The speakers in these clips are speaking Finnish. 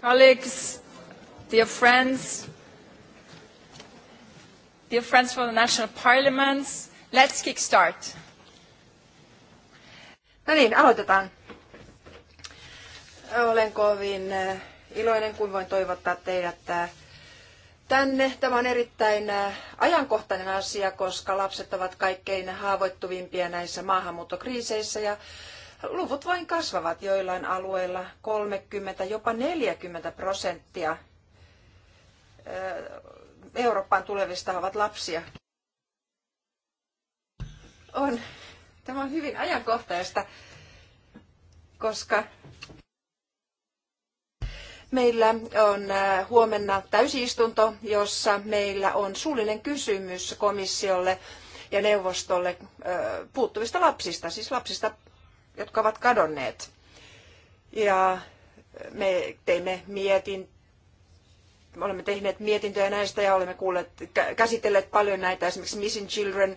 Colleagues, dear friends, dear friends from the national parliaments, let's kick start. No niin, aloitetaan. Olen kovin eh, iloinen, kun voin toivottaa teidät eh, tänne. Tämä on erittäin eh, ajankohtainen asia, koska lapset ovat kaikkein haavoittuvimpia näissä maahanmuuttokriiseissä ja luvut vain kasvavat joillain alueilla 30, jopa 40 prosenttia Eurooppaan tulevista ovat lapsia. On. Tämä on hyvin ajankohtaista, koska meillä on huomenna täysistunto, jossa meillä on suullinen kysymys komissiolle ja neuvostolle puuttuvista lapsista, siis lapsista jotka ovat kadonneet. Ja me teimme mietin, me olemme tehneet mietintöjä näistä ja olemme kuulleet, käsitelleet paljon näitä esimerkiksi Missing Children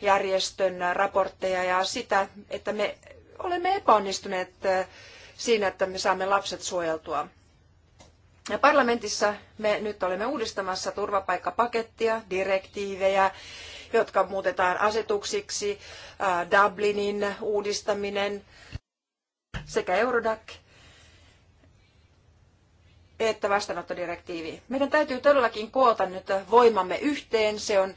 järjestön raportteja ja sitä, että me olemme epäonnistuneet siinä, että me saamme lapset suojeltua. Ja parlamentissa me nyt olemme uudistamassa turvapaikkapakettia, direktiivejä jotka muutetaan asetuksiksi, Dublinin uudistaminen sekä Eurodac että vastaanottodirektiivi. Meidän täytyy todellakin koota nyt voimamme yhteen. Se on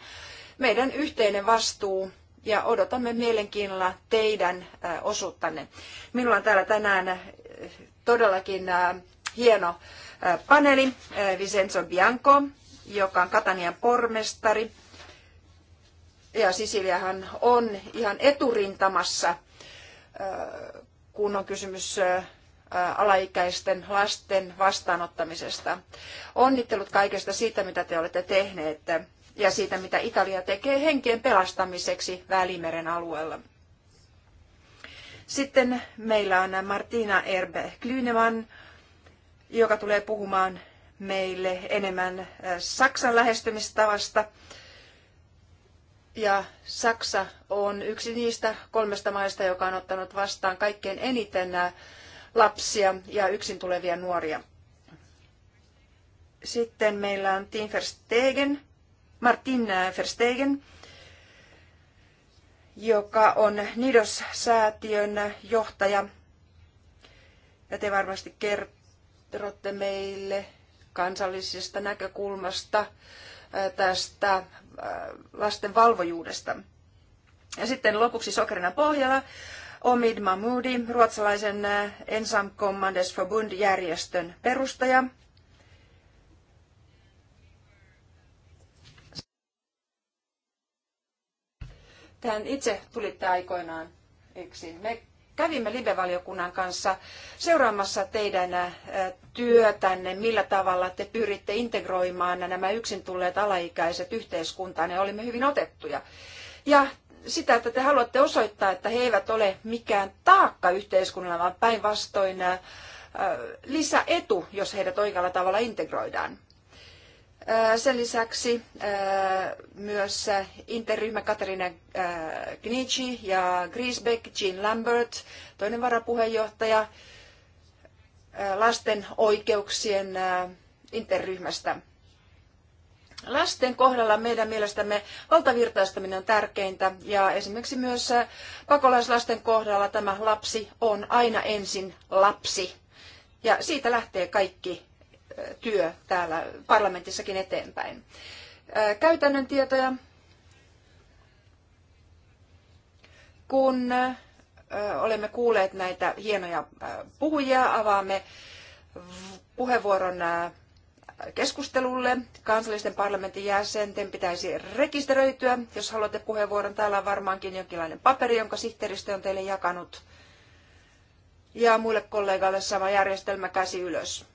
meidän yhteinen vastuu ja odotamme mielenkiinnolla teidän osuuttanne. Minulla on täällä tänään todellakin hieno paneeli. Vincenzo Bianco, joka on Katanian pormestari ja Sisiliahan on ihan eturintamassa, kun on kysymys alaikäisten lasten vastaanottamisesta. Onnittelut kaikesta siitä, mitä te olette tehneet ja siitä, mitä Italia tekee henkien pelastamiseksi Välimeren alueella. Sitten meillä on Martina Erbe Klyneman, joka tulee puhumaan meille enemmän Saksan lähestymistavasta ja Saksa on yksi niistä kolmesta maista, joka on ottanut vastaan kaikkein eniten lapsia ja yksin tulevia nuoria. Sitten meillä on Tim Verstegen, Martin Verstegen, joka on Nidos-säätiön johtaja. Ja te varmasti kerrotte meille kansallisesta näkökulmasta tästä Äh, lasten valvojuudesta. Ja sitten lopuksi sokerina pohjalla Omid Mahmoudi, ruotsalaisen äh, Ensam Commandes Förbund-järjestön perustaja. Tähän itse tulitte aikoinaan yksin. Me kävimme Live-valiokunnan kanssa seuraamassa teidän työtänne, millä tavalla te pyritte integroimaan nämä yksin tulleet alaikäiset yhteiskuntaan ja olimme hyvin otettuja. Ja sitä, että te haluatte osoittaa, että he eivät ole mikään taakka yhteiskunnalle, vaan päinvastoin lisäetu, jos heidät oikealla tavalla integroidaan. Sen lisäksi myös interryhmä Katarina Gnici ja Griesbeck, Jean Lambert, toinen varapuheenjohtaja lasten oikeuksien interryhmästä. Lasten kohdalla meidän mielestämme valtavirtaistaminen on tärkeintä ja esimerkiksi myös pakolaislasten kohdalla tämä lapsi on aina ensin lapsi. Ja siitä lähtee kaikki työ täällä parlamentissakin eteenpäin. Käytännön tietoja. Kun olemme kuulleet näitä hienoja puhujia, avaamme puheenvuoron keskustelulle. Kansallisten parlamentin jäsenten pitäisi rekisteröityä. Jos haluatte puheenvuoron, täällä on varmaankin jonkinlainen paperi, jonka sihteeristö on teille jakanut. Ja muille kollegalle sama järjestelmä käsi ylös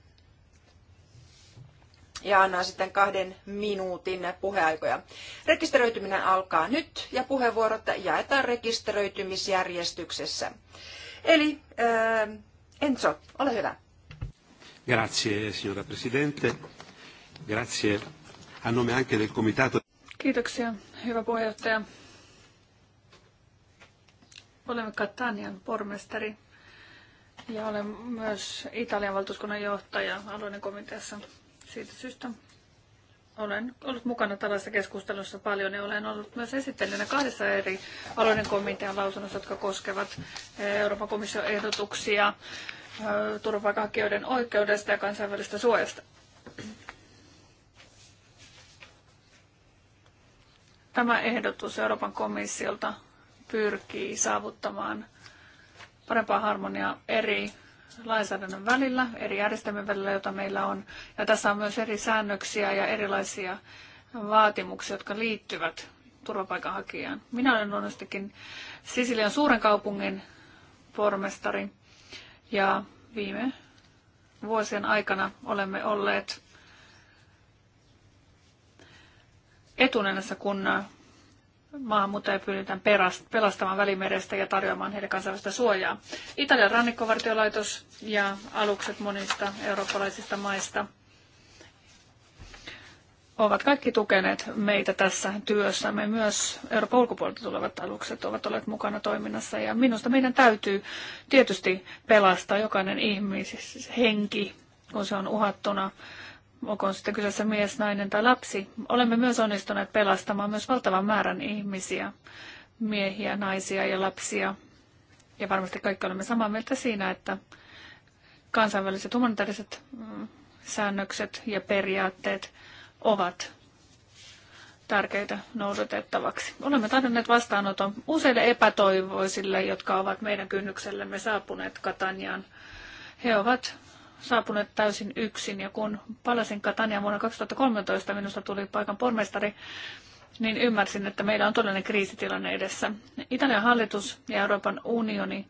ja annan sitten kahden minuutin puheaikoja. Rekisteröityminen alkaa nyt ja puheenvuorot jaetaan rekisteröitymisjärjestyksessä. Eli äh, Enzo, ole hyvä. Grazie, signora Presidente. Grazie a nome anche del Comitato. Kiitoksia, hyvä puheenjohtaja. Olen Katanian pormestari ja olen myös Italian valtuuskunnan johtaja alueiden komiteassa. Siitä syystä olen ollut mukana tällaisessa keskustelussa paljon ja olen ollut myös esittelijänä kahdessa eri alueiden komitean lausunnossa, jotka koskevat eh, Euroopan komission ehdotuksia eh, turvapaikanhakijoiden oikeudesta ja kansainvälistä suojasta. Tämä ehdotus Euroopan komissiolta pyrkii saavuttamaan parempaa harmoniaa eri lainsäädännön välillä, eri järjestelmien välillä, joita meillä on. Ja tässä on myös eri säännöksiä ja erilaisia vaatimuksia, jotka liittyvät turvapaikanhakijaan. Minä olen luonnollisestikin Sisilian suuren kaupungin pormestari ja viime vuosien aikana olemme olleet etunenässä, kun maahanmuuttajia pyydetään pelastamaan välimerestä ja tarjoamaan heille kansainvälistä suojaa. Italian rannikkovartiolaitos ja alukset monista eurooppalaisista maista ovat kaikki tukeneet meitä tässä työssä. Me myös Euroopan ulkopuolelta tulevat alukset ovat olleet mukana toiminnassa ja minusta meidän täytyy tietysti pelastaa jokainen ihmishenki, kun se on uhattuna olkoon sitten kyseessä mies, nainen tai lapsi, olemme myös onnistuneet pelastamaan myös valtavan määrän ihmisiä, miehiä, naisia ja lapsia. Ja varmasti kaikki olemme samaa mieltä siinä, että kansainväliset humanitaariset mm, säännökset ja periaatteet ovat tärkeitä noudatettavaksi. Olemme tarjonneet vastaanoton useille epätoivoisille, jotka ovat meidän kynnyksellemme saapuneet Kataniaan. He ovat saapuneet täysin yksin. Ja kun palasin Katania vuonna 2013, minusta tuli paikan pormestari, niin ymmärsin, että meillä on todellinen kriisitilanne edessä. Italian hallitus ja Euroopan unioni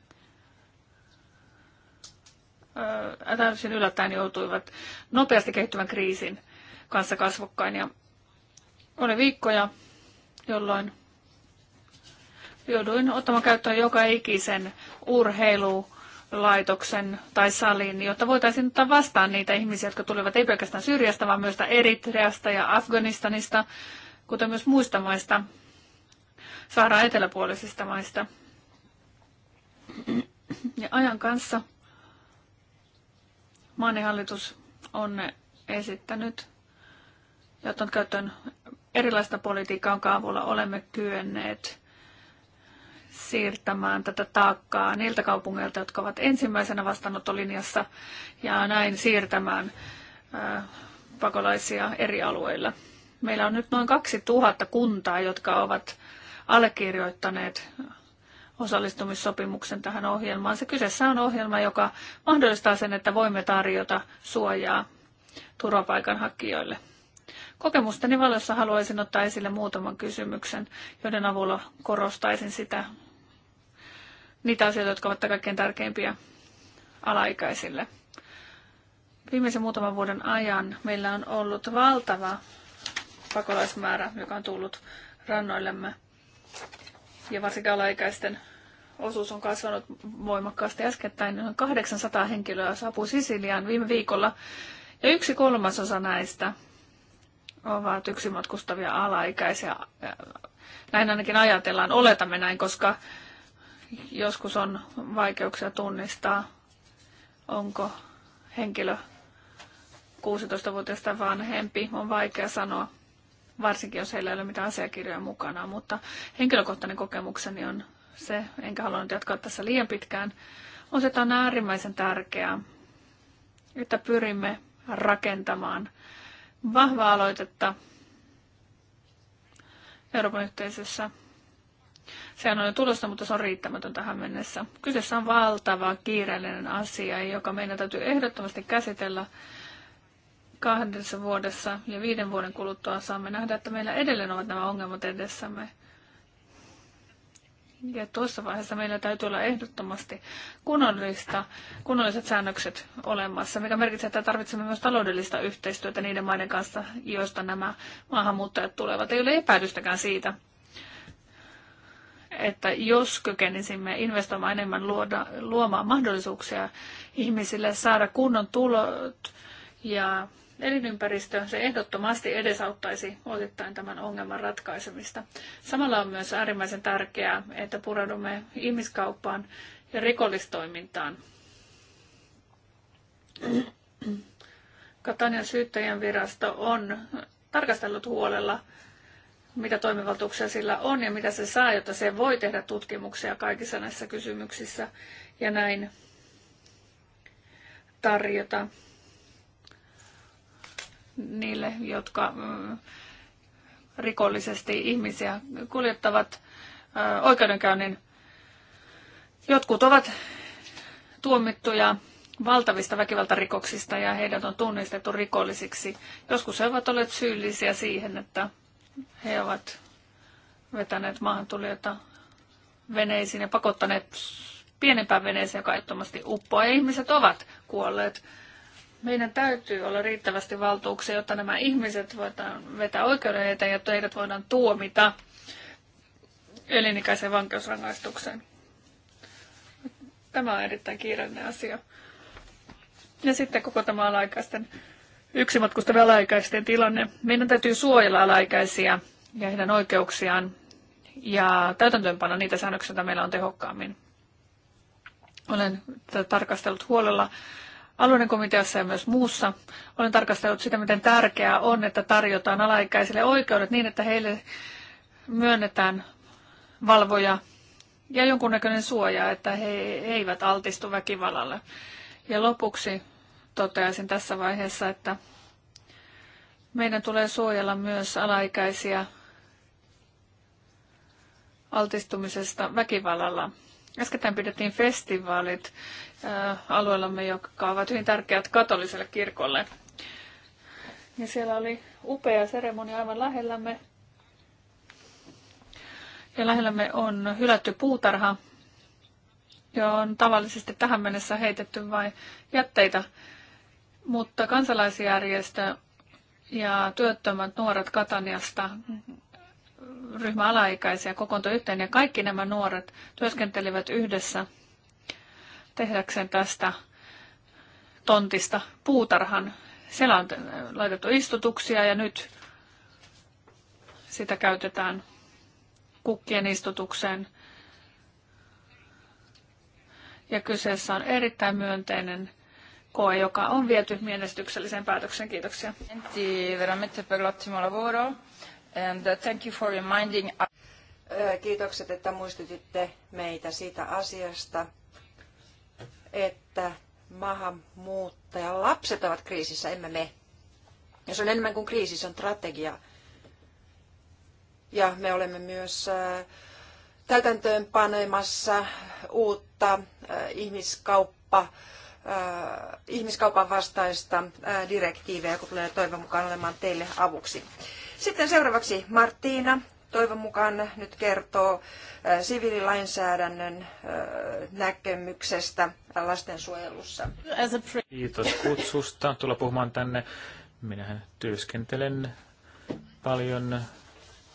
ää, täysin yllättäen joutuivat nopeasti kehittyvän kriisin kanssa kasvokkain. Ja oli viikkoja, jolloin jouduin ottamaan käyttöön joka ikisen urheilu laitoksen tai salin, jotta voitaisiin ottaa vastaan niitä ihmisiä, jotka tulevat ei pelkästään Syyriasta, vaan myös Eritreasta ja Afganistanista, kuten myös muista maista, Sahara eteläpuolisista maista. Ja ajan kanssa maanihallitus on esittänyt ja ottanut käyttöön erilaista politiikkaa, jonka avulla olemme kyenneet siirtämään tätä taakkaa niiltä kaupungeilta, jotka ovat ensimmäisenä vastaanottolinjassa ja näin siirtämään pakolaisia eri alueilla. Meillä on nyt noin 2000 kuntaa, jotka ovat allekirjoittaneet osallistumissopimuksen tähän ohjelmaan. Se kyseessä on ohjelma, joka mahdollistaa sen, että voimme tarjota suojaa turvapaikanhakijoille. Kokemusteni valossa haluaisin ottaa esille muutaman kysymyksen, joiden avulla korostaisin sitä, niitä asioita, jotka ovat kaikkein tärkeimpiä alaikäisille. Viimeisen muutaman vuoden ajan meillä on ollut valtava pakolaismäärä, joka on tullut rannoillemme. Ja varsinkin alaikäisten osuus on kasvanut voimakkaasti äskettäin. Noin 800 henkilöä saapui Sisiliaan viime viikolla. Ja yksi kolmasosa näistä ovat yksin matkustavia alaikäisiä. Näin ainakin ajatellaan, oletamme näin, koska joskus on vaikeuksia tunnistaa, onko henkilö 16-vuotiaista vanhempi, on vaikea sanoa, varsinkin jos heillä ei ole mitään asiakirjoja mukana, mutta henkilökohtainen kokemukseni on se, enkä halua nyt jatkaa tässä liian pitkään, on se, että on äärimmäisen tärkeää, että pyrimme rakentamaan vahvaa aloitetta Euroopan yhteisössä Sehän on jo tulossa, mutta se on riittämätön tähän mennessä. Kyseessä on valtava kiireellinen asia, joka meidän täytyy ehdottomasti käsitellä kahdessa vuodessa ja viiden vuoden kuluttua saamme nähdä, että meillä edelleen ovat nämä ongelmat edessämme. Ja tuossa vaiheessa meillä täytyy olla ehdottomasti kunnollista, kunnolliset säännökset olemassa, mikä merkitsee, että tarvitsemme myös taloudellista yhteistyötä niiden maiden kanssa, joista nämä maahanmuuttajat tulevat. Ei ole epäilystäkään siitä että jos kykenisimme investoimaan enemmän luoda, luomaan mahdollisuuksia ihmisille saada kunnon tulot ja elinympäristö, se ehdottomasti edesauttaisi osittain tämän ongelman ratkaisemista. Samalla on myös äärimmäisen tärkeää, että pureudumme ihmiskauppaan ja rikollistoimintaan. Katanian syyttäjän virasto on tarkastellut huolella mitä toimivaltuuksia sillä on ja mitä se saa, jotta se voi tehdä tutkimuksia kaikissa näissä kysymyksissä ja näin tarjota niille, jotka rikollisesti ihmisiä kuljettavat oikeudenkäynnin. Jotkut ovat tuomittuja valtavista väkivaltarikoksista ja heidät on tunnistettu rikollisiksi. Joskus he ovat olleet syyllisiä siihen, että he ovat vetäneet maahantulijoita veneisiin ja pakottaneet pienempään veneeseen, joka ettomasti Ja ihmiset ovat kuolleet. Meidän täytyy olla riittävästi valtuuksia, jotta nämä ihmiset voidaan vetää oikeuden eteen ja teidät voidaan tuomita elinikäiseen vankeusrangaistukseen. Tämä on erittäin kiireinen asia. Ja sitten koko tämä alaikäisten yksi matkustava alaikäisten tilanne. Meidän täytyy suojella alaikäisiä ja heidän oikeuksiaan ja täytäntöönpano niitä säännöksiä, joita meillä on tehokkaammin. Olen tarkastellut huolella alueiden komiteassa ja myös muussa. Olen tarkastellut sitä, miten tärkeää on, että tarjotaan alaikäisille oikeudet niin, että heille myönnetään valvoja ja jonkunnäköinen suoja, että he eivät altistu väkivallalle. Ja lopuksi toteaisin tässä vaiheessa, että meidän tulee suojella myös alaikäisiä altistumisesta väkivallalla. Äskettäin pidettiin festivaalit äh, alueellamme, jotka ovat hyvin tärkeät katoliselle kirkolle. Ja siellä oli upea seremonia aivan lähellämme. Ja lähellämme on hylätty puutarha, ja on tavallisesti tähän mennessä heitetty vain jätteitä. Mutta kansalaisjärjestö ja työttömät nuoret Kataniasta ryhmä alaikäisiä kokoontui yhteen ja kaikki nämä nuoret työskentelivät yhdessä tehdäkseen tästä tontista puutarhan. Siellä on laitettu istutuksia ja nyt sitä käytetään kukkien istutukseen. Ja kyseessä on erittäin myönteinen koe, joka on viety menestykselliseen päätökseen. Kiitoksia. Uh, kiitokset, että muistutitte meitä siitä asiasta, että maahanmuuttaja lapset ovat kriisissä, emme me. Ja se on enemmän kuin kriisi, se on strategia. Ja me olemme myös täytäntöön panemassa uutta ihmiskauppa ihmiskaupan vastaista direktiiviä, joka tulee toivon mukaan olemaan teille avuksi. Sitten seuraavaksi Martina toivon mukaan nyt kertoo siviililainsäädännön näkemyksestä lastensuojelussa. Kiitos kutsusta tulla puhumaan tänne. Minähän työskentelen paljon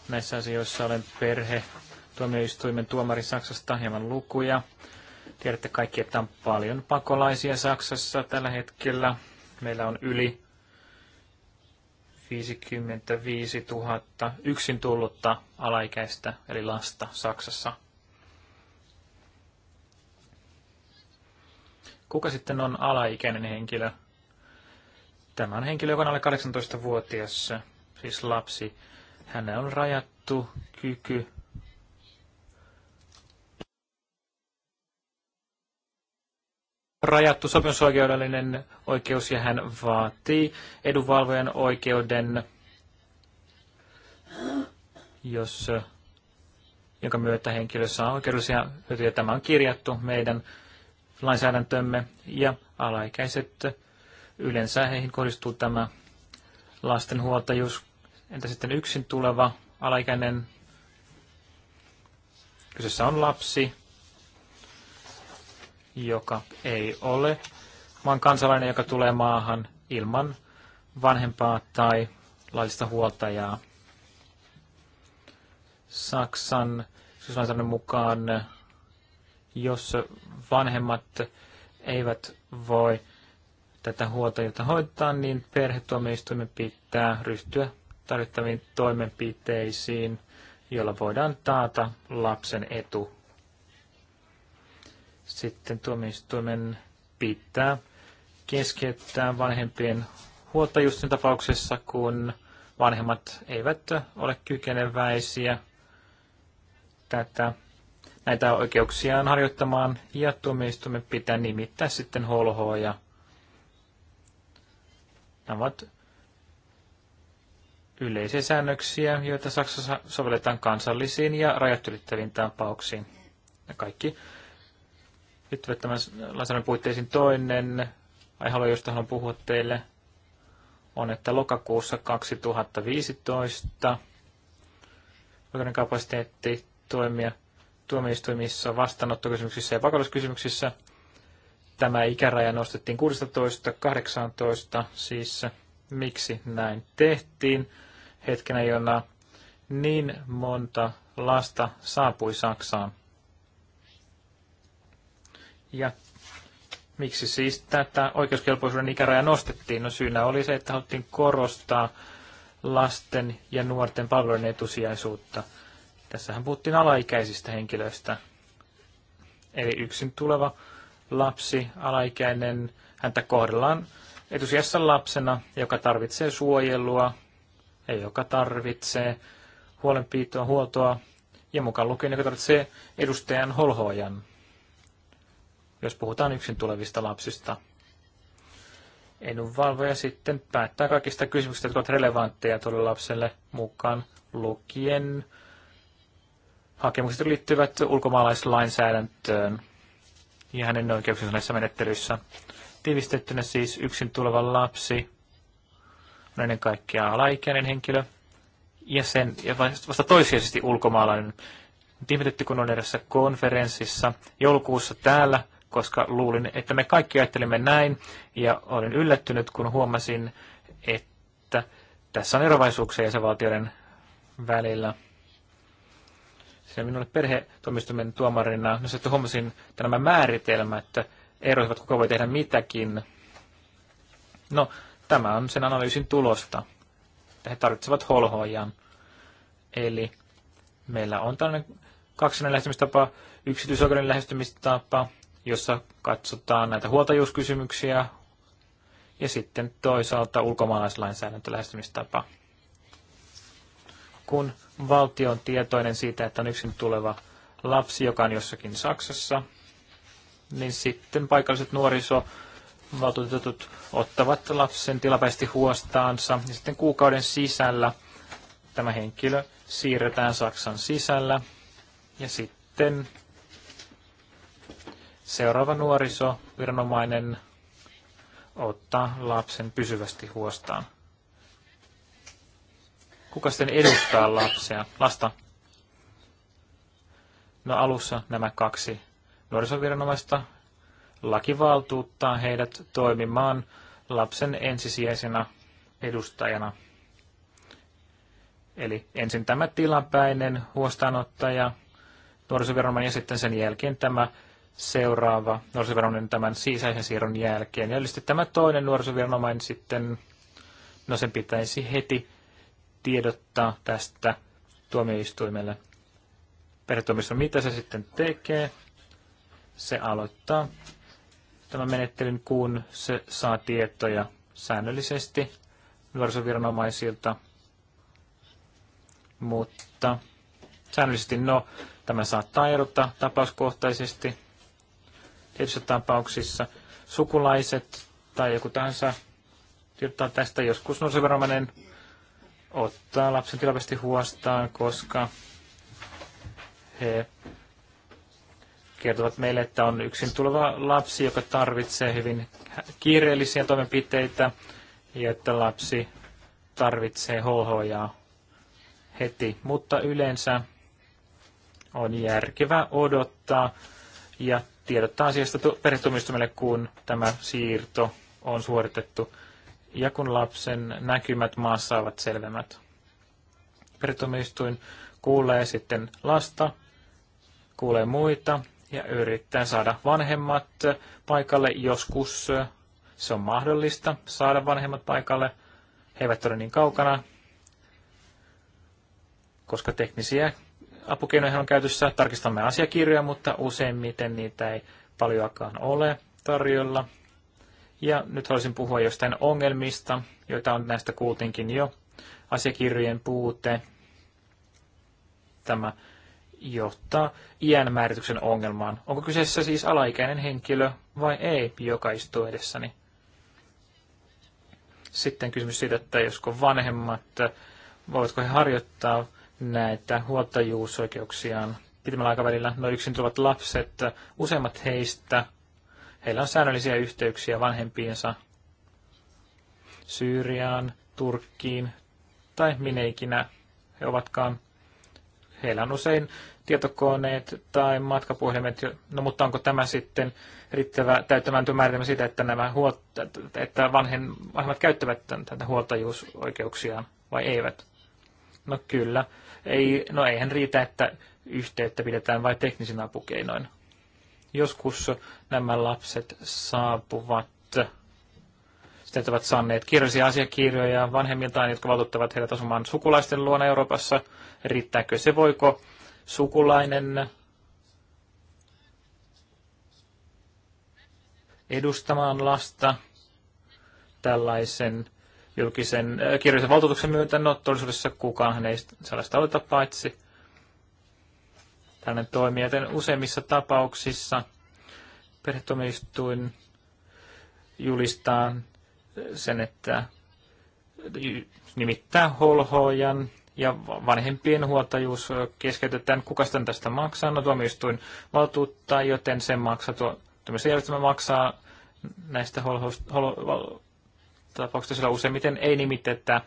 näissä asioissa. Olen perhe tuomioistuimen tuomari Saksasta hieman lukuja Tiedätte kaikki, että on paljon pakolaisia Saksassa tällä hetkellä. Meillä on yli 55 000 yksin tullutta alaikäistä, eli lasta Saksassa. Kuka sitten on alaikäinen henkilö? Tämä on henkilö, joka on alle 18-vuotias, siis lapsi. Hänellä on rajattu kyky rajattu sopimusoikeudellinen oikeus ja hän vaatii edunvalvojan oikeuden, jos, jonka myötä henkilö saa oikeudellisia hyötyjä. Tämä on kirjattu meidän lainsäädäntömme ja alaikäiset. Yleensä heihin kohdistuu tämä lastenhuoltajuus. Entä sitten yksin tuleva alaikäinen? Kyseessä on lapsi, joka ei ole maan kansalainen, joka tulee maahan ilman vanhempaa tai laillista huoltajaa. Saksan syyslainsäädännön mukaan, jos vanhemmat eivät voi tätä huoltajuutta hoitaa, niin perhetuomioistuimen pitää ryhtyä tarvittaviin toimenpiteisiin, joilla voidaan taata lapsen etu. Sitten tuomioistuimen pitää keskeyttää vanhempien huolta just sen tapauksessa, kun vanhemmat eivät ole kykeneväisiä tätä, näitä oikeuksiaan harjoittamaan, ja tuomioistuimen pitää nimittää sitten holhoja. Nämä ovat yleisiä säännöksiä, joita Saksassa sovelletaan kansallisiin ja rajat ylittäviin tapauksiin. Ja kaikki liittyvät tämän lainsäädännön puitteisiin toinen aihe, josta haluan puhua teille, on, että lokakuussa 2015 oikeuden kapasiteetti toimia tuomioistuimissa, vastaanottokysymyksissä ja pakolaiskysymyksissä. Tämä ikäraja nostettiin 16-18, siis miksi näin tehtiin hetkenä, jona niin monta lasta saapui Saksaan. Ja miksi siis tätä oikeuskelpoisuuden ikärajaa nostettiin? No syynä oli se, että haluttiin korostaa lasten ja nuorten palvelujen etusijaisuutta. Tässähän puhuttiin alaikäisistä henkilöistä. Eli yksin tuleva lapsi, alaikäinen, häntä kohdellaan etusijassa lapsena, joka tarvitsee suojelua ja joka tarvitsee huolenpitoa, huoltoa ja mukaan lukien, joka tarvitsee edustajan holhoajan. Jos puhutaan yksin tulevista lapsista, edunvalvoja sitten päättää kaikista kysymyksistä, jotka ovat relevantteja tuolle lapselle mukaan lukien hakemukset liittyvät ulkomaalaislainsäädäntöön ja hänen oikeuksensa näissä menettelyissä. Tiivistettynä siis yksin tuleva lapsi on ennen kaikkea alaikäinen henkilö ja, sen, ja vasta toisiaisesti ulkomaalainen. Tiivistetty, kun on edessä konferenssissa joulukuussa täällä koska luulin, että me kaikki ajattelimme näin, ja olin yllättynyt, kun huomasin, että tässä on erovaisuuksia jäsenvaltioiden välillä. Siinä minulle perhetoimistomen tuomarina, no että huomasin, että nämä määritelmät eroisivat, kuka voi tehdä mitäkin. No, tämä on sen analyysin tulosta. He tarvitsevat holhoajan. Eli meillä on tällainen kaksinen lähestymistapa, yksityisoikeuden lähestymistapa, jossa katsotaan näitä huoltajuuskysymyksiä ja sitten toisaalta ulkomaalaislainsäädäntö lähestymistapa. Kun valtio on tietoinen siitä, että on yksin tuleva lapsi, joka on jossakin Saksassa, niin sitten paikalliset nuoriso valtuutetut ottavat lapsen tilapäisesti huostaansa ja sitten kuukauden sisällä tämä henkilö siirretään Saksan sisällä ja sitten seuraava nuorisoviranomainen ottaa lapsen pysyvästi huostaan. Kuka sitten edustaa lapsia? Lasta. No alussa nämä kaksi nuorisoviranomaista lakivaltuuttaa heidät toimimaan lapsen ensisijaisena edustajana. Eli ensin tämä tilapäinen huostaanottaja, nuorisoviranomainen ja sitten sen jälkeen tämä seuraava nuorisoviranomainen tämän sisäisen siirron jälkeen. Ja yleisesti tämä toinen nuorisoviranomainen sitten, no sen pitäisi heti tiedottaa tästä tuomioistuimelle. Perhetuomioistuin, mitä se sitten tekee? Se aloittaa tämän menettelyn, kun se saa tietoja säännöllisesti nuorisoviranomaisilta, mutta säännöllisesti no, tämä saattaa erota tapauskohtaisesti, tietyissä tapauksissa sukulaiset tai joku tahansa kirjoittaa tästä joskus nousiveromainen ottaa lapsen tilapäisesti huostaan, koska he kertovat meille, että on yksin tuleva lapsi, joka tarvitsee hyvin kiireellisiä toimenpiteitä ja että lapsi tarvitsee HHJaa heti. Mutta yleensä on järkevää odottaa ja tiedottaa asiasta perhetuomioistuimelle, kun tämä siirto on suoritettu ja kun lapsen näkymät maassa ovat selvemmät. Perhetuomioistuin kuulee sitten lasta, kuulee muita ja yrittää saada vanhemmat paikalle. Joskus se on mahdollista saada vanhemmat paikalle. He eivät ole niin kaukana, koska teknisiä apukeinoihin on käytössä. Tarkistamme asiakirjoja, mutta useimmiten niitä ei paljoakaan ole tarjolla. Ja nyt haluaisin puhua jostain ongelmista, joita on näistä kuultinkin jo. Asiakirjojen puute. Tämä johtaa iän määrityksen ongelmaan. Onko kyseessä siis alaikäinen henkilö vai ei, joka istuu edessäni? Sitten kysymys siitä, että josko vanhemmat, voivatko he harjoittaa näitä huoltajuusoikeuksiaan pitemmällä aikavälillä. No yksin tulevat lapset, useimmat heistä, heillä on säännöllisiä yhteyksiä vanhempiinsa Syyriaan, Turkkiin tai minne ikinä he ovatkaan. Heillä on usein tietokoneet tai matkapuhelimet, no mutta onko tämä sitten riittävä täyttämään määritelmä siitä, että, nämä huolta, että vanhen, vanhemmat käyttävät tätä huoltajuusoikeuksiaan vai eivät? No kyllä, ei, no eihän riitä, että yhteyttä pidetään vain teknisin apukeinoin. Joskus nämä lapset saapuvat sitten ovat saaneet kirjallisia asiakirjoja vanhemmiltaan, jotka valtuuttavat heidät asumaan sukulaisten luona Euroopassa. Riittääkö se? Voiko sukulainen edustamaan lasta tällaisen julkisen äh, kirjallisen valtuutuksen myötä. No, todellisuudessa kukaan ei sellaista aloita paitsi tällainen toimii. Joten useimmissa tapauksissa perhetuomioistuin julistaa sen, että nimittää holhojan ja vanhempien huoltajuus keskeytetään. Kuka sitten tästä maksaa? No tuomioistuin valtuuttaa, joten sen maksaa tuo, järjestelmä maksaa näistä holhoista, hol, tapauksessa sillä useimmiten ei nimitetä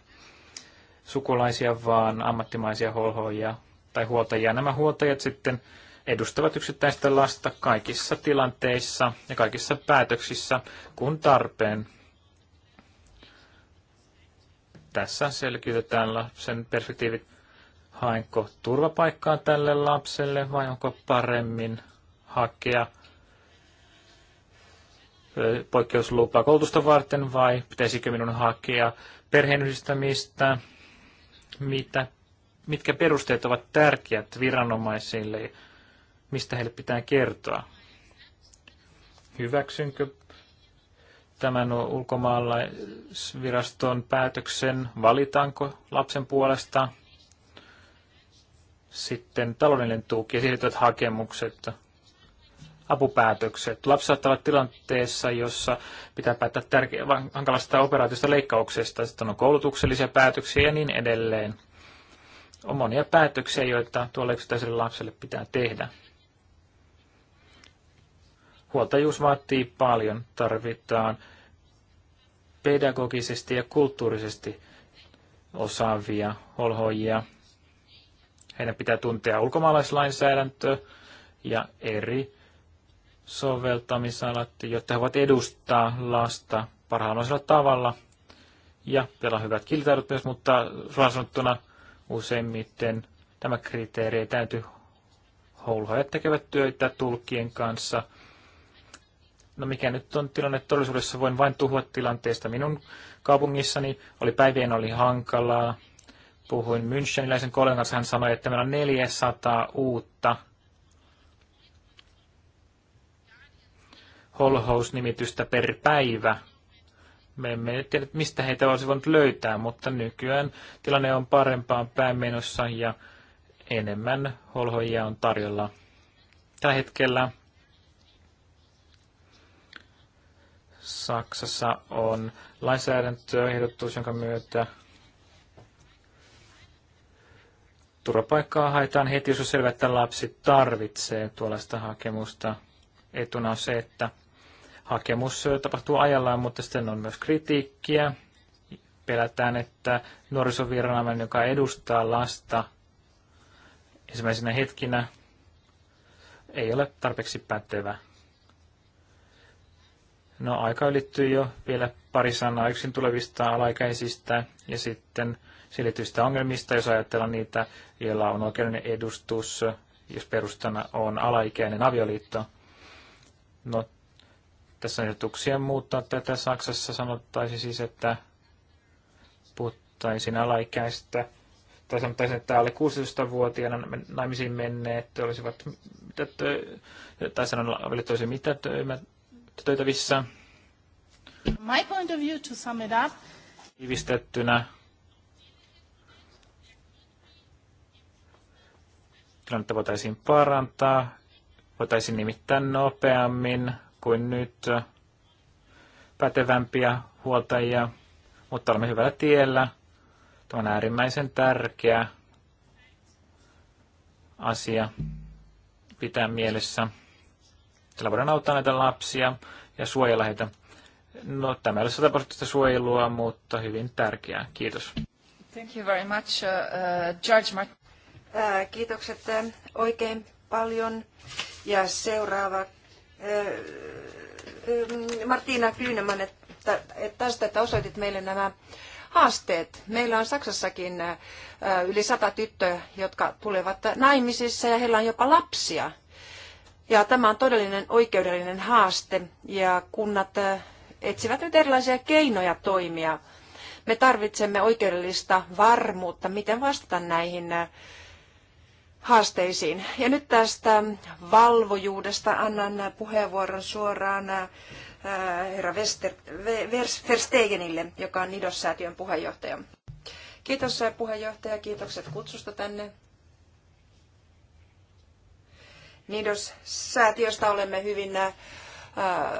sukulaisia, vaan ammattimaisia holhoja tai huoltajia. Nämä huoltajat sitten edustavat yksittäistä lasta kaikissa tilanteissa ja kaikissa päätöksissä, kun tarpeen. Tässä selkiytetään lapsen perspektiivit. Haenko turvapaikkaa tälle lapselle vai onko paremmin hakea poikkeuslupaa koulutusta varten vai pitäisikö minun hakea perheenyhdistämistä? Mitä, mitkä perusteet ovat tärkeät viranomaisille, mistä heille pitää kertoa? Hyväksynkö tämän ulkomaalaisviraston päätöksen, valitaanko lapsen puolesta? Sitten taloudellinen tuki ja hakemukset apupäätökset. Lapset saattavat tilanteessa, jossa pitää päättää tärkeä, hankalasta operaatiosta leikkauksesta, sitten on koulutuksellisia päätöksiä ja niin edelleen. On monia päätöksiä, joita tuolle yksittäiselle lapselle pitää tehdä. Huoltajuus vaatii paljon. Tarvitaan pedagogisesti ja kulttuurisesti osaavia holhoijia. Heidän pitää tuntea ulkomaalaislainsäädäntö ja eri soveltamisalat, jotta he voivat edustaa lasta parhaalla tavalla ja pelaa hyvät kilitaidot myös, mutta suoraan sanottuna useimmiten tämä kriteeri ei täyty houluhajat tekevät työtä tulkien kanssa. No mikä nyt on tilanne todellisuudessa, voin vain tuhua tilanteesta. Minun kaupungissani oli päivien oli hankalaa. Puhuin Müncheniläisen kollegan kanssa, hän sanoi, että meillä on 400 uutta holhouse-nimitystä per päivä. Me emme tiedä, mistä heitä olisi voinut löytää, mutta nykyään tilanne on parempaan päin menossa ja enemmän holhoja on tarjolla. Tällä hetkellä Saksassa on lainsäädäntöehdotus, jonka myötä turvapaikkaa haetaan heti, jos on selvä, että lapsi tarvitsee tuollaista hakemusta. Etuna on se, että hakemus tapahtuu ajallaan, mutta sitten on myös kritiikkiä. Pelätään, että nuorisoviranomainen, joka edustaa lasta ensimmäisenä hetkinä, ei ole tarpeeksi pätevä. No aika ylittyy jo vielä pari sanaa yksin tulevista alaikäisistä ja sitten selitystä ongelmista, jos ajatellaan niitä, joilla on oikeuden edustus, jos perustana on alaikäinen avioliitto. No tässä on ehdotuksia muuttaa tätä. Saksassa sanottaisi siis, että puhuttaisiin alaikäistä tai sanottaisiin, että alle 16-vuotiaana naimisiin menneet olisivat mitä tai sanon avioliittoisiin mitä töitävissä. My point of view to sum it up. Tiivistettynä. Tilannetta voitaisiin parantaa, voitaisiin nimittää nopeammin kuin nyt pätevämpiä huoltajia, mutta olemme hyvällä tiellä. Tämä on äärimmäisen tärkeä asia pitää mielessä. Sillä voidaan auttaa näitä lapsia ja suojella heitä. No, tämä ei ole sataprosenttista suojelua, mutta hyvin tärkeää. Kiitos. Thank you very much, uh, George uh, Kiitokset oikein paljon. Ja seuraava. Martina Kyynemän, että, että tästä, että osoitit meille nämä haasteet. Meillä on Saksassakin yli sata tyttöä, jotka tulevat naimisissa ja heillä on jopa lapsia. Ja tämä on todellinen oikeudellinen haaste ja kunnat etsivät nyt erilaisia keinoja toimia. Me tarvitsemme oikeudellista varmuutta, miten vastata näihin haasteisiin. Ja nyt tästä valvojuudesta annan puheenvuoron suoraan äh, herra Verstegenille, joka on Nidos-säätiön puheenjohtaja. Kiitos äh, puheenjohtaja, kiitokset kutsusta tänne. Nidos-säätiöstä olemme hyvin äh,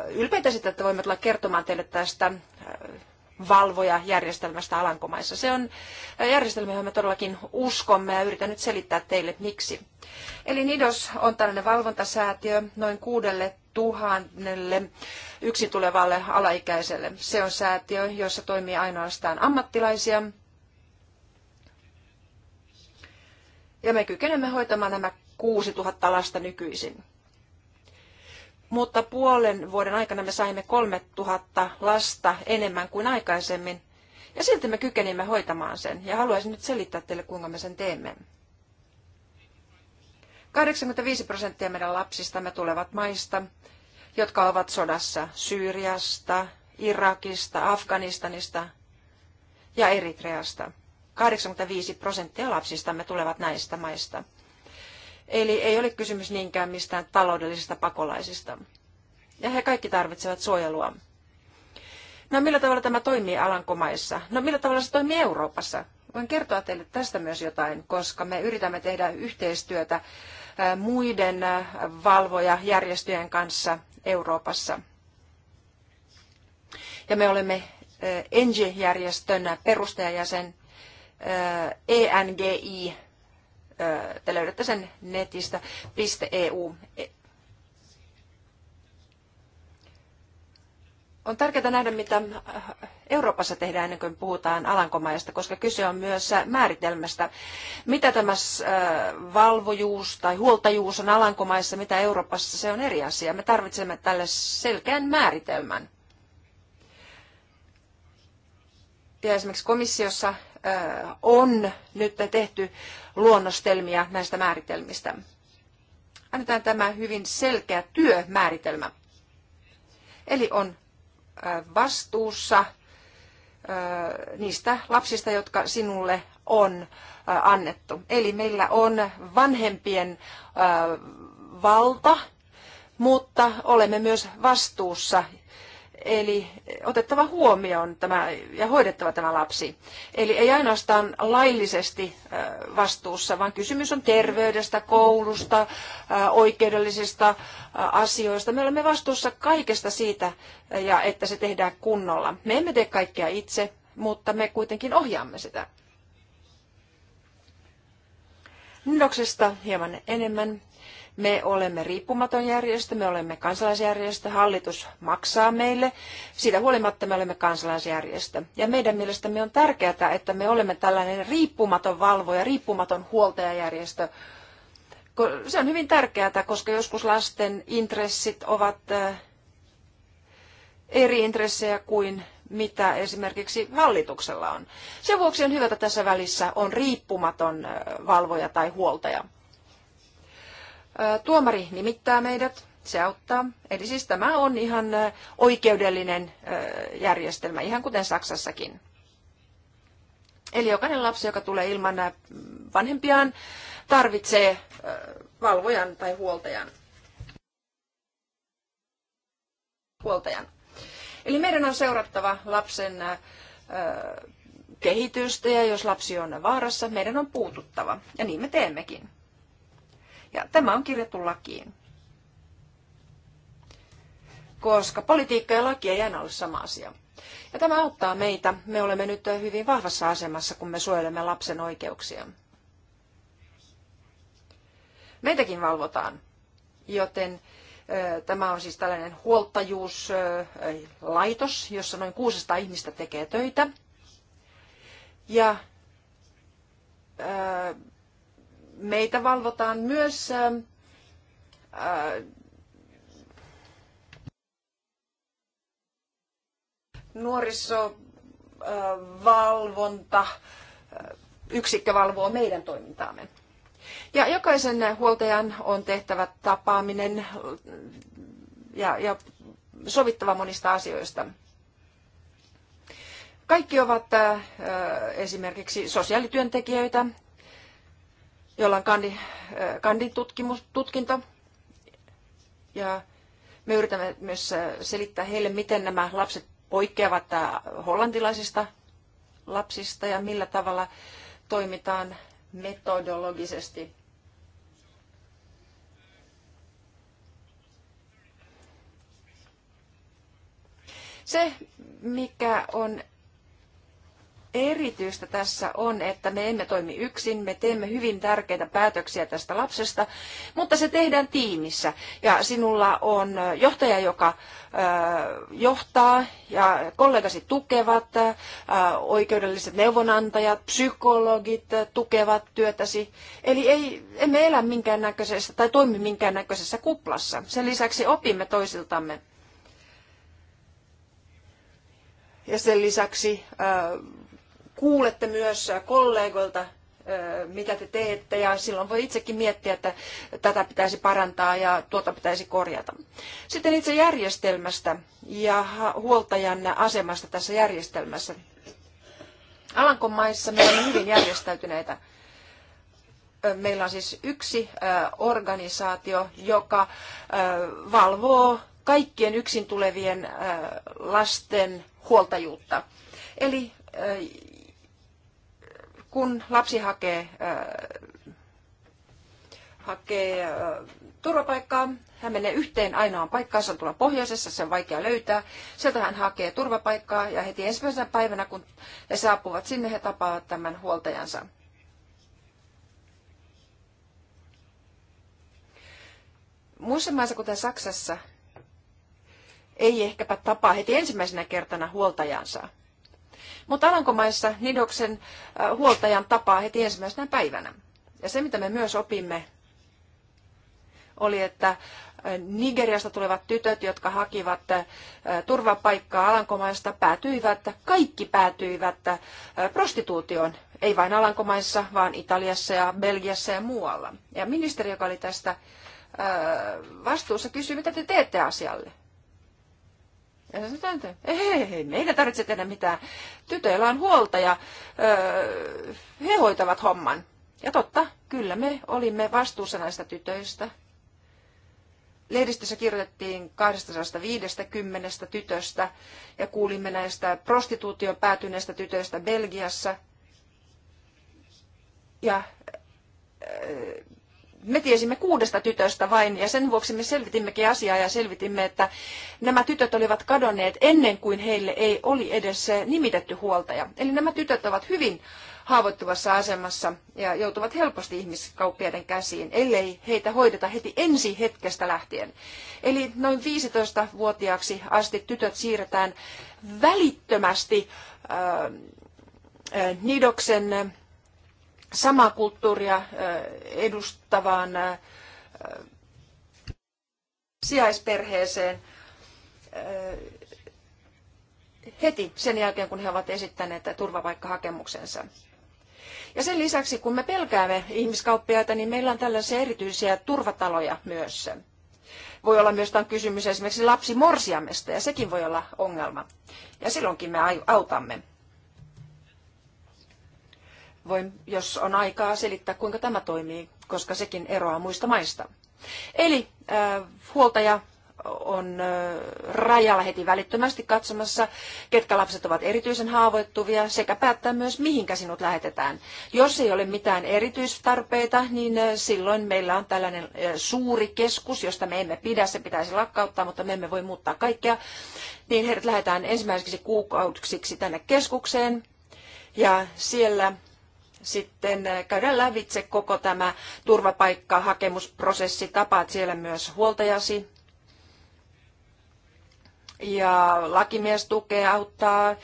ylpeitä siitä, että voimme tulla kertomaan teille tästä valvoja järjestelmästä Alankomaissa. Se on järjestelmä, johon me todellakin uskomme ja yritän nyt selittää teille miksi. Eli NIDOS on tällainen valvontasäätiö noin kuudelle tuhannelle yksin tulevalle alaikäiselle. Se on säätiö, jossa toimii ainoastaan ammattilaisia. Ja me kykenemme hoitamaan nämä 6000 lasta nykyisin mutta puolen vuoden aikana me saimme 3000 lasta enemmän kuin aikaisemmin, ja silti me kykenimme hoitamaan sen, ja haluaisin nyt selittää teille, kuinka me sen teemme. 85 prosenttia meidän lapsistamme tulevat maista, jotka ovat sodassa Syyriasta, Irakista, Afganistanista ja Eritreasta. 85 prosenttia lapsistamme tulevat näistä maista. Eli ei ole kysymys niinkään mistään taloudellisista pakolaisista. Ja he kaikki tarvitsevat suojelua. No millä tavalla tämä toimii Alankomaissa? No millä tavalla se toimii Euroopassa? Voin kertoa teille tästä myös jotain, koska me yritämme tehdä yhteistyötä muiden valvojajärjestöjen kanssa Euroopassa. Ja me olemme ENGI-järjestön perustajajäsen ENGI te löydätte sen netistä .eu. E e- on tärkeää nähdä, mitä Euroopassa tehdään ennen kuin puhutaan Alankomaista, koska kyse on myös määritelmästä, mitä tämä valvojuus tai huoltajuus on Alankomaissa, mitä Euroopassa se on eri asia. Me tarvitsemme tälle selkeän määritelmän. Ja esimerkiksi komissiossa on nyt tehty luonnostelmia näistä määritelmistä. Annetaan tämä hyvin selkeä työmääritelmä. Eli on vastuussa niistä lapsista, jotka sinulle on annettu. Eli meillä on vanhempien valta, mutta olemme myös vastuussa Eli otettava huomioon tämä ja hoidettava tämä lapsi. Eli ei ainoastaan laillisesti vastuussa, vaan kysymys on terveydestä, koulusta, oikeudellisista asioista. Me olemme vastuussa kaikesta siitä, ja että se tehdään kunnolla. Me emme tee kaikkea itse, mutta me kuitenkin ohjaamme sitä. Nidoksesta hieman enemmän. Me olemme riippumaton järjestö, me olemme kansalaisjärjestö, hallitus maksaa meille. Siitä huolimatta me olemme kansalaisjärjestö. Ja meidän mielestämme on tärkeää, että me olemme tällainen riippumaton valvoja, riippumaton huoltajajärjestö. Se on hyvin tärkeää, koska joskus lasten intressit ovat eh, eri intressejä kuin mitä esimerkiksi hallituksella on. Sen vuoksi on hyvä, että tässä välissä on riippumaton eh, valvoja tai huoltaja tuomari nimittää meidät, se auttaa. Eli siis tämä on ihan oikeudellinen järjestelmä, ihan kuten Saksassakin. Eli jokainen lapsi, joka tulee ilman vanhempiaan, tarvitsee valvojan tai huoltajan. huoltajan. Eli meidän on seurattava lapsen kehitystä ja jos lapsi on vaarassa, meidän on puututtava. Ja niin me teemmekin. Ja tämä on kirjattu lakiin. Koska politiikka ja laki ei aina ole sama asia. Ja tämä auttaa meitä. Me olemme nyt hyvin vahvassa asemassa, kun me suojelemme lapsen oikeuksia. Meitäkin valvotaan, joten Tämä on siis tällainen huoltajuuslaitos, jossa noin 600 ihmistä tekee töitä. Ja meitä valvotaan myös ähm, äh, nuorisovalvonta, äh, äh, yksikkö valvoo meidän toimintaamme. Ja jokaisen huoltajan on tehtävä tapaaminen ja, ja sovittava monista asioista. Kaikki ovat esimerkiksi sosiaalityöntekijöitä jolla on kandi, tutkinto. Ja me yritämme myös selittää heille, miten nämä lapset poikkeavat hollantilaisista lapsista ja millä tavalla toimitaan metodologisesti. Se, mikä on erityistä tässä on, että me emme toimi yksin, me teemme hyvin tärkeitä päätöksiä tästä lapsesta, mutta se tehdään tiimissä. Ja sinulla on johtaja, joka johtaa ja kollegasi tukevat, oikeudelliset neuvonantajat, psykologit tukevat työtäsi. Eli ei, emme elä minkäännäköisessä tai toimi minkäännäköisessä kuplassa. Sen lisäksi opimme toisiltamme. Ja sen lisäksi äh, kuulette myös kollegoilta, mitä te teette, ja silloin voi itsekin miettiä, että tätä pitäisi parantaa ja tuota pitäisi korjata. Sitten itse järjestelmästä ja huoltajan asemasta tässä järjestelmässä. Alankomaissa me olemme hyvin järjestäytyneitä meillä on siis yksi organisaatio, joka valvoo kaikkien yksin tulevien lasten huoltajuutta. Eli kun lapsi hakee, äh, hakee äh, turvapaikkaa, hän menee yhteen ainoaan paikkaan, se on tuolla pohjoisessa, se on vaikea löytää. Sieltä hän hakee turvapaikkaa ja heti ensimmäisenä päivänä, kun he saapuvat sinne, he tapaavat tämän huoltajansa. Muissa maissa, kuten Saksassa, ei ehkäpä tapaa heti ensimmäisenä kertana huoltajansa, mutta Alankomaissa Nidoksen äh, huoltajan tapaa heti ensimmäisenä päivänä. Ja se, mitä me myös opimme, oli, että äh, Nigeriasta tulevat tytöt, jotka hakivat äh, turvapaikkaa Alankomaista, päätyivät, kaikki päätyivät prostituutioon, ei vain Alankomaissa, vaan Italiassa ja Belgiassa ja muualla. Ja ministeri, joka oli tästä vastuussa, kysyi, mitä te teette asialle. Ja sanoi, että ei, ei, me ei tarvitse tehdä mitään. Tytöillä on huolta ja öö, he hoitavat homman. Ja totta, kyllä me olimme vastuussa näistä tytöistä. Lehdistössä kirjoitettiin 250 tytöstä ja kuulimme näistä prostituution päätyneistä tytöistä Belgiassa. Ja öö, me tiesimme kuudesta tytöstä vain ja sen vuoksi me selvitimmekin asiaa ja selvitimme, että nämä tytöt olivat kadonneet ennen kuin heille ei oli edes nimitetty huoltaja. Eli nämä tytöt ovat hyvin haavoittuvassa asemassa ja joutuvat helposti ihmiskauppiaiden käsiin, ellei heitä hoideta heti ensi hetkestä lähtien. Eli noin 15-vuotiaaksi asti tytöt siirretään välittömästi äh, nidoksen samaa kulttuuria edustavaan sijaisperheeseen heti sen jälkeen, kun he ovat esittäneet turvapaikkahakemuksensa. Ja sen lisäksi, kun me pelkäämme ihmiskauppiaita, niin meillä on tällaisia erityisiä turvataloja myös. Voi olla myös on kysymys esimerkiksi lapsimorsiamesta, ja sekin voi olla ongelma. Ja silloinkin me autamme. Voin, jos on aikaa, selittää, kuinka tämä toimii, koska sekin eroaa muista maista. Eli äh, huoltaja on äh, rajalla heti välittömästi katsomassa, ketkä lapset ovat erityisen haavoittuvia, sekä päättää myös, mihinkä sinut lähetetään. Jos ei ole mitään erityistarpeita, niin äh, silloin meillä on tällainen äh, suuri keskus, josta me emme pidä, se pitäisi lakkauttaa, mutta me emme voi muuttaa kaikkea. Niin heidät lähetään ensimmäiseksi kuukausiksi tänne keskukseen, ja siellä sitten eh, käydä lävitse koko tämä turvapaikkahakemusprosessi, tapaat siellä myös huoltajasi ja lakimies tukee, auttaa eh,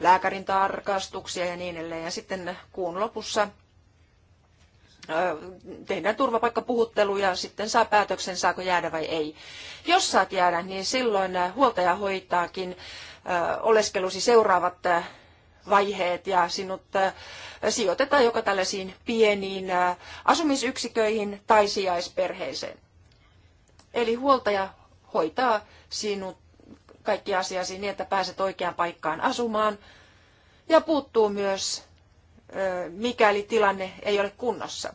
lääkärin tarkastuksia ja niin edelleen. Ja sitten kuun lopussa eh, tehdään turvapaikkapuhuttelu ja sitten saa päätöksen, saako jäädä vai ei. Jos saat jäädä, niin silloin huoltaja hoitaakin oleskelusi seuraavat vaiheet ja sinut äh, sijoitetaan joko tällaisiin pieniin äh, asumisyksiköihin tai sijaisperheeseen. Eli huoltaja hoitaa sinut kaikki asiasi niin, että pääset oikeaan paikkaan asumaan ja puuttuu myös, äh, mikäli tilanne ei ole kunnossa.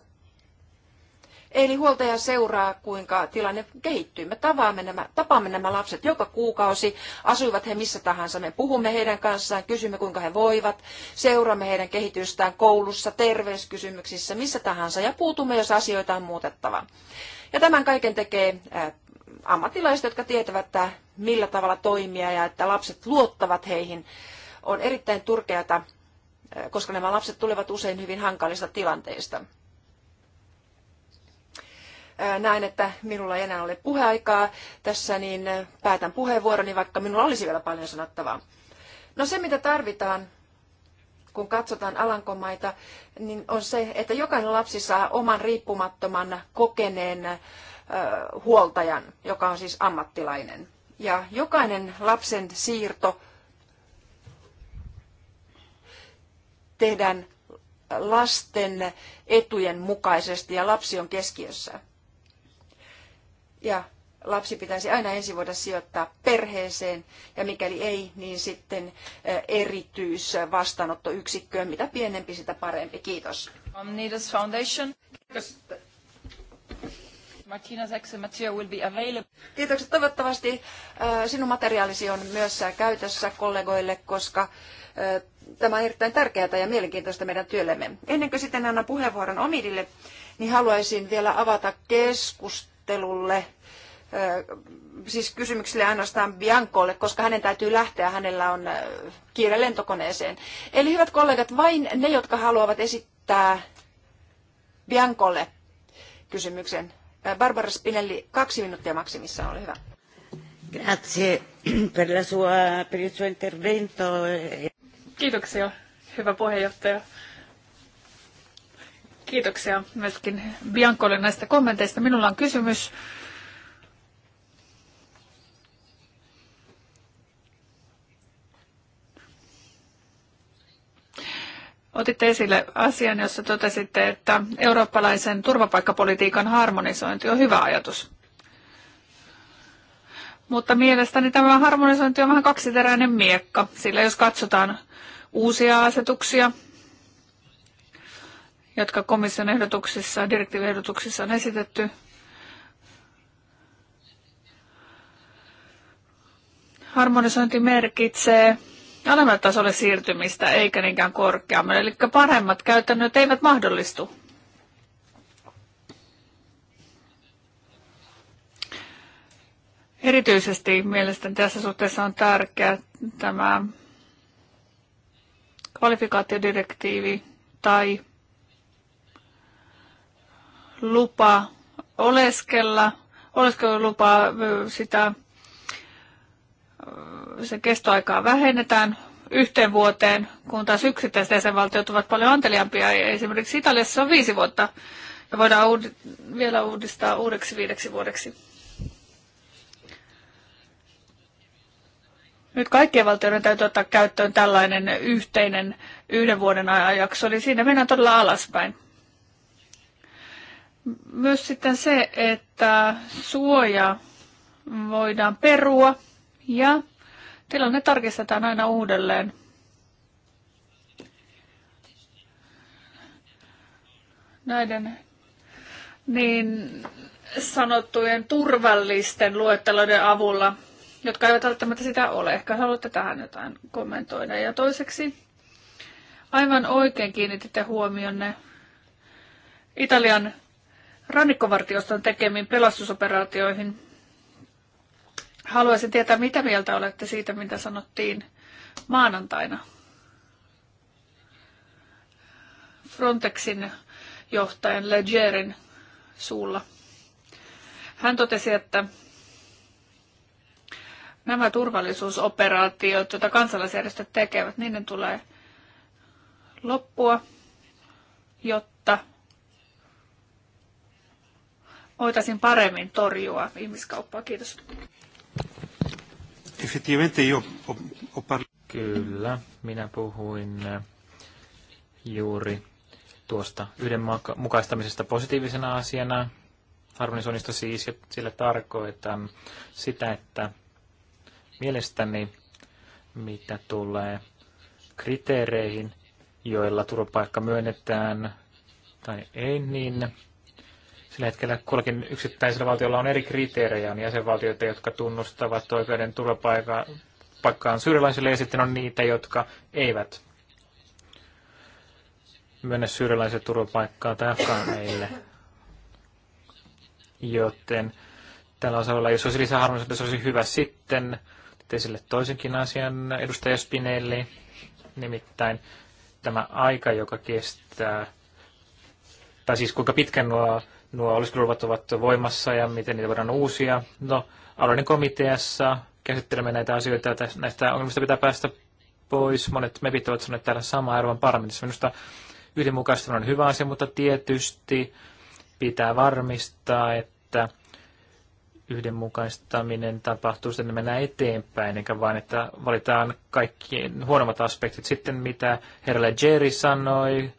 Eli huoltaja seuraa, kuinka tilanne kehittyy. Me tavaamme nämä, tapaamme nämä lapset joka kuukausi, asuivat he missä tahansa. Me puhumme heidän kanssaan, kysymme kuinka he voivat, seuraamme heidän kehitystään koulussa, terveyskysymyksissä, missä tahansa ja puutumme, jos asioita on muutettava. Ja tämän kaiken tekee ammattilaiset, jotka tietävät, että millä tavalla toimia ja että lapset luottavat heihin. On erittäin turkeata, koska nämä lapset tulevat usein hyvin hankalista tilanteista näen, että minulla ei enää ole puheaikaa tässä, niin päätän puheenvuoroni, vaikka minulla olisi vielä paljon sanottavaa. No se, mitä tarvitaan, kun katsotaan Alankomaita, niin on se, että jokainen lapsi saa oman riippumattoman kokeneen huoltajan, joka on siis ammattilainen. Ja jokainen lapsen siirto tehdään lasten etujen mukaisesti ja lapsi on keskiössä. Ja lapsi pitäisi aina ensi voida sijoittaa perheeseen ja mikäli ei, niin sitten erityisvastaanottoyksikköön. Mitä pienempi, sitä parempi. Kiitos. Omnidas Foundation. Kiitos. Martina will be available. Kiitokset. Toivottavasti sinun materiaalisi on myös käytössä kollegoille, koska tämä on erittäin tärkeää ja mielenkiintoista meidän työllemme. Ennen kuin sitten annan puheenvuoron Omidille, niin haluaisin vielä avata keskustelua keskustelulle, siis kysymyksille ainoastaan Biancolle, koska hänen täytyy lähteä, hänellä on kiire lentokoneeseen. Eli hyvät kollegat, vain ne, jotka haluavat esittää Biancolle kysymyksen. Barbara Spinelli, kaksi minuuttia maksimissa ole hyvä. Grazie per, la sua, per il suo intervento. Kiitoksia, hyvä puheenjohtaja. Kiitoksia myöskin Biancolle näistä kommenteista. Minulla on kysymys. Otitte esille asian, jossa totesitte, että eurooppalaisen turvapaikkapolitiikan harmonisointi on hyvä ajatus. Mutta mielestäni tämä harmonisointi on vähän kaksiteräinen miekka, sillä jos katsotaan uusia asetuksia, jotka komission ehdotuksissa, direktiiviehdotuksissa on esitetty. Harmonisointi merkitsee alemmalle tasolle siirtymistä eikä niinkään korkeammalle, eli paremmat käytännöt eivät mahdollistu. Erityisesti mielestäni tässä suhteessa on tärkeä tämä kvalifikaatiodirektiivi tai lupa oleskella, oleskelulupa sitä, se kestoaikaa vähennetään yhteen vuoteen, kun taas yksittäiset jäsenvaltiot ovat paljon anteliampia. Esimerkiksi Italiassa on viisi vuotta ja voidaan uud- vielä uudistaa uudeksi viideksi vuodeksi. Nyt kaikkien valtioiden täytyy ottaa käyttöön tällainen yhteinen yhden vuoden ajanjakso, eli siinä mennään todella alaspäin. Myös sitten se, että suoja voidaan perua ja tilanne tarkistetaan aina uudelleen. Näiden niin sanottujen turvallisten luetteloiden avulla, jotka eivät välttämättä sitä ole. Ehkä haluatte tähän jotain kommentoida. Ja toiseksi, aivan oikein kiinnititte huomionne Italian rannikkovartioston tekemiin pelastusoperaatioihin. Haluaisin tietää, mitä mieltä olette siitä, mitä sanottiin maanantaina. Frontexin johtajan Legerin suulla. Hän totesi, että nämä turvallisuusoperaatiot, joita kansalaisjärjestöt tekevät, niiden tulee loppua, jotta voitaisiin paremmin torjua ihmiskauppaa. Kiitos. io Kyllä, minä puhuin äh, juuri tuosta yhdenmukaistamisesta positiivisena asiana, harmonisoinnista siis, ja sillä tarkoitan sitä, että mielestäni mitä tulee kriteereihin, joilla turvapaikka myönnetään tai ei, niin sillä hetkellä kullakin yksittäisellä valtiolla on eri kriteerejä. On jäsenvaltioita, jotka tunnustavat oikeuden turvapaikkaan syyrialaisille ja sitten on niitä, jotka eivät myönnä syyrialaisille turvapaikkaa tai afgaaneille. Joten tällä osalla, jos olisi lisää se olisi hyvä sitten esille toisenkin asian edustaja Spinelli, nimittäin tämä aika, joka kestää, tai siis kuinka pitkän nuo nuo oleskeluluvat ovat voimassa ja miten niitä voidaan uusia. No, alueiden komiteassa käsittelemme näitä asioita ja näistä ongelmista pitää päästä pois. Monet mepit ovat sanoneet täällä samaa Euroopan parlamentissa. Minusta yhdenmukaista on hyvä asia, mutta tietysti pitää varmistaa, että yhdenmukaistaminen tapahtuu sitten, että mennään eteenpäin, eikä vain, että valitaan kaikki huonommat aspektit. Sitten mitä herra Jerry sanoi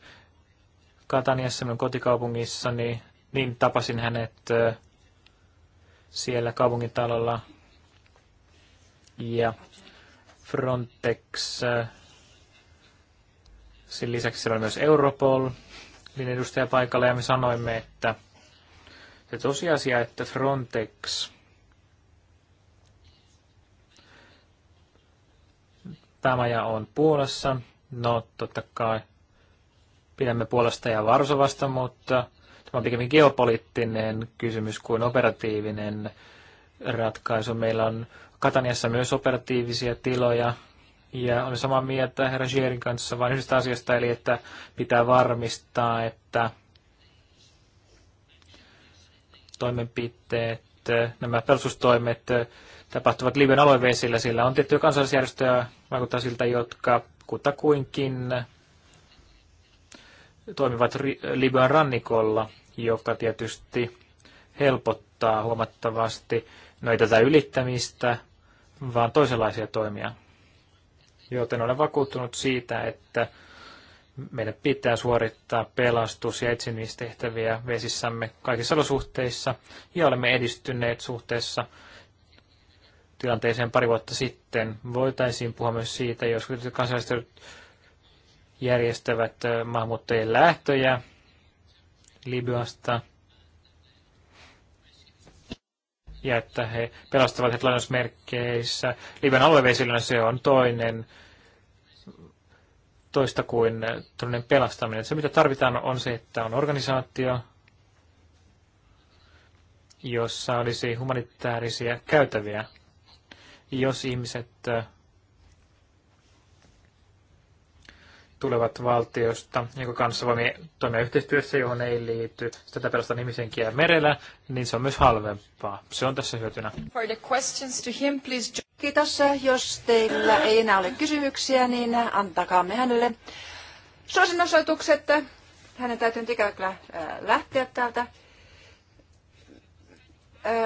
Kataniassa, minun kotikaupungissani, niin tapasin hänet siellä kaupungin talolla. Ja Frontex, sen lisäksi siellä oli myös Europol, niin edustaja paikalla, ja me sanoimme, että se tosiasia, että Frontex päämaja on Puolassa, no totta kai pidämme Puolasta ja Varsovasta, mutta Tämä on pikemmin geopoliittinen kysymys kuin operatiivinen ratkaisu. Meillä on Kataniassa myös operatiivisia tiloja, ja olen samaa mieltä herra Gierin kanssa vain yhdestä asiasta, eli että pitää varmistaa, että toimenpiteet, nämä pelastustoimet tapahtuvat Libyan aluevesillä, sillä on tiettyjä kansallisjärjestöjä, vaikuttaa siltä, jotka kutakuinkin toimivat Libyan rannikolla joka tietysti helpottaa huomattavasti noita tätä ylittämistä, vaan toisenlaisia toimia. Joten olen vakuuttunut siitä, että meidän pitää suorittaa pelastus- ja etsimistehtäviä vesissämme kaikissa olosuhteissa, ja olemme edistyneet suhteessa tilanteeseen pari vuotta sitten. Voitaisiin puhua myös siitä, jos kansalaiset järjestävät maahanmuuttajien lähtöjä, Libyasta ja että he pelastavat heitä lainausmerkkeissä. Libyan aluevesillä se on toinen toista kuin toinen pelastaminen. Se, mitä tarvitaan, on se, että on organisaatio, jossa olisi humanitaarisia käytäviä. Jos ihmiset tulevat valtiosta, jonka kanssa voimme toimia yhteistyössä, johon ei liity tätä pelastaa ihmisenkiä merellä, niin se on myös halvempaa. Se on tässä hyötynä. For the questions to him, please... Kiitos. Jos teillä ei enää ole kysymyksiä, niin antakaamme hänelle osoitukset. Hänen täytyy ikävä kyllä lähteä täältä.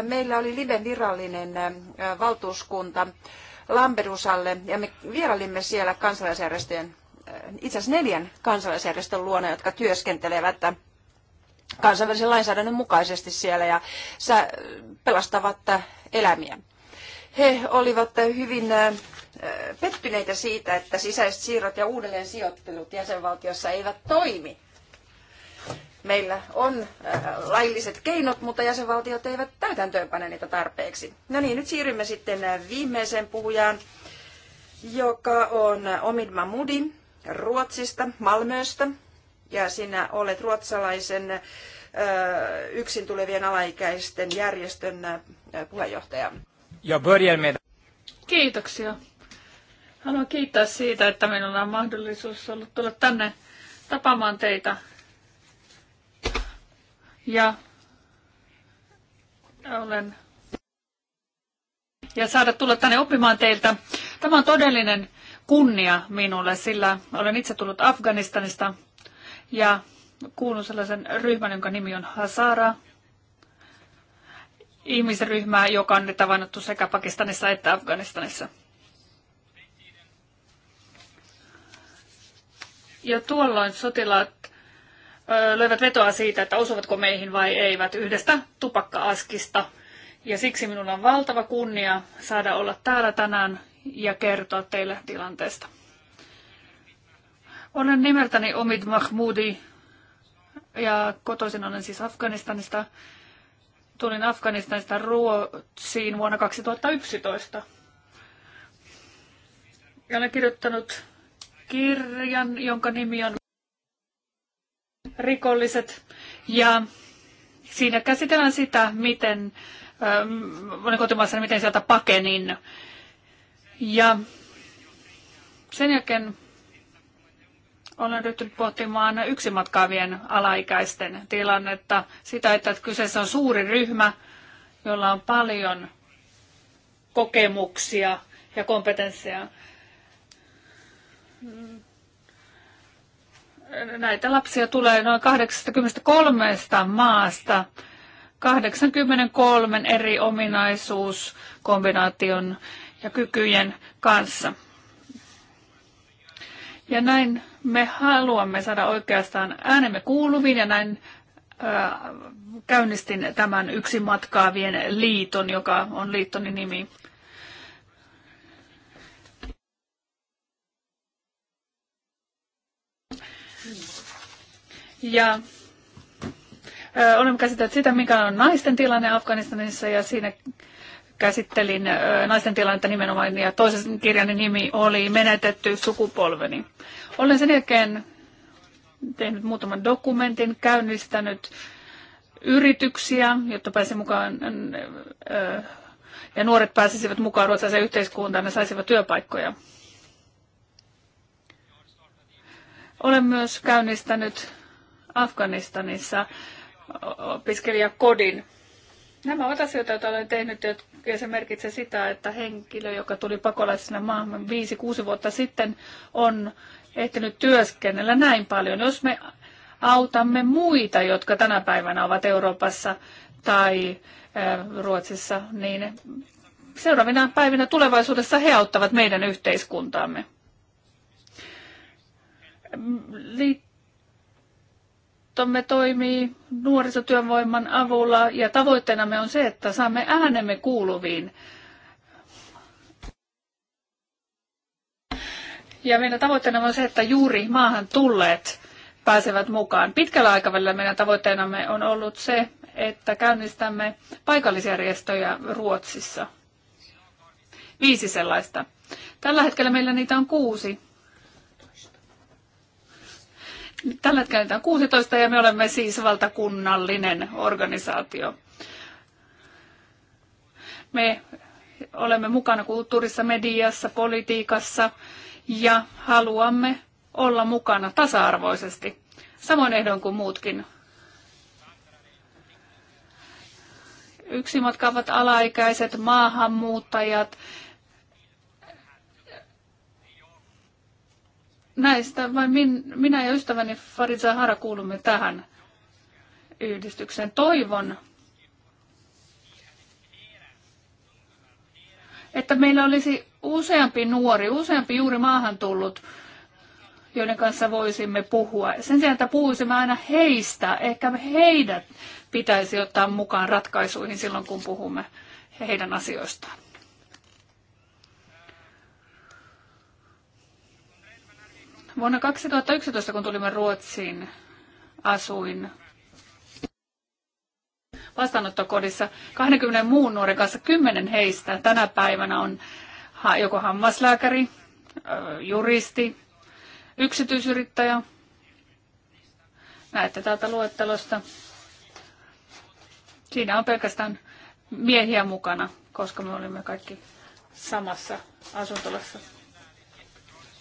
Meillä oli Liben virallinen valtuuskunta Lampedusalle ja me vierailimme siellä kansalaisjärjestöjen itse asiassa neljän kansalaisjärjestön luona, jotka työskentelevät kansainvälisen lainsäädännön mukaisesti siellä ja pelastavat elämiä. He olivat hyvin pettyneitä siitä, että sisäiset siirrot ja uudelleen sijoittelut jäsenvaltiossa eivät toimi. Meillä on lailliset keinot, mutta jäsenvaltiot eivät täytäntöönpane niitä tarpeeksi. No niin, nyt siirrymme sitten viimeiseen puhujaan, joka on Omid Mahmudin. Ruotsista, Malmöstä, ja sinä olet ruotsalaisen yksin tulevien alaikäisten järjestön puheenjohtaja. Ja börjar med... Kiitoksia. Haluan kiittää siitä, että minulla on mahdollisuus ollut tulla tänne tapaamaan teitä. Ja olen ja saada tulla tänne oppimaan teiltä. Tämä on todellinen kunnia minulle, sillä olen itse tullut Afganistanista ja kuulun sellaisen ryhmän, jonka nimi on Hazara. Ihmisryhmää, joka on tavannut sekä Pakistanissa että Afganistanissa. Ja tuolloin sotilaat löivät vetoa siitä, että osuvatko meihin vai eivät yhdestä tupakka-askista. Ja siksi minulla on valtava kunnia saada olla täällä tänään ja kertoa teille tilanteesta. Olen nimeltäni Omid Mahmoudi ja kotoisin olen siis Afganistanista. Tulin Afganistanista Ruotsiin vuonna 2011. Ja olen kirjoittanut kirjan, jonka nimi on Rikolliset. Ja siinä käsitellään sitä, miten, äh, kotimaassa, miten sieltä pakenin ja sen jälkeen olen ryhtynyt pohtimaan yksimatkaavien alaikäisten tilannetta, sitä, että kyseessä on suuri ryhmä, jolla on paljon kokemuksia ja kompetenssia. Näitä lapsia tulee noin 83 maasta 83 eri ominaisuuskombinaation ja kykyjen kanssa. Ja näin me haluamme saada oikeastaan äänemme kuuluviin ja näin ää, käynnistin tämän yksi matkaavien liiton, joka on liittoni nimi. Ja olemme käsitelleet sitä, mikä on naisten tilanne Afganistanissa ja siinä käsittelin naisten tilannetta nimenomaan ja toisen kirjan nimi oli Menetetty sukupolveni. Olen sen jälkeen tehnyt muutaman dokumentin, käynnistänyt yrityksiä, jotta pääsin mukaan ja nuoret pääsisivät mukaan ruotsalaisen yhteiskuntaan ja saisivat työpaikkoja. Olen myös käynnistänyt Afganistanissa opiskelijakodin, Nämä ovat asioita, joita olen tehnyt, ja se merkitsee sitä, että henkilö, joka tuli pakolaisena maahan 5-6 vuotta sitten, on ehtinyt työskennellä näin paljon. Jos me autamme muita, jotka tänä päivänä ovat Euroopassa tai Ruotsissa, niin seuraavina päivinä tulevaisuudessa he auttavat meidän yhteiskuntaamme taloutemme toimii nuorisotyövoiman avulla ja tavoitteenamme on se, että saamme äänemme kuuluviin. Ja meidän tavoitteena on se, että juuri maahan tulleet pääsevät mukaan. Pitkällä aikavälillä meidän tavoitteenamme on ollut se, että käynnistämme paikallisjärjestöjä Ruotsissa. Viisi sellaista. Tällä hetkellä meillä niitä on kuusi. Tällä hetkellä on 16 ja me olemme siis valtakunnallinen organisaatio. Me olemme mukana kulttuurissa, mediassa, politiikassa ja haluamme olla mukana tasa-arvoisesti, samoin ehdoin kuin muutkin. Yksimatkavat alaikäiset, maahanmuuttajat, näistä vain min, minä ja ystäväni Farid Zahara kuulumme tähän yhdistykseen. Toivon, että meillä olisi useampi nuori, useampi juuri maahan tullut, joiden kanssa voisimme puhua. Sen sijaan, että puhuisimme aina heistä, ehkä heidät pitäisi ottaa mukaan ratkaisuihin silloin, kun puhumme heidän asioistaan. Vuonna 2011, kun tulimme Ruotsiin, asuin vastaanottokodissa 20 muun nuoren kanssa. Kymmenen heistä tänä päivänä on joko hammaslääkäri, juristi, yksityisyrittäjä. Näette täältä luettelosta. Siinä on pelkästään miehiä mukana, koska me olimme kaikki samassa asuntolassa.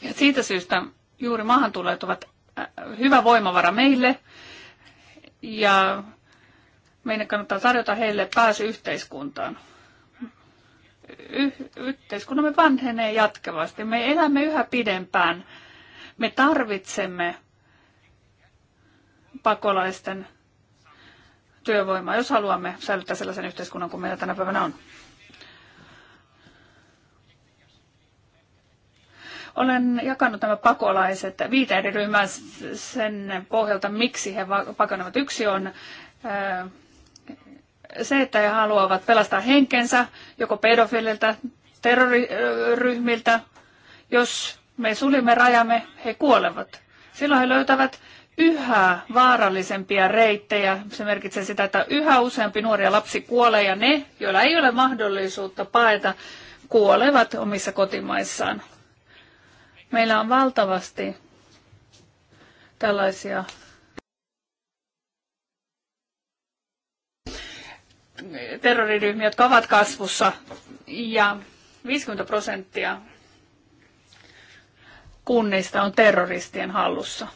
Ja siitä syystä juuri maahan tulleet ovat äh, hyvä voimavara meille ja meidän kannattaa tarjota heille pääsy yhteiskuntaan. Y- yhteiskunnamme vanhenee jatkevasti. Me elämme yhä pidempään. Me tarvitsemme pakolaisten työvoimaa, jos haluamme säilyttää sellaisen yhteiskunnan kuin meillä tänä päivänä on. Olen jakanut nämä pakolaiset viiteen eri ryhmään sen pohjalta, miksi he pakenevat. Yksi on se, että he haluavat pelastaa henkensä joko pedofililtä terroriryhmiltä. Jos me suljemme rajamme, he kuolevat. Silloin he löytävät yhä vaarallisempia reittejä. Se merkitsee sitä, että yhä useampi nuori ja lapsi kuolee ja ne, joilla ei ole mahdollisuutta paeta, kuolevat omissa kotimaissaan. Meillä on valtavasti tällaisia terroriryhmiä, jotka ovat kasvussa. Ja 50 prosenttia kunnista on terroristien hallussa.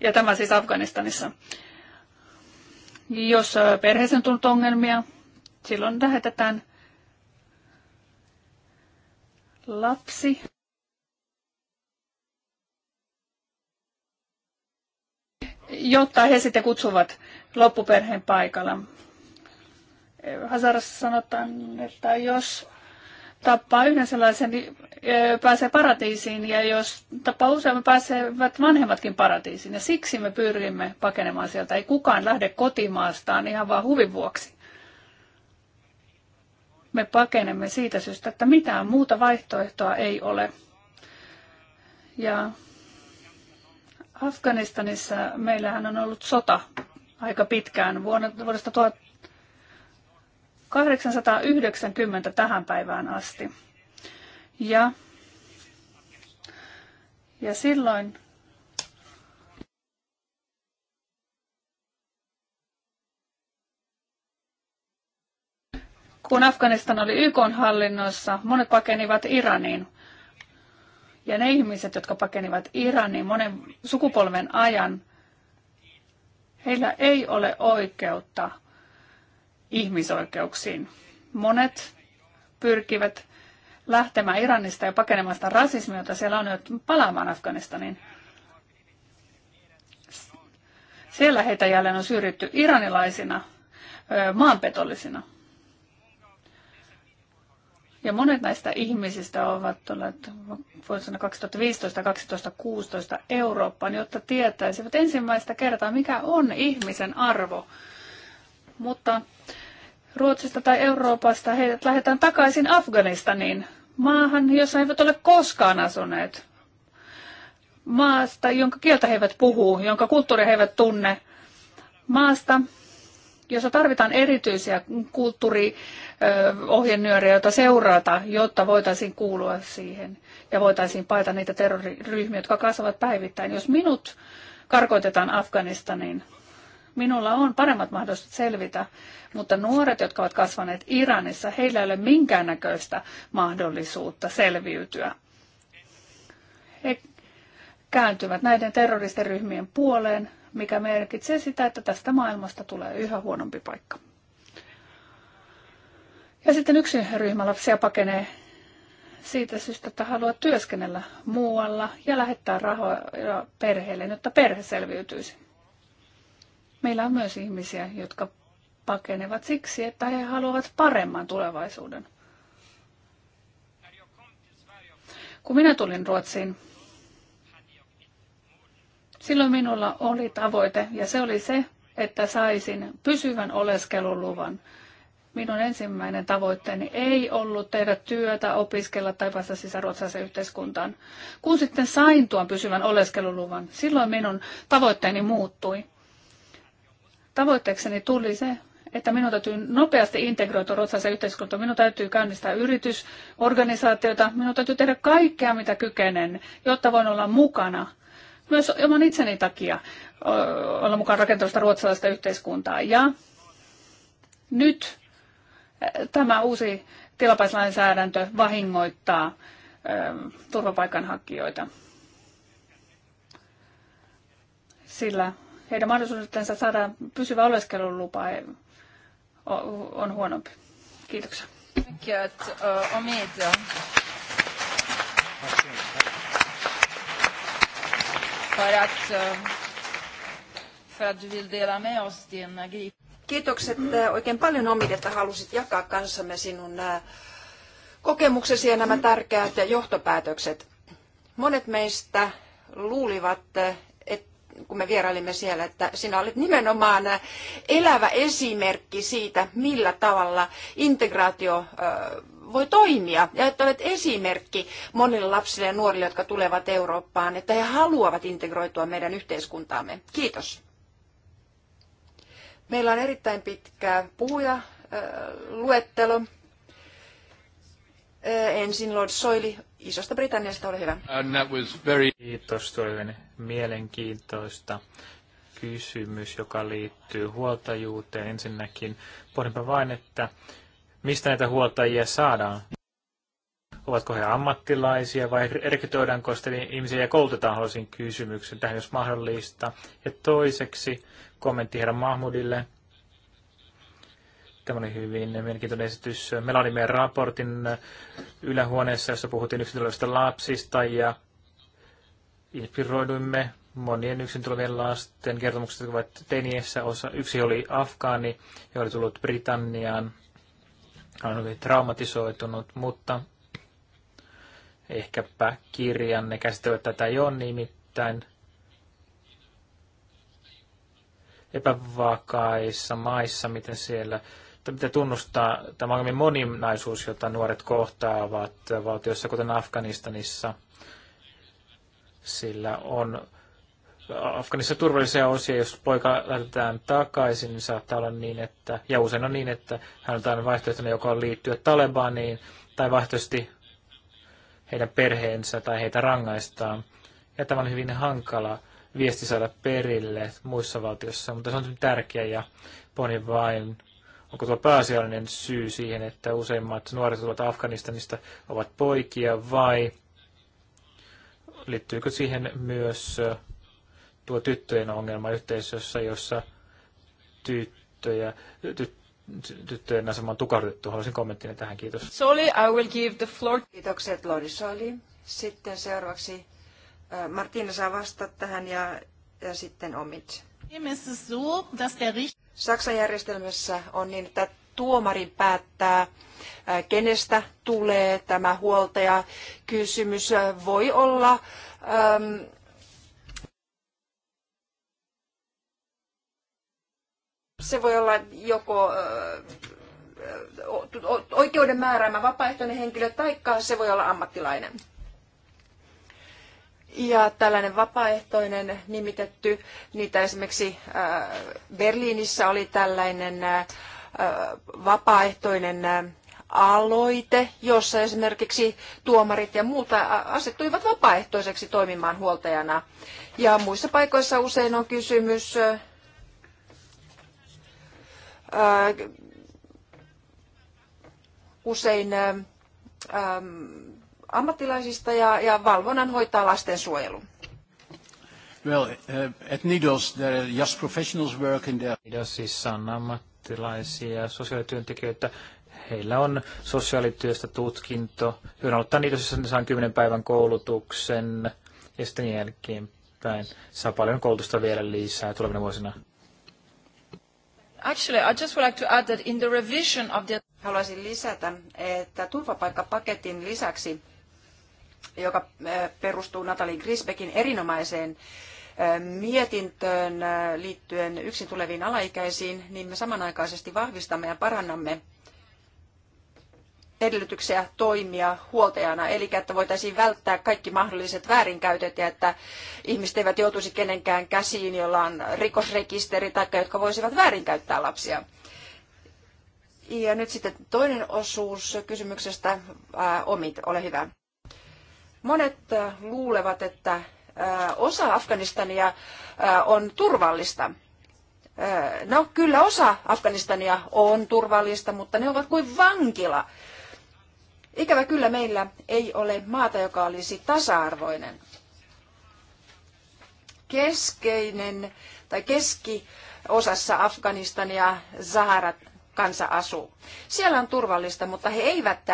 Ja tämä siis Afganistanissa. Jos perheessä on tullut ongelmia, silloin lähetetään lapsi. Jotta he sitten kutsuvat loppuperheen paikalla. Hazarassa sanotaan, että jos tappaa yhden sellaisen, niin pääsee paratiisiin, ja jos tappaa useammin, pääsevät vanhemmatkin paratiisiin. Ja siksi me pyrimme pakenemaan sieltä. Ei kukaan lähde kotimaastaan ihan vaan huvin vuoksi me pakenemme siitä syystä, että mitään muuta vaihtoehtoa ei ole. Ja Afganistanissa meillähän on ollut sota aika pitkään, vuodesta 1890 tähän päivään asti. Ja, ja silloin Kun Afganistan oli YK hallinnossa, monet pakenivat Iraniin. Ja ne ihmiset, jotka pakenivat Iraniin monen sukupolven ajan, heillä ei ole oikeutta ihmisoikeuksiin. Monet pyrkivät lähtemään Iranista ja pakenemaan sitä rasismia, jota siellä on, palaamaan Afganistaniin. Siellä heitä jälleen on syrjitty iranilaisina maanpetollisina. Ja monet näistä ihmisistä ovat tulleet vuosina 2015-2016 Eurooppaan, jotta tietäisivät ensimmäistä kertaa, mikä on ihmisen arvo. Mutta Ruotsista tai Euroopasta heidät lähdetään takaisin Afganistaniin, maahan, jossa he eivät ole koskaan asuneet. Maasta, jonka kieltä he eivät puhu, jonka kulttuuri he eivät tunne. Maasta, jossa tarvitaan erityisiä kulttuuri- ohjenyöriä, joita seurata, jotta voitaisiin kuulua siihen ja voitaisiin paita niitä terroriryhmiä, jotka kasvavat päivittäin. Jos minut karkoitetaan Afganistaniin, minulla on paremmat mahdollisuudet selvitä, mutta nuoret, jotka ovat kasvaneet Iranissa, heillä ei ole minkäännäköistä mahdollisuutta selviytyä. He kääntyvät näiden terroristiryhmien puoleen, mikä merkitsee sitä, että tästä maailmasta tulee yhä huonompi paikka. Ja sitten yksi ryhmä lapsia pakenee siitä syystä, että haluaa työskennellä muualla ja lähettää rahoja perheelle, jotta perhe selviytyisi. Meillä on myös ihmisiä, jotka pakenevat siksi, että he haluavat paremman tulevaisuuden. Kun minä tulin Ruotsiin, silloin minulla oli tavoite ja se oli se, että saisin pysyvän oleskeluluvan – Minun ensimmäinen tavoitteeni ei ollut tehdä työtä, opiskella tai päästä sisäruotsalaisen yhteiskuntaan. Kun sitten sain tuon pysyvän oleskeluluvan, silloin minun tavoitteeni muuttui. Tavoitteekseni tuli se, että minun täytyy nopeasti integroitua ruotsalaisen yhteiskuntaan. Minun täytyy käynnistää yritysorganisaatioita. Minun täytyy tehdä kaikkea, mitä kykenen, jotta voin olla mukana. Myös oman itseni takia olla mukaan rakentamasta ruotsalaista yhteiskuntaa. Ja nyt tämä uusi tilapäislainsäädäntö vahingoittaa ähm, turvapaikanhakijoita. Sillä heidän mahdollisuutensa saada pysyvä oleskelulupa on huonompi. Kiitoksia. Uh, för att, uh, för att du vill dela med oss din uh, grip. Kiitokset äh, oikein paljon Omid, että halusit jakaa kanssamme sinun äh, kokemuksesi ja nämä tärkeät johtopäätökset. Monet meistä luulivat, äh, että kun me vierailimme siellä, että sinä olet nimenomaan elävä esimerkki siitä, millä tavalla integraatio voi toimia ja että olet esimerkki monille lapsille ja nuorille, jotka tulevat Eurooppaan, että he haluavat integroitua meidän yhteiskuntaamme. Kiitos. Meillä on erittäin pitkä puhuja luettelo. Ensin Lord Soili Isosta Britanniasta, ole hyvä. And that was very... Kiitos, tuo mielenkiintoista kysymys, joka liittyy huoltajuuteen. Ensinnäkin pohdinpa vain, että mistä näitä huoltajia saadaan. Ovatko he ammattilaisia vai rekrytoidaanko sitten ihmisiä ja koulutetaan haluaisin kysymyksen tähän, jos mahdollista. Ja toiseksi kommentti herra Mahmudille. Tämä oli hyvin mielenkiintoinen esitys. Meillä oli meidän raportin ylähuoneessa, jossa puhuttiin yksityisistä lapsista ja inspiroiduimme monien yksin tulevien lasten kertomukset ovat teiniessä. Osa, yksi oli afgaani, joka oli tullut Britanniaan. Hän oli traumatisoitunut, mutta ehkäpä kirjanne käsittelevät tätä jo nimittäin epävakaissa maissa, miten siellä mitä tunnustaa tämä on moninaisuus, jota nuoret kohtaavat valtioissa, kuten Afganistanissa. Sillä on Afganissa turvallisia osia, jos poika lähetetään takaisin, niin saattaa olla niin, että, ja usein on niin, että hän on vaihtoehtona joka on liittyä Talebaniin tai vaihtoehtoisesti heidän perheensä tai heitä rangaistaan. Ja tämä on hyvin hankala viesti saada perille muissa valtiossa, mutta se on tärkeä ja poni vain, onko tuo pääasiallinen syy siihen, että useimmat nuoret tulevat Afganistanista ovat poikia vai liittyykö siihen myös tuo tyttöjen ongelma yhteisössä, jossa tyttöjä, tyt, tyttöjen asemaan tukahdutettu. Haluaisin kommenttina tähän, kiitos. Soli, I will give the floor. Kiitokset, Lodi Soli. Sitten seuraavaksi äh, Martina saa vastata tähän ja, ja sitten Omid. Saksan järjestelmässä on niin, että tuomari päättää, äh, kenestä tulee tämä huoltaja. Kysymys äh, voi olla ähm, se voi olla joko oikeuden määräämä vapaaehtoinen henkilö tai se voi olla ammattilainen. Ja tällainen vapaaehtoinen nimitetty, niitä esimerkiksi Berliinissä oli tällainen vapaaehtoinen aloite, jossa esimerkiksi tuomarit ja muuta asettuivat vapaaehtoiseksi toimimaan huoltajana. Ja muissa paikoissa usein on kysymys usein ammattilaisista ja, ja valvonnan hoitaa lastensuojelu. Well, uh, eh, at NIDOS there are just professionals working there. NIDOSissa siis on ammattilaisia sosiaalityöntekijöitä. Heillä on sosiaalityöstä tutkinto. He on aloittaa NIDOSissa, ne saa 10 päivän koulutuksen ja sitten jälkeenpäin saa paljon koulutusta vielä lisää tulevina vuosina. Actually, I just would like to add that in the revision of the... Haluaisin lisätä, että turvapaikkapaketin lisäksi, joka perustuu Natalie Grisbeckin erinomaiseen mietintöön liittyen yksin tuleviin alaikäisiin, niin me samanaikaisesti vahvistamme ja parannamme edellytyksiä toimia huoltajana, eli että voitaisiin välttää kaikki mahdolliset väärinkäytöt ja että ihmiset eivät joutuisi kenenkään käsiin, jolla on rikosrekisteri tai jotka voisivat väärinkäyttää lapsia. Ja nyt sitten toinen osuus kysymyksestä, ää, äh, Omit, ole hyvä. Monet äh, luulevat, että äh, osa Afganistania on turvallista. No kyllä osa Afganistania on turvallista, mutta ne ovat kuin vankila. Ikävä kyllä meillä ei ole maata, joka olisi tasa-arvoinen. Keskeinen tai keskiosassa Afganistania Zaharat kansa asuu. Siellä on turvallista, mutta he eivät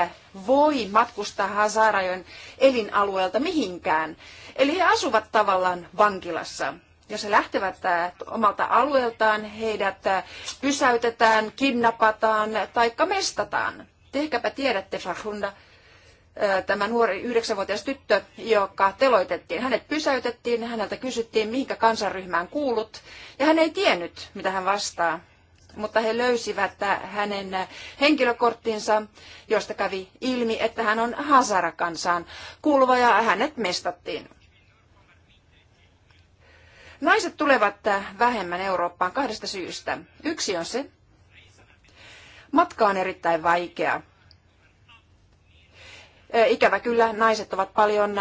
voi matkustaa Hazarajoen elinalueelta mihinkään. Eli he asuvat tavallaan vankilassa. Jos he lähtevät äh, omalta alueeltaan, heidät äh, pysäytetään, kidnapataan tai mestataan. Te ehkäpä tiedätte, Fahunda, tämä nuori yhdeksänvuotias tyttö, joka teloitettiin. Hänet pysäytettiin, häneltä kysyttiin, mihinkä kansanryhmään kuulut, ja hän ei tiennyt, mitä hän vastaa. Mutta he löysivät hänen henkilökorttinsa, josta kävi ilmi, että hän on Hazara-kansaan kuuluva ja hänet mestattiin. Naiset tulevat vähemmän Eurooppaan kahdesta syystä. Yksi on se, Matka on erittäin vaikea. Ikävä kyllä naiset ovat paljon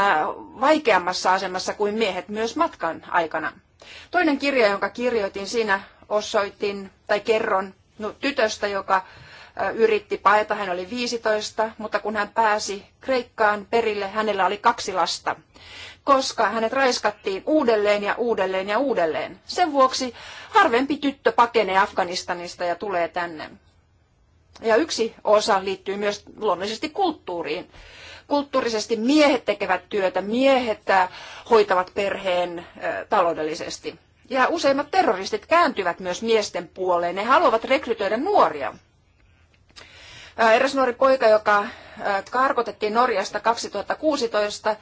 vaikeammassa asemassa kuin miehet myös matkan aikana. Toinen kirja, jonka kirjoitin, siinä osoitin tai kerron no, tytöstä, joka yritti paeta. Hän oli 15, mutta kun hän pääsi Kreikkaan perille, hänellä oli kaksi lasta, koska hänet raiskattiin uudelleen ja uudelleen ja uudelleen. Sen vuoksi harvempi tyttö pakenee Afganistanista ja tulee tänne. Ja yksi osa liittyy myös luonnollisesti kulttuuriin. Kulttuurisesti miehet tekevät työtä, miehet äh, hoitavat perheen äh, taloudellisesti. Ja useimmat terroristit kääntyvät myös miesten puoleen. Ne haluavat rekrytoida nuoria. Äh, eräs nuori poika, joka karkotettiin Norjasta 2016,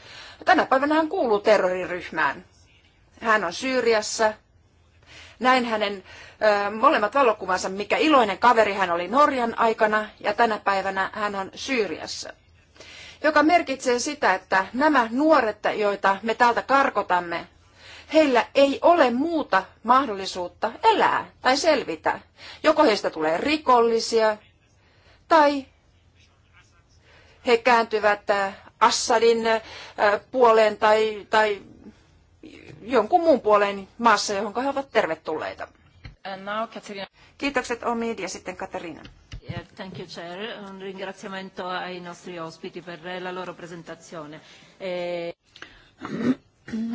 tänä päivänä hän kuuluu terroriryhmään. Hän on Syyriassa. Näin hänen molemmat valokuvansa, mikä iloinen kaveri hän oli Norjan aikana ja tänä päivänä hän on Syyriassa. Joka merkitsee sitä, että nämä nuoret, joita me täältä karkotamme, heillä ei ole muuta mahdollisuutta elää tai selvitä. Joko heistä tulee rikollisia tai he kääntyvät Assadin puoleen tai, tai jonkun muun puoleen maassa, johon he ovat tervetulleita now Katarina. Kiitokset Omid ja sitten Katarina. Yeah, thank you Chair. Un ringraziamento ai nostri ospiti per la loro presentazione. E...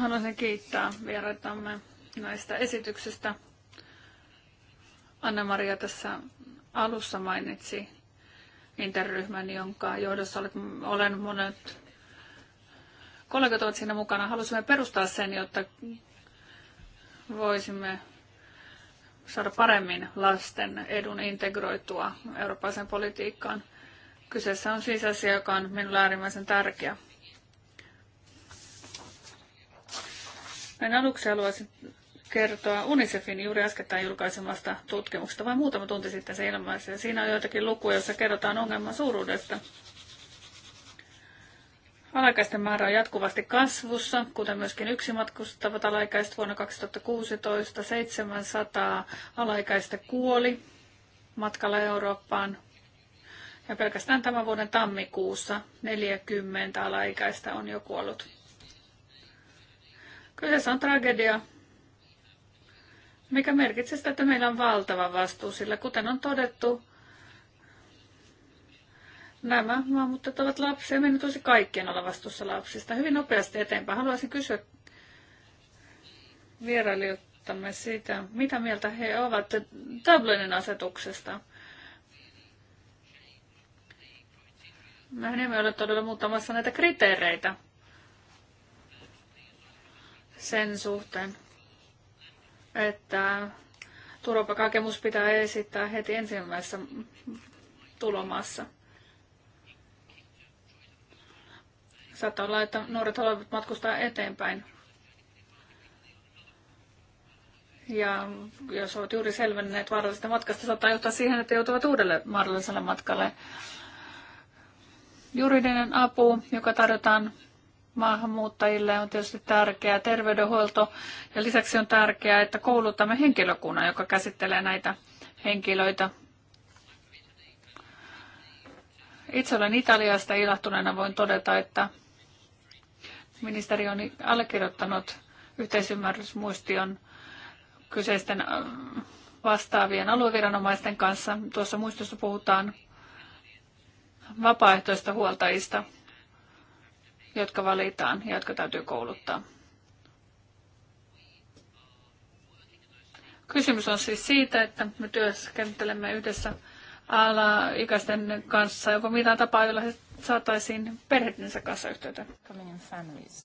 Haluaisin kiittää vieraitamme näistä esityksistä. Anna-Maria tässä alussa mainitsi interryhmän, jonka johdossa olet, olen monet kollegat ovat siinä mukana. Halusimme perustaa sen, jotta voisimme saada paremmin lasten edun integroitua eurooppalaiseen politiikkaan. Kyseessä on siis asia, joka on minulle äärimmäisen tärkeä. Näin aluksi haluaisin kertoa Unicefin juuri äskettäin julkaisemasta tutkimuksesta, vain muutama tunti sitten se ilmaisi. siinä on joitakin lukuja, joissa kerrotaan ongelman suuruudesta. Alaikäisten määrä on jatkuvasti kasvussa, kuten myöskin yksi matkustavat alaikäiset vuonna 2016. 700 alaikäistä kuoli matkalla Eurooppaan. Ja pelkästään tämän vuoden tammikuussa 40 alaikäistä on jo kuollut. Kyseessä on tragedia, mikä merkitsee sitä, että meillä on valtava vastuu, sillä kuten on todettu, Nämä mutta ovat lapsia. Meidän tosi kaikkien olla vastuussa lapsista. Hyvin nopeasti eteenpäin. Haluaisin kysyä vierailijoittamme siitä, mitä mieltä he ovat Dublinin asetuksesta. Mehän emme ole todella muuttamassa näitä kriteereitä sen suhteen, että turvapaikkahakemus pitää esittää heti ensimmäisessä tulomassa. Saattaa olla, että nuoret haluavat matkustaa eteenpäin. Ja jos olet juuri selvenneet vaarallisesta matkasta, saattaa johtaa siihen, että joutuvat uudelle mahdolliselle matkalle. Juridinen apu, joka tarjotaan maahanmuuttajille, on tietysti tärkeää. Terveydenhuolto ja lisäksi on tärkeää, että koulutamme henkilökunnan, joka käsittelee näitä henkilöitä. Itse olen Italiasta ilahtuneena voin todeta, että Ministeri on allekirjoittanut yhteisymmärrysmuistion kyseisten äh, vastaavien alueviranomaisten kanssa. Tuossa muistossa puhutaan vapaaehtoista huoltajista, jotka valitaan ja jotka täytyy kouluttaa. Kysymys on siis siitä, että me työskentelemme yhdessä alaikäisten kanssa, joko mitä tapaa, jolla he saataisiin perheidensä kanssa yhteyttä.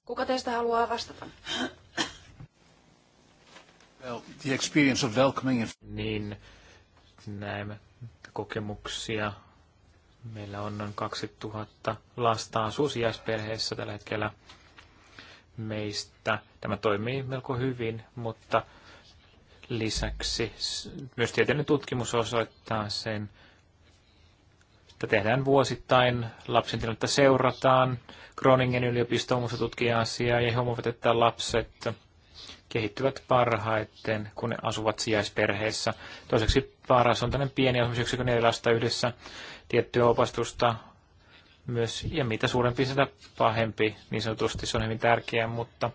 Kuka teistä haluaa vastata? Well, the experience of welcoming Niin, näemme kokemuksia. Meillä on noin 2000 lasta asuu sijaisperheessä tällä hetkellä meistä. Tämä toimii melko hyvin, mutta lisäksi myös tieteellinen tutkimus osoittaa sen, sitä tehdään vuosittain, lapsen tilannetta seurataan, Groningen yliopisto muussa tutkii asiaa ja he että lapset kehittyvät parhaiten, kun ne asuvat sijaisperheessä. Toiseksi paras on tämmöinen pieni asumisyksikkö, kun neljä lasta yhdessä tiettyä opastusta myös, ja mitä suurempi sitä pahempi, niin sanotusti se on hyvin tärkeää, mutta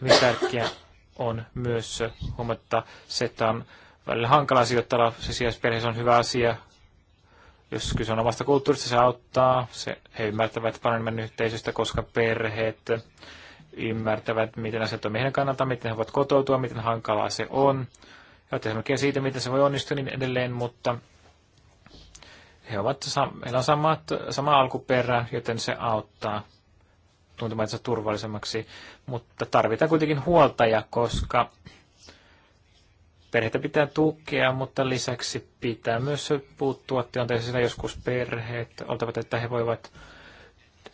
hyvin tärkeää on myös huomata, että se, että on välillä hankala sijoittaa lapsi sijaisperheessä on hyvä asia, jos kyse on omasta kulttuurista, se auttaa. Se, he ymmärtävät paremmin yhteisöstä, koska perheet ymmärtävät, miten asiat on heidän kannalta, miten he voivat kotoutua, miten hankalaa se on. Ja esimerkiksi siitä, miten se voi onnistua niin edelleen, mutta he ovat, heillä on sama, sama alkuperä, joten se auttaa tuntemaan turvallisemmaksi. Mutta tarvitaan kuitenkin huoltaja, koska Perheitä pitää tukea, mutta lisäksi pitää myös puuttua tilanteeseen, joskus perheet oltavat, että he voivat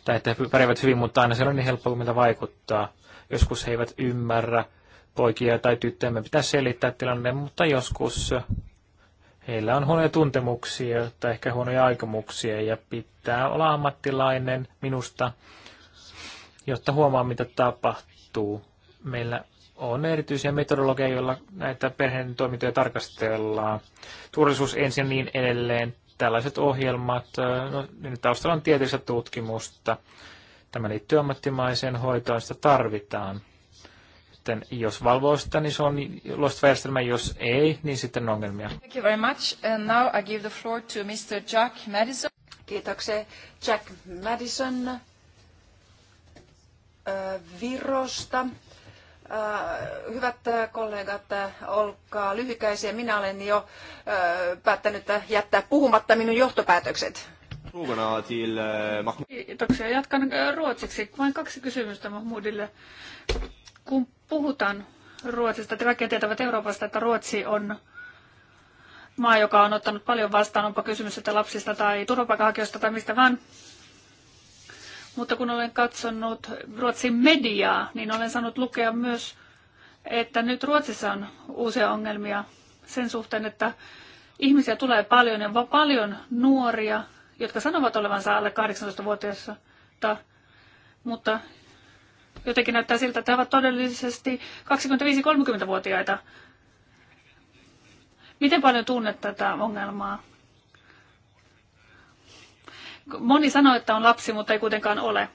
tai että he pärjäävät hyvin, mutta aina se on niin helppoa kuin mitä vaikuttaa. Joskus he eivät ymmärrä poikia tai tyttöjä, me pitää selittää tilanne, mutta joskus heillä on huonoja tuntemuksia tai ehkä huonoja aikomuksia ja pitää olla ammattilainen minusta, jotta huomaa mitä tapahtuu. Meillä on erityisiä metodologeja, joilla näitä perheen toimintoja tarkastellaan. Turvallisuus ensin niin edelleen. Tällaiset ohjelmat, no, niin taustalla on tieteellistä tutkimusta. Tämä liittyy ammattimaiseen hoitoon, sitä tarvitaan. Sitten jos valvoo sitä, niin se on loistava järjestelmä. Jos ei, niin sitten on ongelmia. Thank you very much. And now I give the floor to Mr. Jack Madison. Kiitoksia. Jack Madison Virosta Äh, hyvät äh, kollegat, äh, olkaa lyhykäisiä. Minä olen jo päättänyt jättää puhumatta minun johtopäätökset. Kiitoksia. Jatkan ruotsiksi. Vain kaksi kysymystä Mahmudille. Kun puhutaan Ruotsista, te kaikki tietävät Euroopasta, että Ruotsi on maa, joka on ottanut paljon vastaan, onpa kysymys sitten lapsista tai turvapaikanhakijoista tai mistä vaan. Mutta kun olen katsonut Ruotsin mediaa, niin olen saanut lukea myös, että nyt Ruotsissa on uusia ongelmia sen suhteen, että ihmisiä tulee paljon ja paljon nuoria, jotka sanovat olevansa alle 18-vuotiaissa, mutta jotenkin näyttää siltä, että he ovat todellisesti 25-30-vuotiaita. Miten paljon tunnet tätä ongelmaa? Moni sanoo, että on lapsi, mutta ei kuitenkaan ole.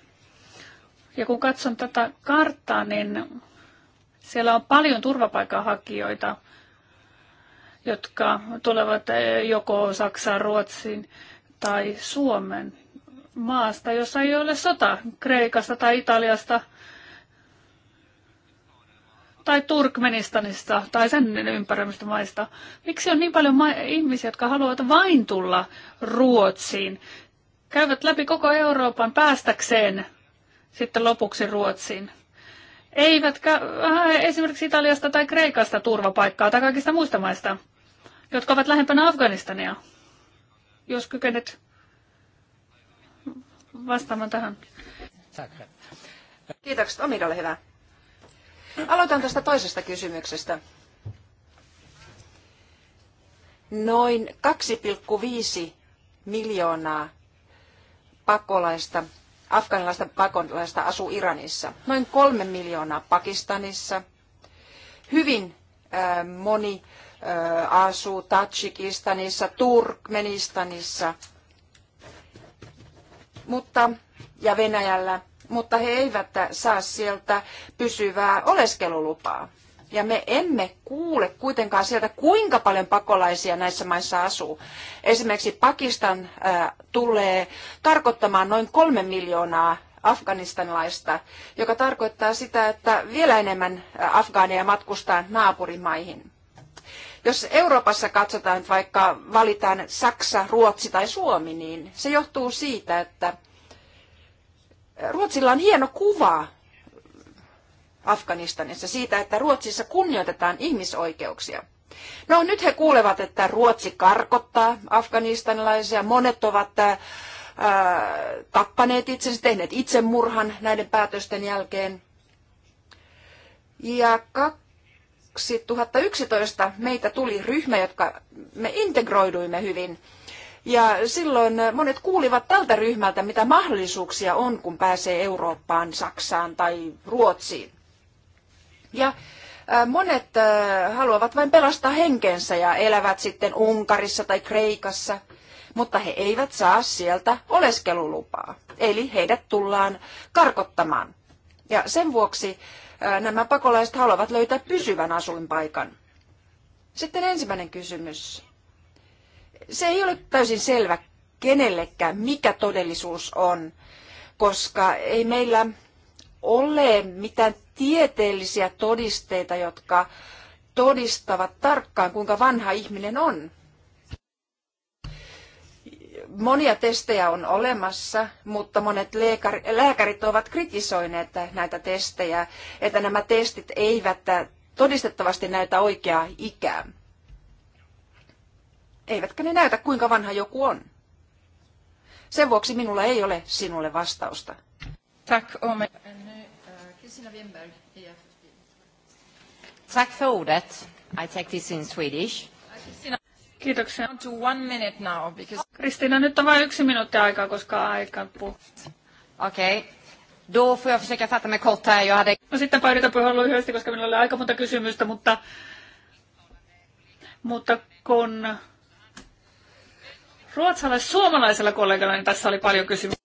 Ja kun katson tätä karttaa, niin siellä on paljon turvapaikanhakijoita, jotka tulevat eh, joko Saksaan, Ruotsiin tai Suomen maasta, jossa ei ole sota, Kreikasta tai Italiasta tai Turkmenistanista tai sen ympäröimistä maista. Miksi on niin paljon ihmisiä, jotka haluavat vain tulla Ruotsiin käyvät läpi koko Euroopan päästäkseen sitten lopuksi Ruotsiin. Eivätkä äh, esimerkiksi Italiasta tai Kreikasta turvapaikkaa tai kaikista muista maista, jotka ovat lähempänä Afganistania, jos kykenet vastaamaan tähän. Kiitokset. Omid, ole hyvä. Aloitan tästä toisesta kysymyksestä. Noin 2,5 miljoonaa pakolaista, afganilaista pakolaista asuu Iranissa. Noin kolme miljoonaa Pakistanissa. Hyvin moni asuu Tatsikistanissa, Turkmenistanissa mutta, ja Venäjällä, mutta he eivät saa sieltä pysyvää oleskelulupaa. Ja me emme kuule kuitenkaan sieltä, kuinka paljon pakolaisia näissä maissa asuu. Esimerkiksi Pakistan äh, tulee tarkoittamaan noin kolme miljoonaa afganistanilaista, joka tarkoittaa sitä, että vielä enemmän afgaaneja matkustaa naapurimaihin. Jos Euroopassa katsotaan, että vaikka valitaan Saksa, Ruotsi tai Suomi, niin se johtuu siitä, että Ruotsilla on hieno kuva Afganistanissa siitä, että Ruotsissa kunnioitetaan ihmisoikeuksia. No nyt he kuulevat, että Ruotsi karkottaa afganistanilaisia. Monet ovat ää, äh, tappaneet itsensä, tehneet itsemurhan näiden päätösten jälkeen. Ja 2011 meitä tuli ryhmä, jotka me integroiduimme hyvin. Ja silloin monet kuulivat tältä ryhmältä, mitä mahdollisuuksia on, kun pääsee Eurooppaan, Saksaan tai Ruotsiin. Ja monet haluavat vain pelastaa henkensä ja elävät sitten Unkarissa tai Kreikassa, mutta he eivät saa sieltä oleskelulupaa. Eli heidät tullaan karkottamaan. Ja sen vuoksi nämä pakolaiset haluavat löytää pysyvän asuinpaikan. Sitten ensimmäinen kysymys. Se ei ole täysin selvä kenellekään, mikä todellisuus on, koska ei meillä ole mitään tieteellisiä todisteita, jotka todistavat tarkkaan, kuinka vanha ihminen on. Monia testejä on olemassa, mutta monet lääkärit ovat kritisoineet näitä testejä, että nämä testit eivät todistettavasti näytä oikeaa ikää. Eivätkä ne näytä, kuinka vanha joku on. Sen vuoksi minulla ei ole sinulle vastausta. Tack, Kristina Winberg, EFD. Tack för ordet. I take this in Swedish. Kiitoksia. To one minute now, because... Kristina, nyt on vain yksi minuutti aikaa, koska aika puhuu. Okei. Okay. Då får jag försöka fatta mig kort här. Jag hade... No sittenpä yritän puhua lyhyesti, koska minulla oli aika monta kysymystä, mutta, mutta kun ruotsalais-suomalaisella kollegalla, niin tässä oli paljon kysymyksiä.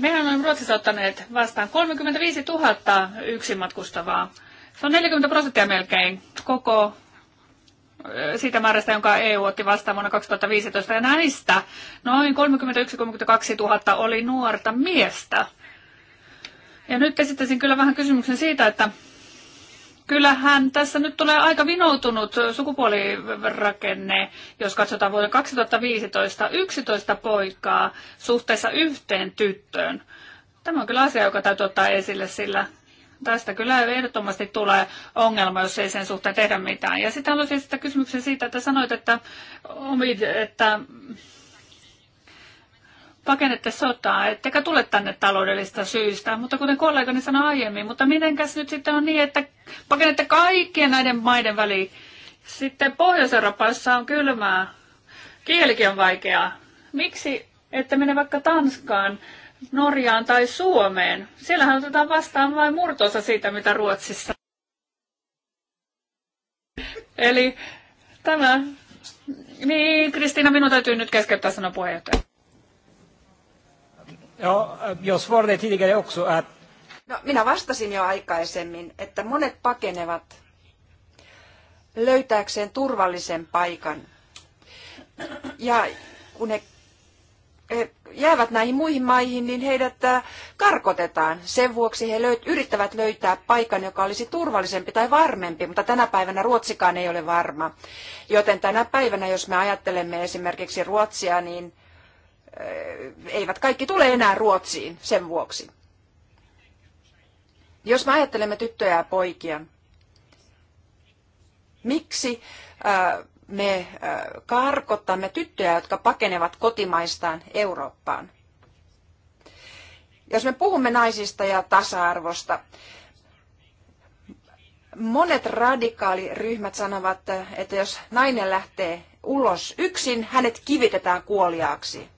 Mehän olemme Ruotsissa ottaneet vastaan 35 000 yksin matkustavaa. Se on 40 prosenttia melkein koko siitä määrästä, jonka EU otti vastaan vuonna 2015. Ja näistä noin 31-32 000 oli nuorta miestä. Ja nyt esittäisin kyllä vähän kysymyksen siitä, että kyllähän tässä nyt tulee aika vinoutunut sukupuolirakenne, jos katsotaan vuoden 2015, 11 poikaa suhteessa yhteen tyttöön. Tämä on kyllä asia, joka täytyy ottaa esille, sillä tästä kyllä ehdottomasti tulee ongelma, jos ei sen suhteen tehdä mitään. Ja sitten haluaisin sitä kysymyksen siitä, että sanoit, että, että pakenette sotaa, ettekä tule tänne taloudellista syystä, mutta kuten kollegani sanoi aiemmin, mutta mitenkäs nyt sitten on niin, että pakenette kaikkien näiden maiden väliin. Sitten Pohjois-Euroopassa on kylmää, kielikin on vaikeaa. Miksi ette mene vaikka Tanskaan, Norjaan tai Suomeen? Siellähän otetaan vastaan vain murtoosa siitä, mitä Ruotsissa. Eli tämä. Niin, Kristiina, minun täytyy nyt keskeyttää sanoa puheenjohtaja. Joo, eh, jag svarade tidigare också att... No, minä vastasin jo aikaisemmin, että monet pakenevat löytääkseen turvallisen paikan. Ja kun he, he eh, jäävät näihin muihin maihin, niin heidät eh, karkotetaan. Sen vuoksi he löyt, yrittävät löytää paikan, joka olisi turvallisempi tai varmempi, mutta tänä päivänä Ruotsikaan ei ole varma. Joten tänä päivänä, jos me ajattelemme esimerkiksi Ruotsia, niin eivät kaikki tule enää Ruotsiin sen vuoksi. Jos me ajattelemme tyttöjä ja poikia, miksi me karkottamme tyttöjä, jotka pakenevat kotimaistaan Eurooppaan? Jos me puhumme naisista ja tasa-arvosta, monet radikaaliryhmät sanovat, että jos nainen lähtee ulos yksin, hänet kivitetään kuoliaaksi.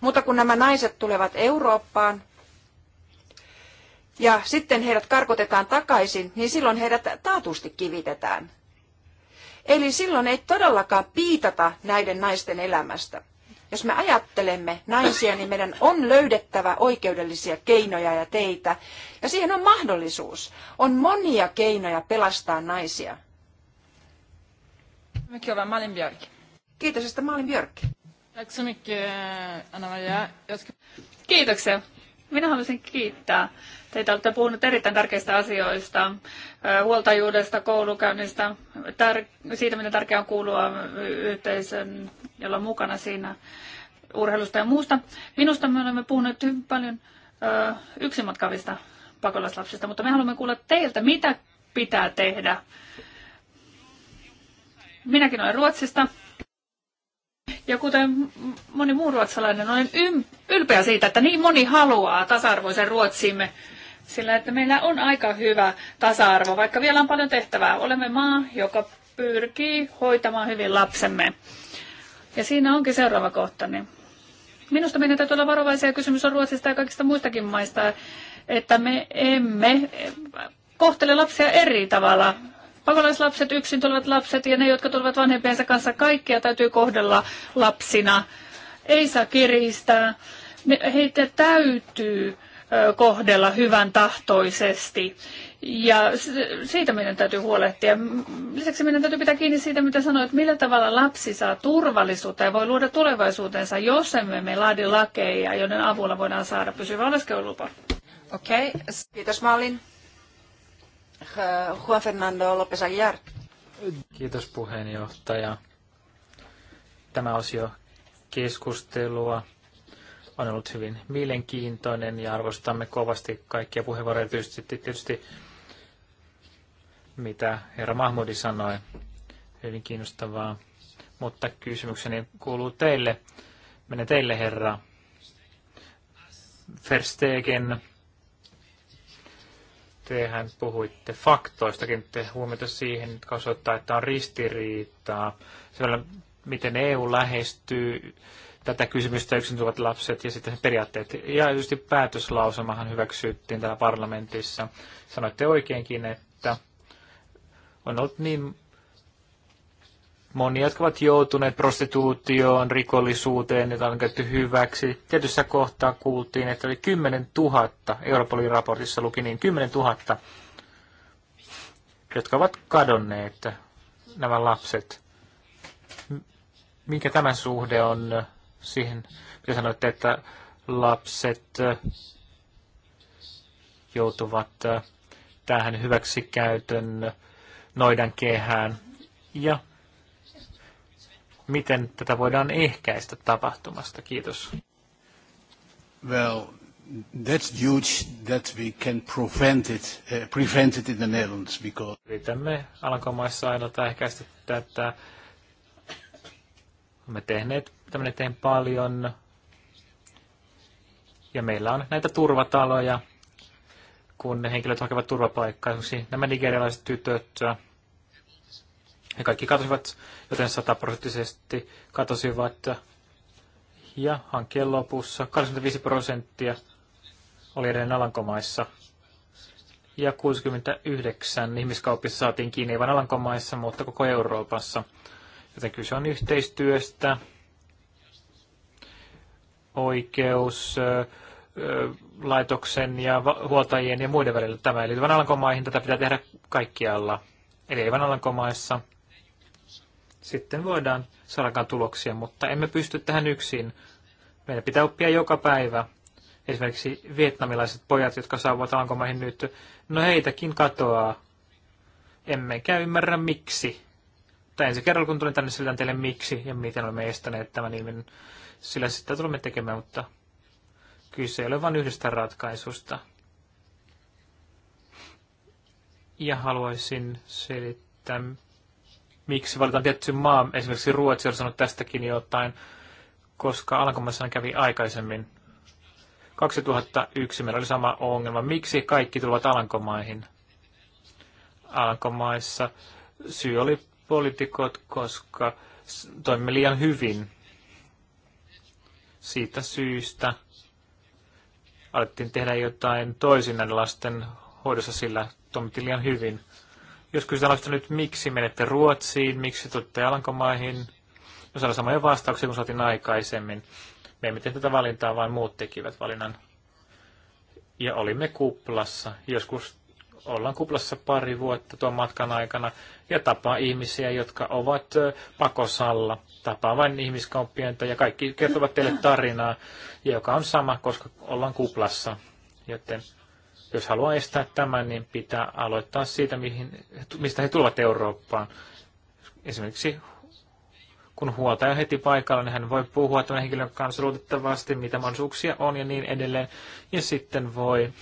Mutta kun nämä naiset tulevat Eurooppaan ja sitten heidät karkotetaan takaisin, niin silloin heidät taatusti kivitetään. Eli silloin ei todellakaan piitata näiden naisten elämästä. Jos me ajattelemme naisia, niin meidän on löydettävä oikeudellisia keinoja ja teitä. Ja siihen on mahdollisuus. On monia keinoja pelastaa naisia. Mäkin olen Malin Björk. Kiitos, että Malin Björk. Tack så mycket, Anna Maria. Kiitoksia. Minä haluaisin kiittää teitä. Olette puhunut erittäin tärkeistä asioista, huoltajuudesta, koulukäynnistä, tär- siitä, miten tärkeää on kuulua yhteisön, jolla on mukana siinä urheilusta ja muusta. Minusta me olemme puhuneet hyvin paljon ö, yksimatkavista pakolaislapsista, mutta me haluamme kuulla teiltä, mitä pitää tehdä. Minäkin olen Ruotsista ja kuten moni muu ruotsalainen, olen ylpeä siitä, että niin moni haluaa tasa-arvoisen Ruotsimme. Sillä että meillä on aika hyvä tasa-arvo, vaikka vielä on paljon tehtävää. Olemme maa, joka pyrkii hoitamaan hyvin lapsemme. Ja siinä onkin seuraava kohta. Niin minusta meidän täytyy olla varovaisia. Kysymys on Ruotsista ja kaikista muistakin maista, että me emme kohtele lapsia eri tavalla pakolaislapset, yksin tulevat lapset ja ne, jotka tulevat vanhempiensa kanssa, kaikkia täytyy kohdella lapsina. Ei saa kiristää. Heitä täytyy kohdella hyvän tahtoisesti. Ja siitä meidän täytyy huolehtia. Lisäksi meidän täytyy pitää kiinni siitä, mitä sanoit, millä tavalla lapsi saa turvallisuutta ja voi luoda tulevaisuutensa, jos emme me laadi lakeja, joiden avulla voidaan saada pysyvä oleskelulupa. Okei, okay. kiitos Mallin. Äh, Juan Fernando López Aguilar. Kiitos puheenjohtaja. Tämä osio keskustelua on ollut hyvin mielenkiintoinen ja arvostamme kovasti kaikkia puheenvuoroja, tietysti, tietysti mitä herra Mahmudi sanoi. Hyvin kiinnostavaa. Mutta kysymykseni kuuluu teille. Mene teille, herra Verstegen tehän puhuitte faktoistakin, te huomiota siihen, että osoittaa, että on ristiriitaa. Siellä, miten EU lähestyy tätä kysymystä yksin tuovat lapset ja sitten periaatteet. Ja tietysti päätöslausamahan hyväksyttiin täällä parlamentissa. Sanoitte oikeinkin, että on ollut niin monia, jotka ovat joutuneet prostituutioon, rikollisuuteen, jota on käytetty hyväksi. Tietyssä kohtaa kuultiin, että oli 10 000, Europolin raportissa luki niin, 10 000, jotka ovat kadonneet, nämä lapset. Minkä tämä suhde on siihen, mitä sanoitte, että lapset joutuvat tähän hyväksikäytön noidan kehään. Ja miten tätä voidaan ehkäistä tapahtumasta? Kiitos. Well, that's huge that we can prevent it, uh, prevent it in the Netherlands because... Yritämme Alankomaissa ainoa ehkäistä tätä. Olemme tehneet tämän eteen paljon. Ja meillä on näitä turvataloja, kun ne henkilöt hakevat turvapaikkaa. Esimerkiksi nämä nigerialaiset tytöt, he kaikki katosivat, joten sataprosenttisesti katosivat. Ja hankkeen lopussa 25 prosenttia oli edelleen Alankomaissa. Ja 69 ihmiskaupissa saatiin kiinni ei vain Alankomaissa, mutta koko Euroopassa. Joten kyse on yhteistyöstä, oikeus, laitoksen ja huoltajien ja muiden välillä tämä ei liity vain Alankomaihin, tätä pitää tehdä kaikkialla. Eli ei vain Alankomaissa, sitten voidaan saada tuloksia, mutta emme pysty tähän yksin. Meidän pitää oppia joka päivä. Esimerkiksi vietnamilaiset pojat, jotka saavat alankomaihin nyt, no heitäkin katoaa. Emmekä ymmärrä miksi. Tai ensi kerralla, kun tulin tänne, selitän teille miksi ja miten olemme estäneet tämän ilmin. Sillä sitä tulemme tekemään, mutta kyse ei ole vain yhdestä ratkaisusta. Ja haluaisin selittää miksi valitaan tietty maa. Esimerkiksi Ruotsi on sanonut tästäkin jotain, koska Alankomaissa kävi aikaisemmin. 2001 meillä oli sama ongelma. Miksi kaikki tulevat Alankomaihin? Alankomaissa syy oli poliitikot, koska toimimme liian hyvin. Siitä syystä alettiin tehdä jotain toisin näiden lasten hoidossa, sillä toimittiin liian hyvin. Jos kysytään nyt, miksi menette Ruotsiin, miksi tulette Alankomaihin, jos no, saada samoja vastauksia kuin saatiin aikaisemmin. Me emme tehneet tätä valintaa, vaan muut tekivät valinnan. Ja olimme kuplassa. Joskus ollaan kuplassa pari vuotta tuon matkan aikana ja tapaa ihmisiä, jotka ovat pakosalla. Tapaa vain ihmiskauppiaita ja kaikki kertovat teille tarinaa, joka on sama, koska ollaan kuplassa. Joten jos haluaa estää tämän, niin pitää aloittaa siitä, mihin, mistä he tulevat Eurooppaan. Esimerkiksi kun huoltaja heti paikalla, niin hän voi puhua tämän henkilön kanssa luotettavasti, mitä mahdollisuuksia on ja niin edelleen. Ja sitten voi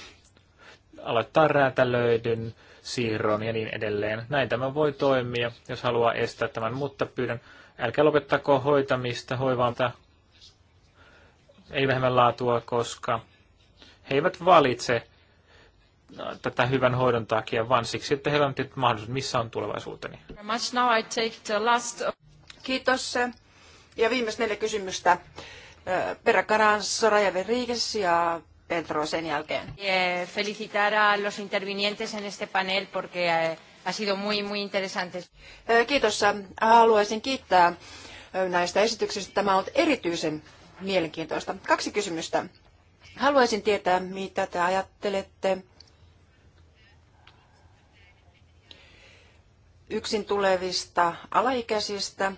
aloittaa räätälöidyn siirron ja niin edelleen. Näin tämä voi toimia, jos haluaa estää tämän, mutta pyydän, älkää lopettako hoitamista, hoivaamta, ei vähemmän laatua, koska he eivät valitse tätä hyvän hoidon takia, vaan siksi, että heillä on tietty mahdollisuus, missä on tulevaisuuteni. Kiitos. Ja viimeiset neljä kysymystä. Perakaran Soraya Verriges ja Pedro sen jälkeen. Eh, felicitar a los intervinientes en este panel porque eh, ha sido muy, muy interesante. Kiitos. Haluaisin kiittää näistä esityksistä. Tämä on ollut erityisen mielenkiintoista. Kaksi kysymystä. Haluaisin tietää, mitä te ajattelette yksin tulevista alaikäisistä,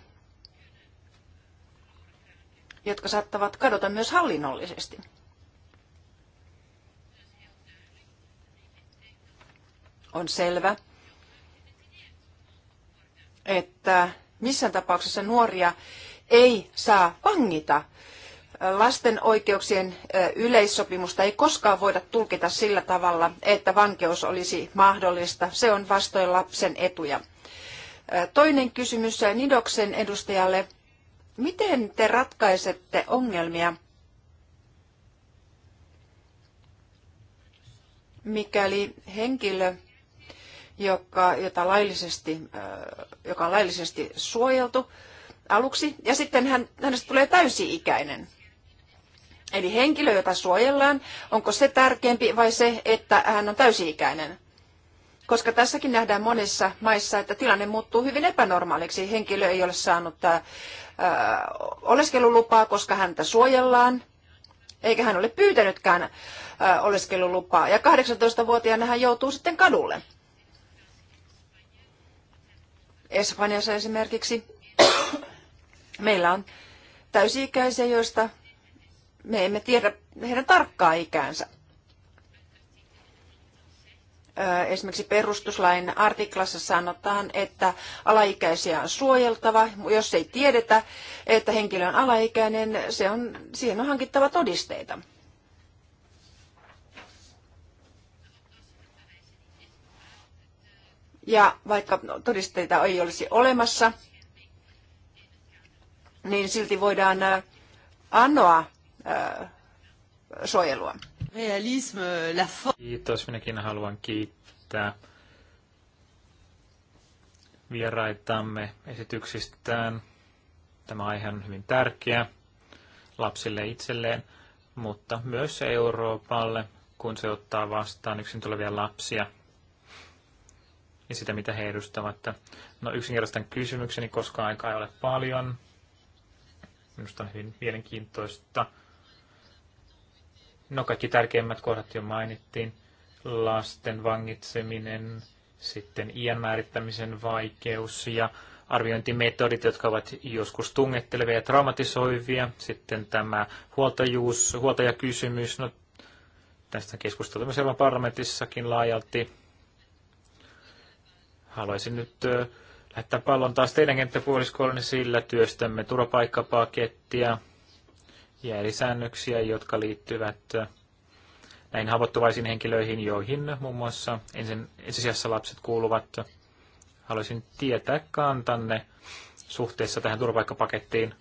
jotka saattavat kadota myös hallinnollisesti. On selvä, että missään tapauksessa nuoria ei saa vangita. Lasten oikeuksien yleissopimusta ei koskaan voida tulkita sillä tavalla, että vankeus olisi mahdollista. Se on vastoin lapsen etuja. Toinen kysymys Nidoksen edustajalle. Miten te ratkaisette ongelmia, mikäli henkilö, joka, jota laillisesti, joka on laillisesti suojeltu aluksi, ja sitten hän, hänestä tulee täysi-ikäinen? Eli henkilö, jota suojellaan, onko se tärkeämpi vai se, että hän on täysi-ikäinen? koska tässäkin nähdään monissa maissa, että tilanne muuttuu hyvin epänormaaliksi. Henkilö ei ole saanut ää, äh, äh, oleskelulupaa, koska häntä suojellaan, eikä hän ole pyytänytkään ää, äh, oleskelulupaa. Ja 18-vuotiaana hän joutuu sitten kadulle. Espanjassa esimerkiksi meillä on täysi-ikäisiä, joista me emme tiedä heidän tarkkaa ikäänsä. Esimerkiksi perustuslain artiklassa sanotaan, että alaikäisiä on suojeltava. Jos ei tiedetä, että henkilö on alaikäinen, se on, siihen on hankittava todisteita. Ja vaikka todisteita ei olisi olemassa, niin silti voidaan anoa suojelua realisme, euh, la Kiitos, minäkin haluan kiittää vieraitamme esityksistään. Tämä aihe on hyvin tärkeä lapsille itselleen, mutta myös Euroopalle, kun se ottaa vastaan yksin tulevia lapsia ja sitä, mitä he edustavat. No yksinkertaisen kysymykseni, koska aikaa ei ole paljon. Minusta on hyvin mielenkiintoista No kaikki tärkeimmät kohdat jo mainittiin. Lasten vangitseminen, sitten iän määrittämisen vaikeus ja arviointimetodit, jotka ovat joskus tungettelevia ja traumatisoivia. Sitten tämä huoltajuus, huoltajakysymys, no tästä myös siellä parlamentissakin laajalti. Haluaisin nyt lähettää pallon taas teidän kenttäpuoliskollenne sillä työstämme turvapaikkapakettia, ja säännöksiä, jotka liittyvät näihin haavoittuvaisiin henkilöihin, joihin muun muassa ensin, ensisijassa lapset kuuluvat. Haluaisin tietää kantanne suhteessa tähän turvapaikkapakettiin.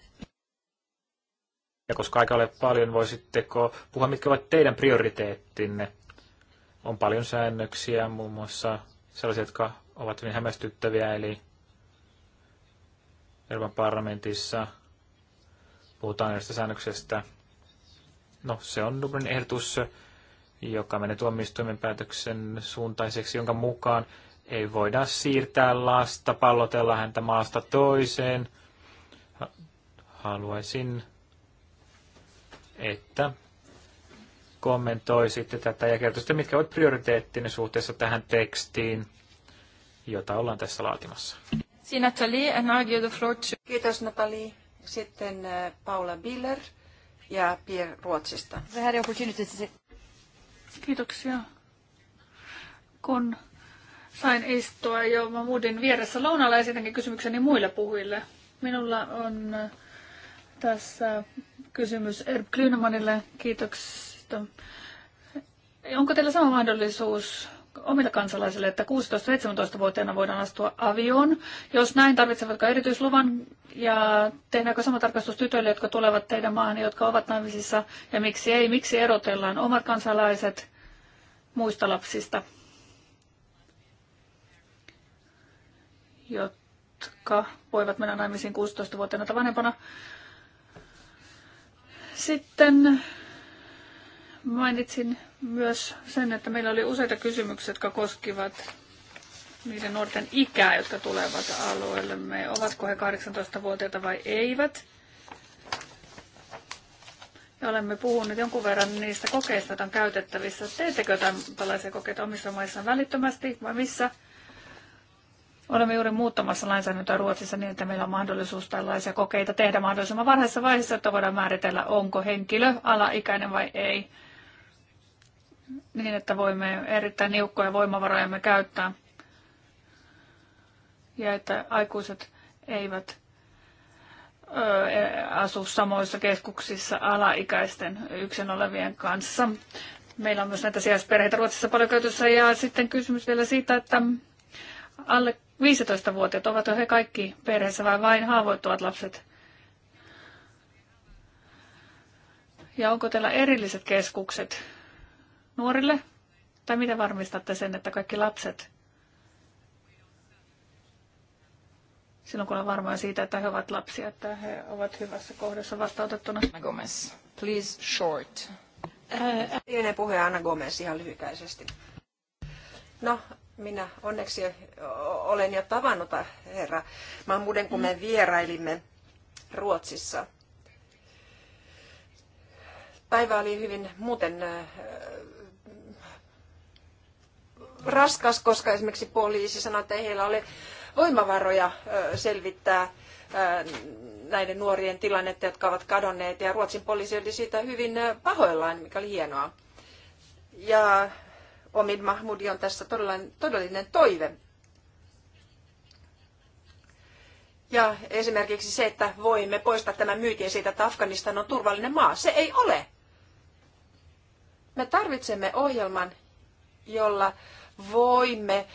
Ja koska aika ole paljon, voisitteko puhua, mitkä ovat teidän prioriteettinne? On paljon säännöksiä, muun muassa sellaisia, jotka ovat hyvin hämmästyttäviä, eli Euroopan parlamentissa puhutaan näistä säännöksestä. No, se on Dublin ehdotus, joka menee tuomioistuimen päätöksen suuntaiseksi, jonka mukaan ei voida siirtää lasta, pallotella häntä maasta toiseen. Haluaisin, että kommentoisitte tätä ja kertoisitte, mitkä ovat prioriteettinen suhteessa tähän tekstiin, jota ollaan tässä laatimassa. Kiitos Natalie. Sitten äh, Paula Biller ja Pierre Ruotsista. Kiitoksia. Kun sain istua jo muudin vieressä lounalla sittenkin kysymykseni muille puhujille. Minulla on äh, tässä kysymys Erb Klynemanille. Kiitoksia. Onko teillä sama mahdollisuus omille kansalaisille, että 16-17-vuotiaana voidaan astua avioon. Jos näin tarvitsevatko erityisluvan ja tehdäänkö sama tarkastus tytöille, jotka tulevat teidän maahan, jotka ovat naimisissa ja miksi ei, miksi erotellaan omat kansalaiset muista lapsista, jotka voivat mennä naimisiin 16-vuotiaana tai vanhempana. Sitten Mainitsin myös sen, että meillä oli useita kysymyksiä, jotka koskivat niiden nuorten ikää, jotka tulevat alueellemme. Ovatko he 18-vuotiaita vai eivät? Ja olemme puhuneet jonkun verran niistä kokeista, joita on käytettävissä. Teettekö tämän, tällaisia kokeita omissa maissa välittömästi vai missä? Olemme juuri muuttamassa lainsäädäntöä Ruotsissa niin, että meillä on mahdollisuus tällaisia kokeita tehdä mahdollisimman varhaisessa vaiheessa, että voidaan määritellä, onko henkilö alaikäinen vai ei niin, että voimme erittäin niukkoja voimavarojamme käyttää ja että aikuiset eivät e, asu samoissa keskuksissa alaikäisten yksin olevien kanssa. Meillä on myös näitä sijaisperheitä Ruotsissa paljon käytössä. Ja sitten kysymys vielä siitä, että alle 15-vuotiaat, ovat he kaikki perheessä vai vain haavoittuvat lapset? Ja onko teillä erilliset keskukset nuorille? Tai miten varmistatte sen, että kaikki lapset, silloin kun on varmoja siitä, että he ovat lapsia, että he ovat hyvässä kohdassa Anna Gomez, please short. Viimeinen puhe Anna Gomez ihan lyhykäisesti. No, minä onneksi olen jo tavannut herra Mahmuden, kun me mm. vierailimme Ruotsissa. Päivä oli hyvin muuten raskas, koska esimerkiksi poliisi sanoi, että ei heillä ole voimavaroja selvittää näiden nuorien tilannetta, jotka ovat kadonneet. Ja Ruotsin poliisi oli siitä hyvin pahoillaan, mikä oli hienoa. Ja Omid Mahmudi on tässä todellinen, todellinen toive. Ja esimerkiksi se, että voimme poistaa tämän myytin siitä, että Afganistan on turvallinen maa. Se ei ole. Me tarvitsemme ohjelman, jolla voimme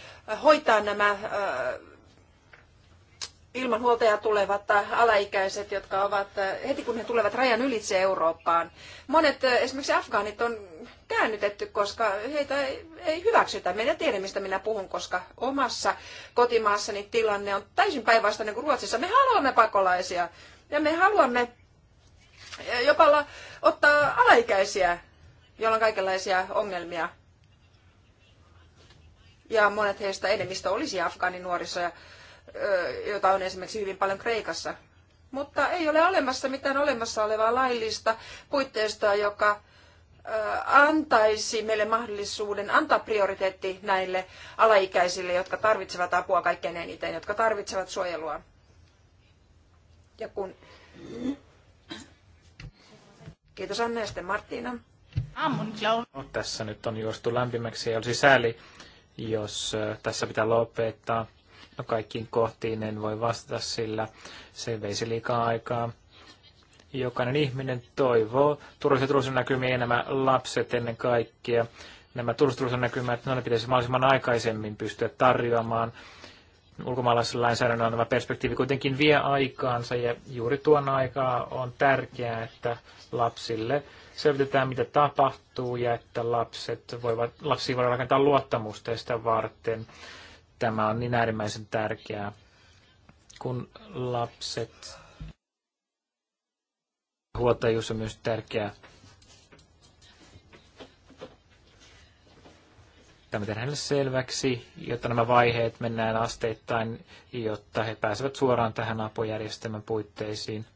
hoitaa nämä äh, ilman huoltajaa tulevat äh, alaikäiset, jotka ovat äh, heti kun he tulevat rajan ylitse Eurooppaan. Monet esimerkiksi afgaanit on käännytetty, koska heitä ei, ei hyväksytä. Meidän tiedä, mistä minä puhun, koska omassa kotimaassani tilanne on täysin päinvastainen kuin Ruotsissa. Me haluamme pakolaisia ja me haluamme jopa ottaa alaikäisiä, joilla on kaikenlaisia ongelmia ja monet heistä enemmistö olisi afgaaninuorisoja, joita on esimerkiksi hyvin paljon Kreikassa. Mutta ei ole olemassa mitään olemassa olevaa laillista puitteistoa, joka antaisi meille mahdollisuuden antaa prioriteetti näille alaikäisille, jotka tarvitsevat apua kaikkein eniten, jotka tarvitsevat suojelua. Ja kun... Kiitos Anne ja sitten Martina. No, tässä nyt on juostu lämpimäksi ja olisi sääli, jos tässä pitää lopettaa. No kaikkiin kohtiin en voi vastata, sillä se veisi liikaa aikaa. Jokainen ihminen toivoo turvallisia turvallisuusnäkymiä ja nämä lapset ennen kaikkea. Nämä näkymät, no ne pitäisi mahdollisimman aikaisemmin pystyä tarjoamaan. Ulkomaalaisen lainsäädännön tämä perspektiivi kuitenkin vie aikaansa ja juuri tuon aikaa on tärkeää, että lapsille selvitetään, mitä tapahtuu ja että lapset voivat, lapsi voi rakentaa luottamusta sitä varten. Tämä on niin äärimmäisen tärkeää, kun lapset... Huoltajuus on myös tärkeää. Tämä tehdään heille selväksi, jotta nämä vaiheet mennään asteittain, jotta he pääsevät suoraan tähän apujärjestelmän puitteisiin –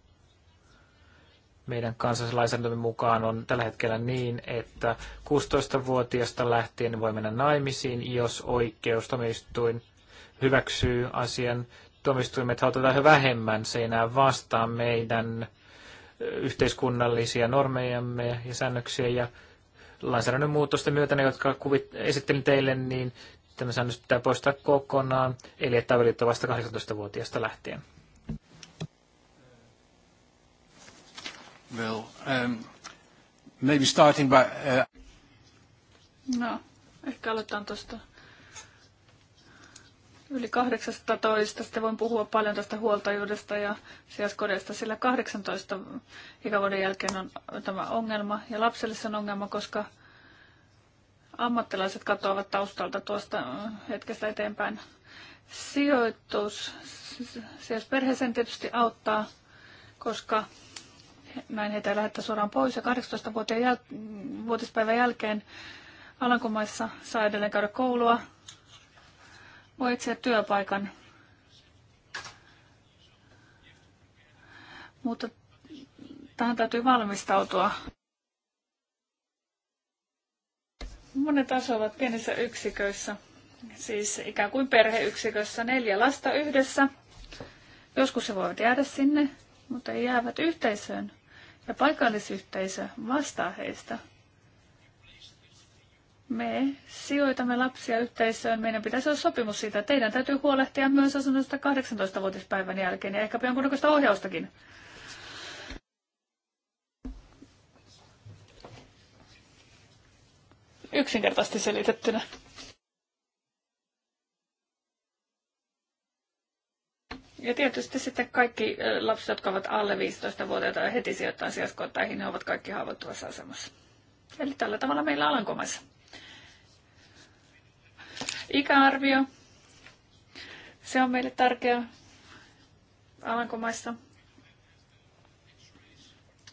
meidän kansallislainsäädäntömme mukaan on tällä hetkellä niin, että 16-vuotiaasta lähtien voi mennä naimisiin, jos oikeus tuomioistuin hyväksyy asian. Tuomioistuimet halutaan yhä vähemmän, se ei enää vastaa meidän yhteiskunnallisia normejamme ja säännöksiä ja lainsäädännön muutosten myötä, ne, jotka kuvit, esittelin teille, niin tämä säännös pitää poistaa kokonaan, eli että avioliitto vasta 18-vuotiaasta lähtien. Well, um, maybe starting by... Uh, no, ehkä aloitetaan tuosta yli 18. Sitten voin puhua paljon tästä huoltajuudesta ja sijaiskodeista, sillä 18 ikävuoden jälkeen on tämä ongelma. Ja lapselle se on ongelma, koska ammattilaiset katoavat taustalta tuosta äh, hetkestä eteenpäin. Sijoitus sijaisperheeseen tietysti auttaa, koska näin heitä ei lähettää suoraan pois. Ja 18-vuotispäivän jäl- jälkeen Alankomaissa saa edelleen käydä koulua, voi etsiä työpaikan. Mutta tähän täytyy valmistautua. Monet asuvat pienissä yksiköissä, siis ikään kuin perheyksikössä, neljä lasta yhdessä. Joskus he voivat jäädä sinne, mutta ei jäävät yhteisöön ja paikallisyhteisö vastaa heistä. Me sijoitamme lapsia yhteisöön. Meidän pitäisi olla sopimus siitä. Teidän täytyy huolehtia myös asunnosta 18-vuotispäivän jälkeen ja ehkä jonkunnäköistä ohjaustakin. Yksinkertaisesti selitettynä. Ja tietysti sitten kaikki lapset, jotka ovat alle 15-vuotiaita ja heti sijoittaa sijaiskuottaihin, ne ovat kaikki haavoittuvassa asemassa. Eli tällä tavalla meillä alankomaissa. Ikäarvio. Se on meille tärkeä alankomaissa.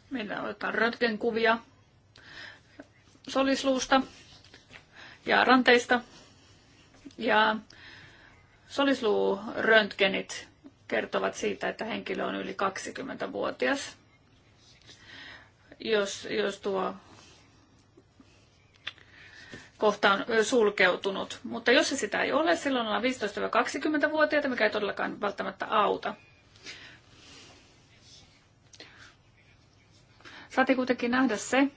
Meillä otetaan röntgenkuvia solisluusta ja ranteista. Ja solisluuröntgenit kertovat siitä, että henkilö on yli 20-vuotias. Jos, jos tuo kohta on sulkeutunut. Mutta jos se sitä ei ole, silloin ollaan 15-20-vuotiaita, mikä ei todellakaan välttämättä auta. Saatiin kuitenkin nähdä se,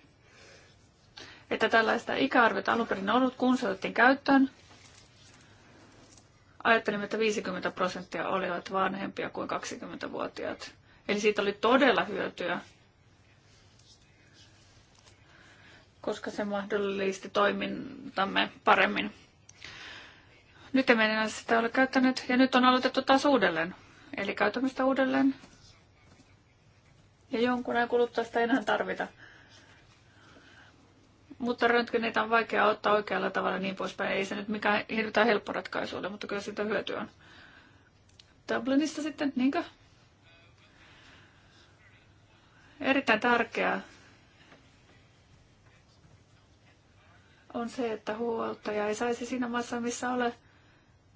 että tällaista ikäarviota alun perin ollut, kun se otettiin käyttöön ajattelimme, että 50 prosenttia olivat vanhempia kuin 20-vuotiaat. Eli siitä oli todella hyötyä, koska se mahdollisti toimintamme paremmin. Nyt emme enää sitä ole käyttänyt ja nyt on aloitettu taas uudelleen. Eli käytämme sitä uudelleen. Ja jonkun ajan kuluttua sitä ei enää tarvita. Mutta röntgeneitä on vaikea ottaa oikealla tavalla niin poispäin. Ei se nyt mikään hirveän helppo ratkaisu ole, mutta kyllä siitä hyötyä on. Dublinista sitten, niinkö? Erittäin tärkeää on se, että huoltaja ei saisi siinä maassa, missä ole,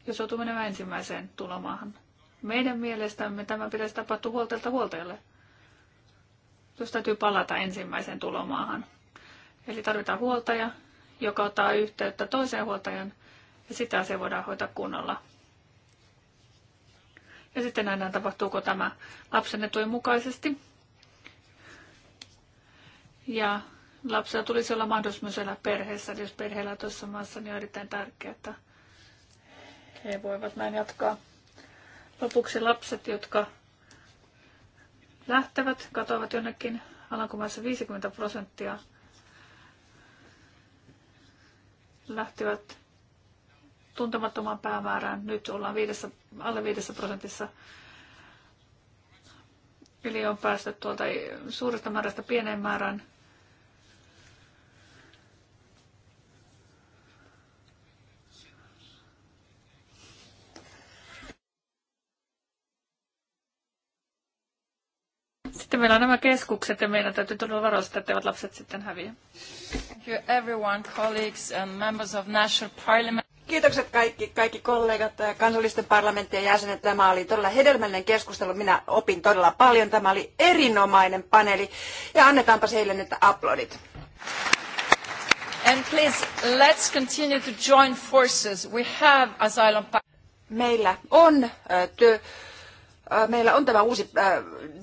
jos joutuu menemään ensimmäiseen tulomaahan. Meidän mielestämme tämä pitäisi tapahtua huoltajalta huoltajalle, jos täytyy palata ensimmäiseen tulomaahan. Eli tarvitaan huoltaja, joka ottaa yhteyttä toiseen huoltajan ja sitä se voidaan hoitaa kunnolla. Ja sitten näin tapahtuuko tämä lapsen etujen mukaisesti. Ja lapsella tulisi olla mahdollisuus myös elää perheessä, jos perheellä on tuossa maassa, niin on erittäin tärkeää, että he voivat näin jatkaa. Lopuksi lapset, jotka lähtevät, katoavat jonnekin Alankomaissa 50 prosenttia lähtivät tuntemattomaan päämäärään. Nyt ollaan viidessä, alle viidessä prosentissa. Eli on päästy tuolta suuresta määrästä pieneen määrään. Sitten meillä on nämä keskukset ja meidän täytyy todella varoista, että lapset sitten häviä. Thank you everyone, colleagues and members of national parliament. Kiitokset kaikki, kaikki kollegat, ja eh, kansallisten parlamenttien jäsenet. Tämä oli todella hedelmällinen keskustelu. Minä opin todella paljon. Tämä oli erinomainen paneeli. Ja annetaanpa heille nyt aplodit. And please, let's continue to join forces. We have asylum... Meillä on eh, työ meillä on tämä uusi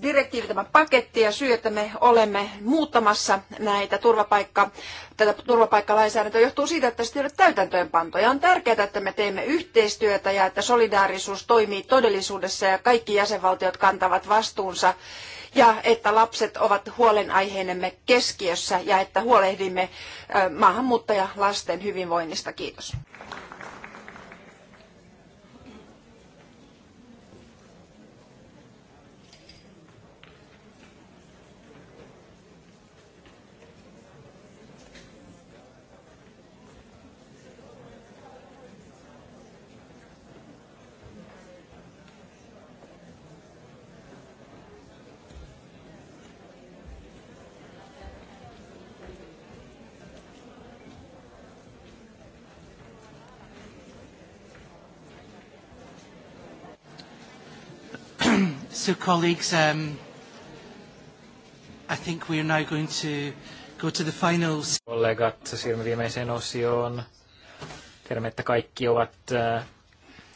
direktiivi, tämä paketti ja syy, että me olemme muuttamassa näitä turvapaikka, tätä turvapaikkalainsäädäntöä johtuu siitä, että sitä ei ole täytäntöönpanto. Ja on tärkeää, että me teemme yhteistyötä ja että solidaarisuus toimii todellisuudessa ja kaikki jäsenvaltiot kantavat vastuunsa ja että lapset ovat huolenaiheenemme keskiössä ja että huolehdimme maahanmuuttajalasten hyvinvoinnista. Kiitos. So, colleagues, um, I think we are now going to go to the finals. Kollegat, siirrymme viimeiseen osioon. Tiedämme, että kaikki ovat, äh,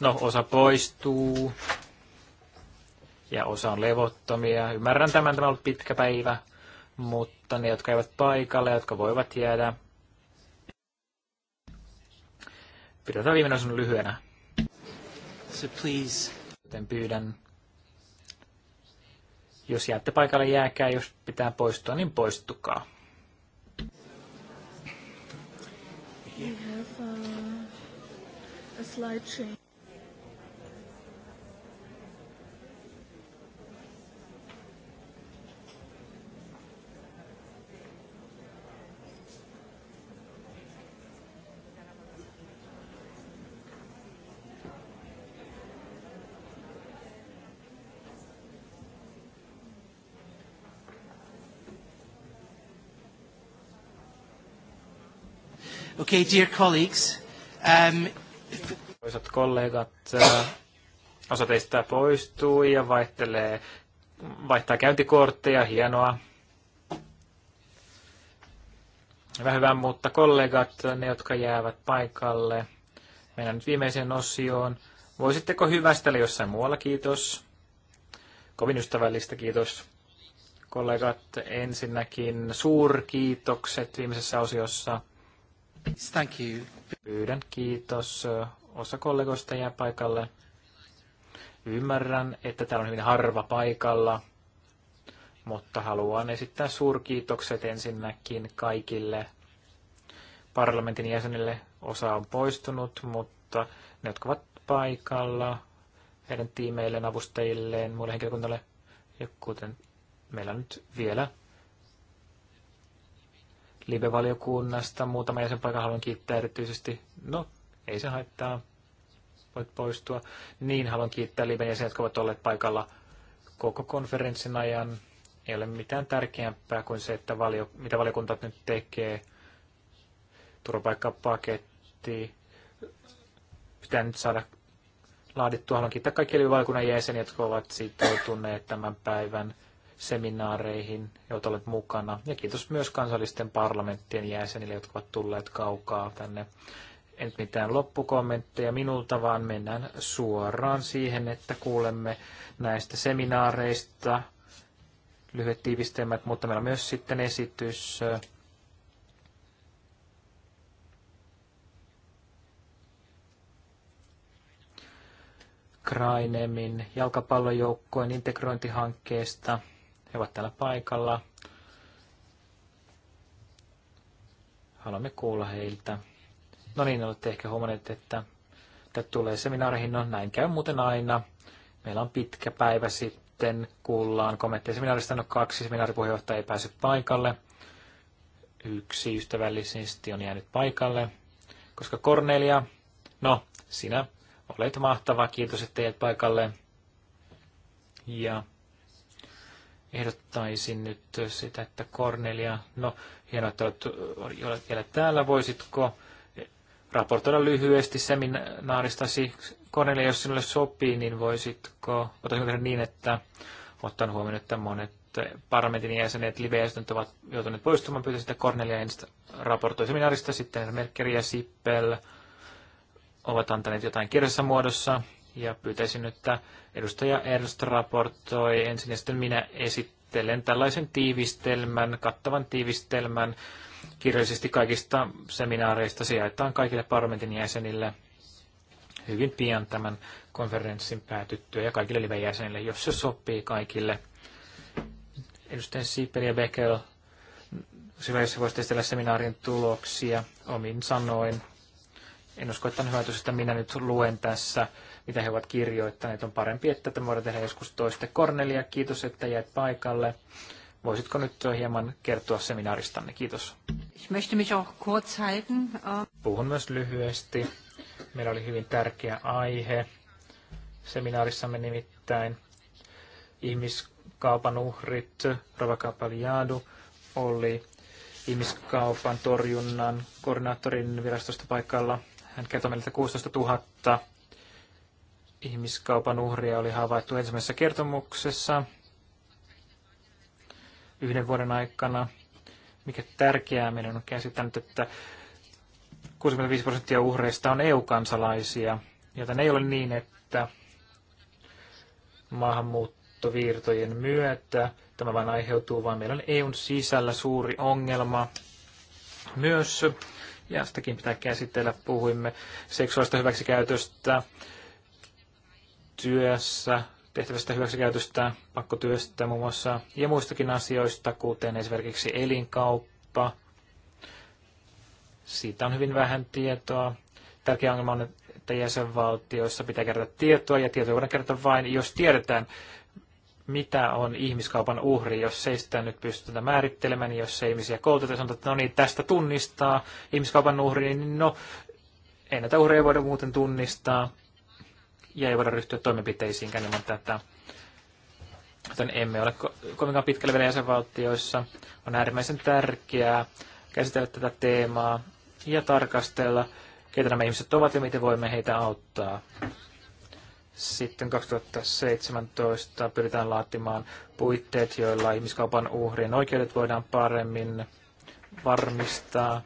no osa poistuu ja osa on levottomia. Ymmärrän tämän, tämä on ollut pitkä päivä, mutta ne, jotka eivät paikalle, jotka voivat jäädä, pidetään viimeinen osan lyhyenä. So please. Joten pyydän jos jäätte paikalle, jääkää. Jos pitää poistua, niin poistukaa. We have uh, a change. Okay, dear colleagues. Um, Toisat kollegat, äh, osa teistä poistuu ja vaihtelee, vaihtaa käyntikortteja, hienoa. Hyvä, hyvä, mutta kollegat, ne jotka jäävät paikalle, mennään nyt viimeiseen osioon. Voisitteko hyvästellä jossain muualla, kiitos. Kovin ystävällistä, kiitos kollegat, ensinnäkin suurkiitokset viimeisessä osiossa. Thank you. Pyydän kiitos. Osa kollegoista jää paikalle. Ymmärrän, että täällä on hyvin harva paikalla, mutta haluan esittää suurkiitokset ensinnäkin kaikille parlamentin jäsenille. Osa on poistunut, mutta ne, jotka ovat paikalla, heidän tiimeilleen, avustajilleen, muille henkilökunnalle, ja kuten meillä on nyt vielä live-valiokunnasta. Muutama jäsenpaikan haluan kiittää erityisesti. No, ei se haittaa. Voit poistua. Niin, haluan kiittää liven jäseniä, jotka ovat olleet paikalla koko konferenssin ajan. Ei ole mitään tärkeämpää kuin se, että valio, mitä valiokunta nyt tekee. Turvapaikkapaketti. Pitää nyt saada laadittua. Haluan kiittää kaikkia valiokunnan jäseniä, jotka ovat sitoutuneet tämän päivän seminaareihin, joita olet mukana. Ja kiitos myös kansallisten parlamenttien jäsenille, jotka ovat tulleet kaukaa tänne. En mitään loppukommentteja minulta, vaan mennään suoraan siihen, että kuulemme näistä seminaareista lyhyet tiivistelmät, mutta meillä on myös sitten esitys Krainemin jalkapallojoukkojen integrointihankkeesta – he ovat täällä paikalla. Haluamme kuulla heiltä. No niin, olette ehkä huomanneet, että, että tulee seminaariin. No näin käy muuten aina. Meillä on pitkä päivä sitten. Kuullaan kommentteja seminaarista. No kaksi seminaaripuheenjohtaja ei pääse paikalle. Yksi ystävällisesti on jäänyt paikalle. Koska Cornelia, no sinä olet mahtava. Kiitos, että jäät paikalle. Ja ehdottaisin nyt sitä, että Cornelia, no hienoa, että olet, olet vielä täällä, voisitko raportoida lyhyesti seminaaristasi. Cornelia, jos sinulle sopii, niin voisitko, voitaisiin tehdä niin, että ottaen huomioon, että monet parlamentin jäsenet, live-jäsenet ovat joutuneet poistumaan, pyytäisin, että Cornelia ensin raportoi seminaarista, sitten Merkeri ja Sippel ovat antaneet jotain kirjassa muodossa, ja pyytäisin, että edustaja Ernst raportoi ensin ja sitten minä esittelen tällaisen tiivistelmän, kattavan tiivistelmän kirjallisesti kaikista seminaareista sijaitaan kaikille parlamentin jäsenille hyvin pian tämän konferenssin päätyttyä ja kaikille live-jäsenille, jos se sopii kaikille. Edustaja Siipeli ja Beckel, syvä, jos voisi esitellä seminaarin tuloksia omin sanoin. En usko, että on hyvä, että minä nyt luen tässä mitä he ovat kirjoittaneet. On parempi, että tämä voidaan tehdä joskus toista. Kornelia, kiitos, että jäit paikalle. Voisitko nyt hieman kertoa seminaaristanne? Kiitos. Ich möchte mich auch kurz halten. Puhun myös lyhyesti. Meillä oli hyvin tärkeä aihe seminaarissamme nimittäin ihmiskaupan uhrit, Rova oli ihmiskaupan torjunnan koordinaattorin virastosta paikalla. Hän kertoi meiltä 16 000 ihmiskaupan uhria oli havaittu ensimmäisessä kertomuksessa yhden vuoden aikana. Mikä tärkeää, meidän on käsittänyt, että 65 prosenttia uhreista on EU-kansalaisia, joten ei ole niin, että maahanmuuttovirtojen myötä tämä vain aiheutuu, vaan meillä on EUn sisällä suuri ongelma myös, ja sitäkin pitää käsitellä. Puhuimme seksuaalista hyväksikäytöstä, työssä tehtävästä hyväksikäytöstä, pakkotyöstä muun muassa ja muistakin asioista, kuten esimerkiksi elinkauppa. Siitä on hyvin vähän tietoa. Tärkeä ongelma on, että jäsenvaltioissa pitää kerätä tietoa ja tietoa voidaan kerätä vain, jos tiedetään, mitä on ihmiskaupan uhri, jos ei sitä nyt pystytä määrittelemään, niin jos ei ihmisiä kouluteta, sanotaan, että no niin, tästä tunnistaa ihmiskaupan uhri, niin no, ei näitä uhreja voida muuten tunnistaa ja ei voida ryhtyä toimenpiteisiin niin tätä. Joten emme ole kovinkaan pitkälle vielä jäsenvaltioissa. On äärimmäisen tärkeää käsitellä tätä teemaa ja tarkastella, keitä nämä ihmiset ovat ja miten voimme heitä auttaa. Sitten 2017 pyritään laatimaan puitteet, joilla ihmiskaupan uhrien oikeudet voidaan paremmin varmistaa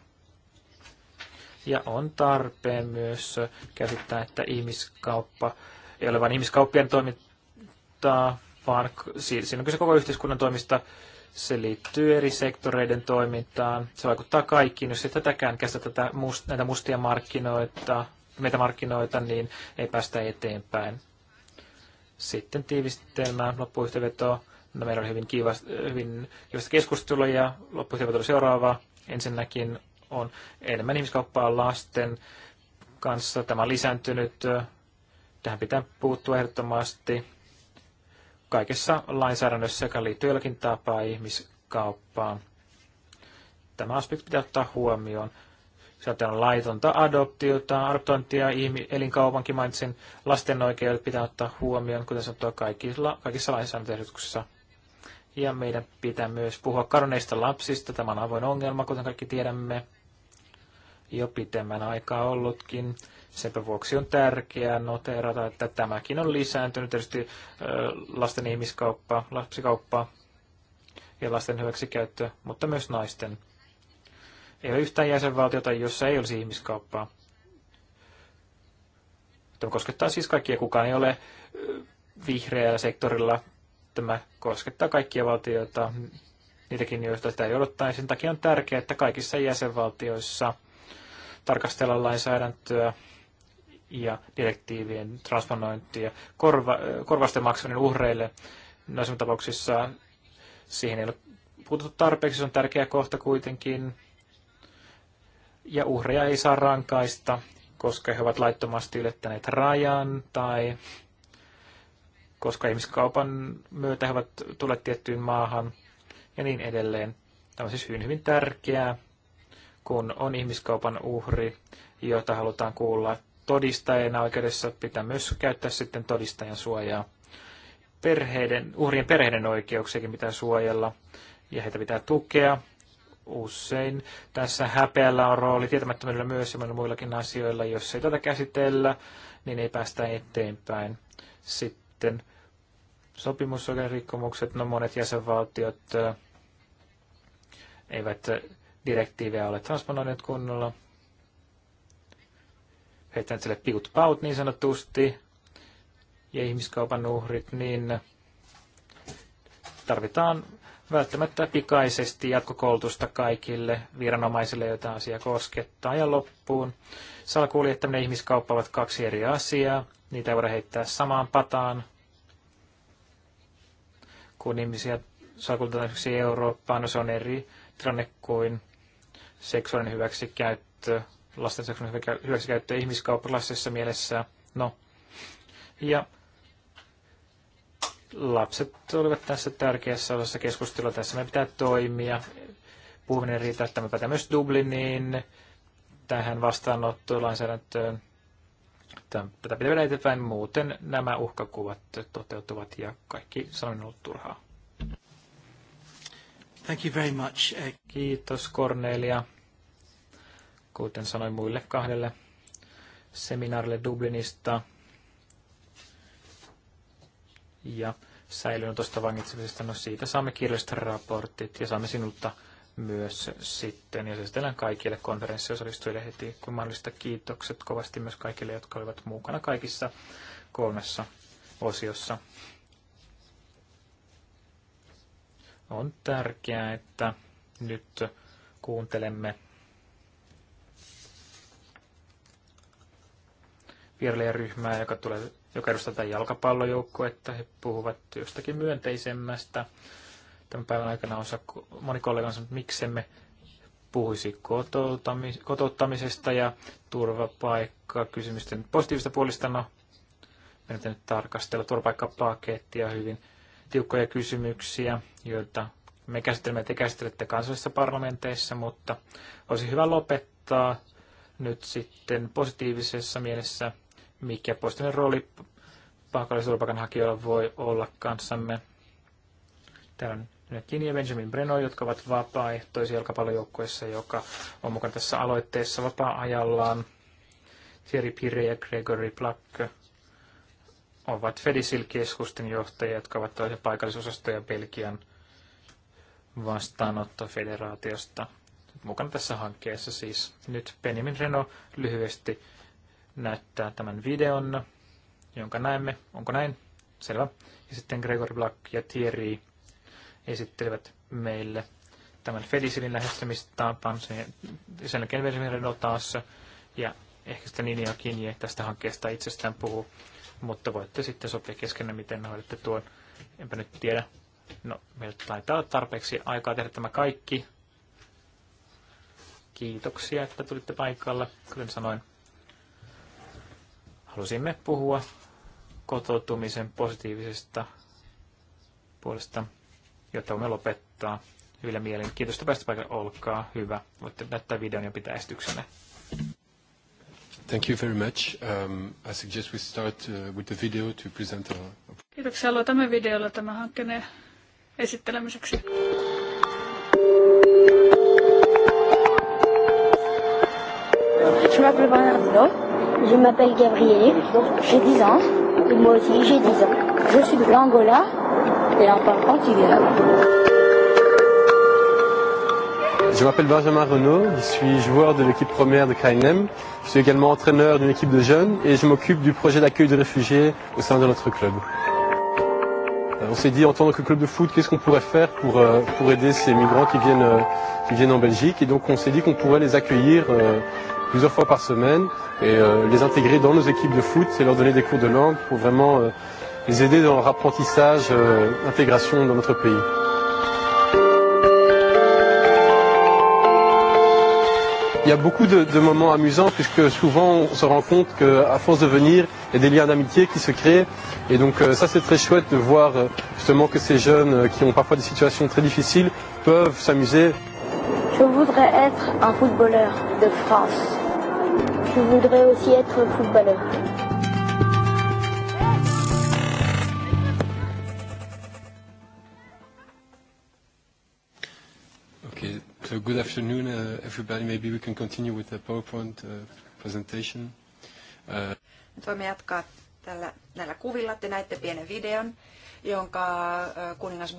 ja on tarpeen myös käsittää, että ihmiskauppa ei ole vain ihmiskauppien toimintaa, vaan siinä on kyse koko yhteiskunnan toimista. Se liittyy eri sektoreiden toimintaan. Se vaikuttaa kaikkiin. Jos ei tätäkään käsitä tätä must, näitä mustia markkinoita, meta-markkinoita niin ei päästä eteenpäin. Sitten tiivistelmä, loppuyhteenveto. No, meillä oli hyvin, kiivasta, hyvin kiivasta keskustelua ja loppuyhteenveto seuraava. Ensinnäkin on enemmän ihmiskauppaa lasten kanssa. Tämä on lisääntynyt. Tähän pitää puuttua ehdottomasti kaikessa lainsäädännössä, joka liittyy jollakin tapaa ihmiskauppaan. Tämä aspekti pitää ottaa huomioon. Sieltä on laitonta adoptiota, adoptointia, elinkaupankin mainitsin, lasten oikeudet pitää ottaa huomioon, kuten sanottua kaikilla, kaikissa lainsäädäntöehdotuksissa. Ja meidän pitää myös puhua karoneista lapsista. Tämä on avoin ongelma, kuten kaikki tiedämme jo pitemmän aikaa ollutkin. Senpä vuoksi on tärkeää noteerata, että tämäkin on lisääntynyt. Tietysti lasten ihmiskauppa, lapsikauppa ja lasten hyväksikäyttö, mutta myös naisten. Ei ole yhtään jäsenvaltiota, jossa ei olisi ihmiskauppaa. Tämä koskettaa siis kaikkia. Kukaan ei ole vihreällä sektorilla. Tämä koskettaa kaikkia valtioita, niitäkin, joista sitä ei odottaisi. Sen takia on tärkeää, että kaikissa jäsenvaltioissa – tarkastella lainsäädäntöä ja direktiivien transponointia korva, korvausten maksaminen uhreille. Noissa tapauksissa siihen ei ole puututtu tarpeeksi, se on tärkeä kohta kuitenkin. Ja uhreja ei saa rankaista, koska he ovat laittomasti ylittäneet rajan tai koska ihmiskaupan myötä he ovat tulleet tiettyyn maahan ja niin edelleen. Tämä on siis hyvin, hyvin tärkeää kun on ihmiskaupan uhri, jota halutaan kuulla todistajana oikeudessa, pitää myös käyttää sitten todistajan suojaa. Perheiden, uhrien perheiden oikeuksiakin pitää suojella ja heitä pitää tukea. Usein tässä häpeällä on rooli tietämättömyydellä myös ja muillakin asioilla. Jos ei tätä käsitellä, niin ei päästä eteenpäin. Sitten sopimusoikeuden rikkomukset, no monet jäsenvaltiot eivät direktiivejä ole transponoineet kunnolla. Heittäneet sille piut paut niin sanotusti. Ja ihmiskaupan uhrit, niin tarvitaan välttämättä pikaisesti jatkokoulutusta kaikille viranomaisille, joita asia koskettaa. Ja loppuun salakuljettaminen ja ihmiskauppa ovat kaksi eri asiaa. Niitä ei voida heittää samaan pataan, kun ihmisiä salakuljetetaan Eurooppaan. No se on eri tilanne kuin seksuaalinen hyväksikäyttö, lasten seksuaalinen hyväksikäyttö ihmiskauppalaisessa mielessä. No. Ja lapset olivat tässä tärkeässä osassa keskustelua. Tässä meidän pitää toimia. Puhuminen riittää, että tämä pätee myös Dubliniin, tähän vastaanottolainsäädäntöön. Tätä pitää viedä eteenpäin, muuten nämä uhkakuvat toteutuvat ja kaikki sanon ollut turhaa. Thank you very much. Eh. Kiitos Cornelia. Kuten sanoin muille kahdelle seminaarille Dublinista ja säilönotosta vangitsemisesta, no siitä saamme kirjalliset raportit ja saamme sinulta myös sitten. Ja se kaikille konferenssiosallistujille heti, kun mahdollista kiitokset kovasti myös kaikille, jotka olivat mukana kaikissa kolmessa osiossa. On tärkeää, että nyt kuuntelemme vierailijaryhmää, joka, tulee, joka edustaa jalkapallojoukkoa, että He puhuvat jostakin myönteisemmästä. Tämän päivän aikana osa, moni kollega on sanonut, miksemme puhuisi kotouttamisesta ja turvapaikka kysymysten positiivista puolista. No, meidän nyt tarkastella turvapaikkapakettia hyvin tiukkoja kysymyksiä, joita me käsittelemme te käsittelette kansallisissa parlamenteissa, mutta olisi hyvä lopettaa nyt sitten positiivisessa mielessä, mikä positiivinen rooli hakijoilla voi olla kanssamme. Täällä on Kini ja Benjamin Breno, jotka ovat vapaaehtoisia jalkapallojoukkueessa, joka on mukana tässä aloitteessa vapaa-ajallaan. Thierry Pire ja Gregory Plakke ovat Fedisil-keskusten johtajia, jotka ovat toisen paikallisosastoja Belgian vastaanottofederaatiosta. Mukana tässä hankkeessa siis. Nyt Benjamin Reno lyhyesti näyttää tämän videon, jonka näemme. Onko näin? Selvä. Ja sitten Gregor Black ja Thierry esittelevät meille tämän Fedisilin lähestymistapaan. Sen jälkeen Benjamin Reno taas ja ehkä sitten Ninja Kinje tästä hankkeesta itsestään puhuu mutta voitte sitten sopia keskenään, miten hoidatte tuon. Enpä nyt tiedä. No, meillä taitaa olla tarpeeksi aikaa tehdä tämä kaikki. Kiitoksia, että tulitte paikalle. Kuten sanoin, halusimme puhua kotoutumisen positiivisesta puolesta, jotta voimme lopettaa hyvillä mielin. Kiitos, että päästä paikalle. Olkaa hyvä. Voitte näyttää videon ja pitää estyksenne. Thank you very much. Um, I suggest we start uh, with the video to present our... Kiitoksia. Aloitamme videolla tämän hankkeen esittelemiseksi. Je m'appelle Bernardino, je m'appelle Gabriel, j'ai 10 ans, et moi aussi j'ai 10 ans. Je suis de l'Angola, et là on parle portugais je m'appelle Benjamin Renault, je suis joueur de l'équipe première de KNM. Je suis également entraîneur d'une équipe de jeunes et je m'occupe du projet d'accueil de réfugiés au sein de notre club. Euh, on s'est dit en tant que club de foot, qu'est-ce qu'on pourrait faire pour, euh, pour aider ces migrants qui viennent, euh, qui viennent en Belgique. Et donc on s'est dit qu'on pourrait les accueillir plusieurs fois par semaine et les intégrer dans nos équipes de foot et leur donner des cours de langue pour vraiment les aider dans leur apprentissage, intégration dans notre pays. il y a beaucoup de, de moments amusants puisque souvent on se rend compte qu'à force de venir, il y a des liens d'amitié qui se créent. Et donc euh, ça c'est très chouette de voir euh, justement que ces jeunes euh, qui ont parfois des situations très difficiles peuvent s'amuser. Je voudrais être un footballeur de France. Je voudrais aussi être footballeur. So good afternoon, uh, everybody. Maybe we can continue with the PowerPoint uh, presentation. Nyt uh, voimme jatkaa tällä, näillä kuvilla. Te näitte pienen videon, jonka kuningas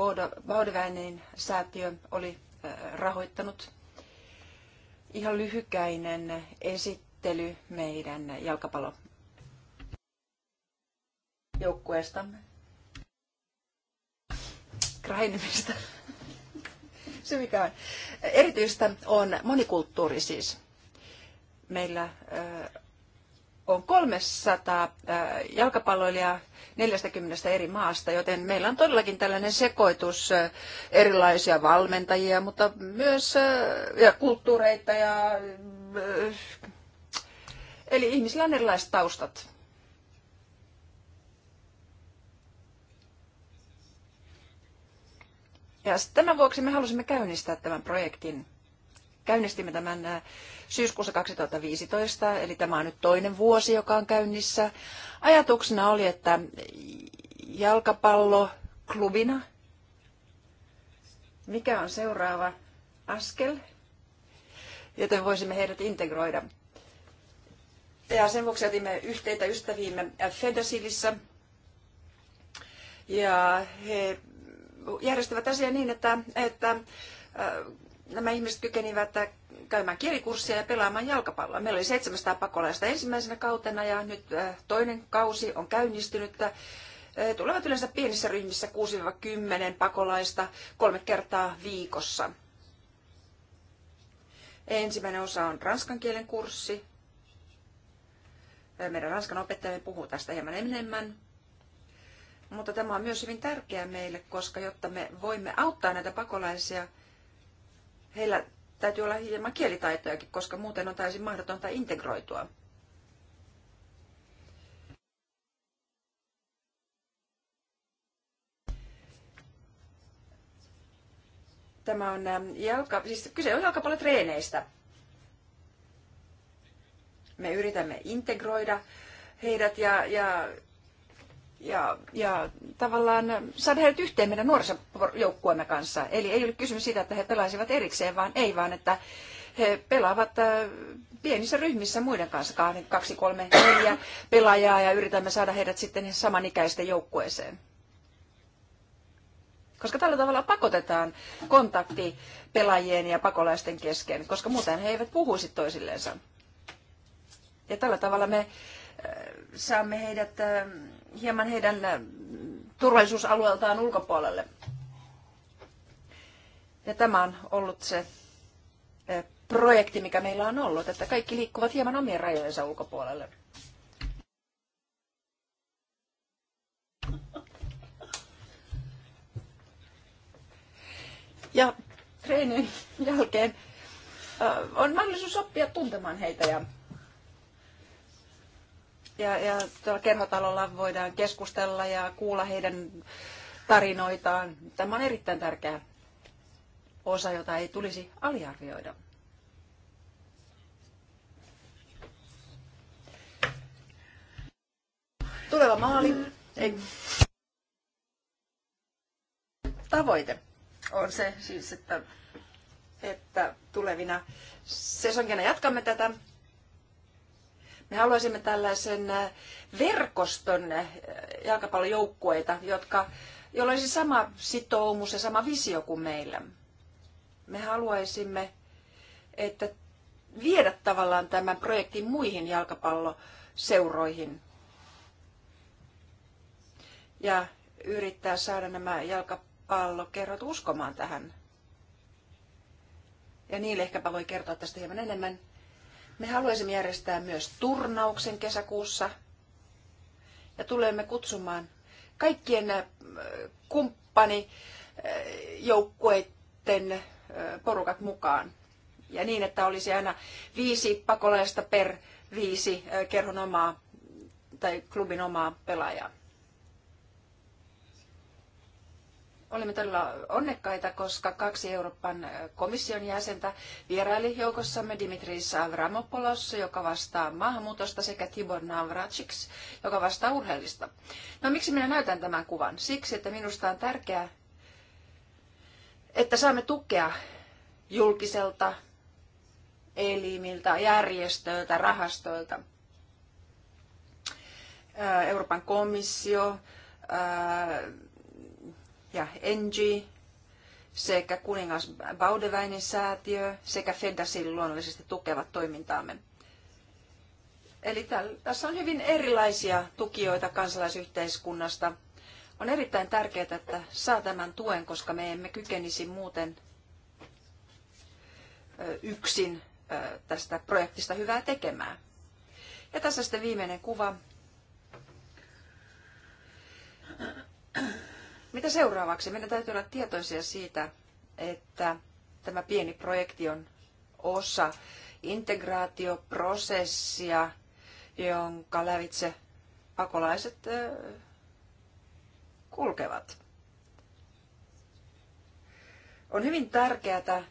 Baudeväinen säätiö oli rahoittanut. Ihan lyhykäinen esittely meidän jalkapallo joukkueestamme. Krainimista se, mikä on erityistä, on monikulttuuri siis. Meillä on 300 jalkapalloilijaa 40 eri maasta, joten meillä on todellakin tällainen sekoitus erilaisia valmentajia, mutta myös ja kulttuureita ja Eli ihmisillä on erilaiset taustat. Ja tämän vuoksi me halusimme käynnistää tämän projektin. Käynnistimme tämän äh, syyskuussa 2015, eli tämä on nyt toinen vuosi, joka on käynnissä. Ajatuksena oli, että jalkapalloklubina, mikä on seuraava askel, joten voisimme heidät integroida. Ja sen vuoksi otimme yhteyttä ystäviimme Fedasilissä, ja he järjestivät asia niin, että, että nämä ihmiset kykenivät käymään kielikurssia ja pelaamaan jalkapalloa. Meillä oli 700 pakolaista ensimmäisenä kautena ja nyt toinen kausi on käynnistynyt. Tulevat yleensä pienissä ryhmissä 6-10 pakolaista kolme kertaa viikossa. Ensimmäinen osa on ranskan kielen kurssi. Meidän ranskan opettajamme puhuu tästä hieman enemmän. Mutta tämä on myös hyvin tärkeää meille, koska jotta me voimme auttaa näitä pakolaisia, heillä täytyy olla hieman kielitaitojakin, koska muuten on täysin mahdotonta integroitua. Tämä on ähm, jalka, siis kyse on jalkapallotreeneistä. Me yritämme integroida heidät ja, ja ja, ja tavallaan saada heidät yhteen meidän nuorisojoukkueemme kanssa. Eli ei ole kysymys siitä, että he pelaisivat erikseen, vaan ei, vaan että he pelaavat äh, pienissä ryhmissä muiden kanssa, kahden, kaksi, kolme, neljä pelaajaa ja yritämme saada heidät sitten samanikäisten joukkueeseen. Koska tällä tavalla pakotetaan kontakti pelaajien ja pakolaisten kesken, koska muuten he eivät puhuisi toisilleensa. Ja tällä tavalla me äh, saamme heidät ähm, hieman heidän äh, turvallisuusalueeltaan ulkopuolelle. Ja tämä on ollut se äh, projekti, mikä meillä on ollut, että kaikki liikkuvat hieman omien rajojensa ulkopuolelle. Ja treenin jälkeen äh, on mahdollisuus oppia tuntemaan heitä ja ja, ja tuolla kerhotalolla voidaan keskustella ja kuulla heidän tarinoitaan. Tämä on erittäin tärkeä osa, jota ei tulisi aliarvioida. Tuleva maali, ei. Tavoite on se siis, että, että tulevina sesonkina jatkamme tätä me haluaisimme tällaisen äh, verkoston äh, jalkapallojoukkueita, jotka, joilla olisi sama sitoumus ja sama visio kuin meillä. Me haluaisimme, että viedä tavallaan tämän projektin muihin jalkapalloseuroihin ja yrittää saada nämä jalkapallokerrot uskomaan tähän. Ja niille ehkäpä voi kertoa tästä hieman enemmän. Me haluaisimme järjestää myös turnauksen kesäkuussa ja tulemme kutsumaan kaikkien äh, kumppanijoukkueiden äh, äh, porukat mukaan. Ja niin, että olisi aina viisi pakolaista per viisi kerhon omaa tai klubin omaa pelaajaa. Olemme todella onnekkaita, koska kaksi Euroopan komission jäsentä vieraili joukossamme Dimitris Avramopoulos, joka vastaa maahanmuutosta, sekä Tibor Navracic, joka vastaa urheilista. No miksi minä näytän tämän kuvan? Siksi, että minusta on tärkeää, että saamme tukea julkiselta elimiltä, järjestöiltä, rahastoilta. Euroopan komissio, ja NG sekä kuningas Baudeväinen säätiö sekä Fedasil luonnollisesti tukevat toimintaamme. Eli tässä on hyvin erilaisia tukijoita kansalaisyhteiskunnasta. On erittäin tärkeää, että saa tämän tuen, koska me emme kykenisi muuten yksin tästä projektista hyvää tekemään. Ja tässä sitten viimeinen kuva. Mitä seuraavaksi? Meidän täytyy olla tietoisia siitä, että tämä pieni projekti on osa integraatioprosessia, jonka lävitse pakolaiset kulkevat. On hyvin tärkeää,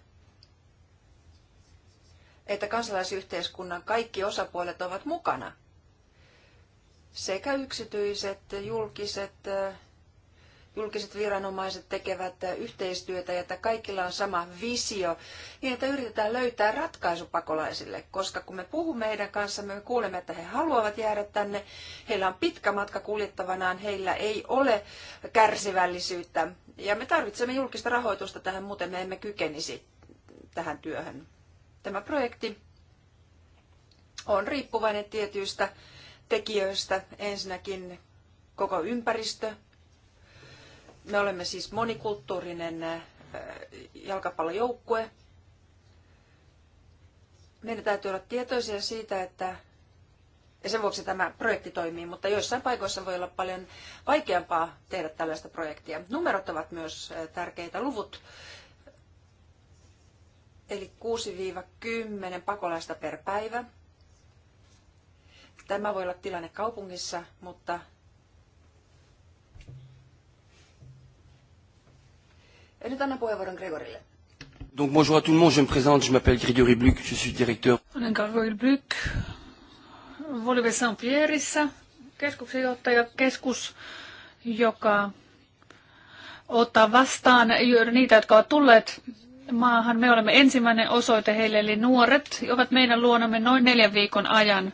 että kansalaisyhteiskunnan kaikki osapuolet ovat mukana. Sekä yksityiset, julkiset, julkiset viranomaiset tekevät yhteistyötä ja että kaikilla on sama visio, niin että yritetään löytää ratkaisu pakolaisille, koska kun me puhumme heidän kanssamme, me kuulemme, että he haluavat jäädä tänne, heillä on pitkä matka kuljettavanaan, heillä ei ole kärsivällisyyttä ja me tarvitsemme julkista rahoitusta tähän, muuten me emme kykenisi tähän työhön. Tämä projekti on riippuvainen tietyistä tekijöistä, ensinnäkin koko ympäristö, me olemme siis monikulttuurinen äh, jalkapallojoukkue. Meidän täytyy olla tietoisia siitä, että ja sen vuoksi tämä projekti toimii, mutta joissain paikoissa voi olla paljon vaikeampaa tehdä tällaista projektia. Numerot ovat myös äh, tärkeitä luvut. Eli 6-10 pakolaista per päivä. Tämä voi olla tilanne kaupungissa, mutta Ja nyt annan puheenvuoron Gregorille. Donc bonjour à tout le monde, je me présente, je m'appelle Grégory Bluc, je suis directeur. Olen Grégory Bluc, Volive Saint-Pierreissä, keskuksen johtajakeskus, joka ottaa vastaan niitä, jotka ovat tulleet maahan. Me olemme ensimmäinen osoite heille, eli nuoret ovat meidän luonamme noin neljän viikon ajan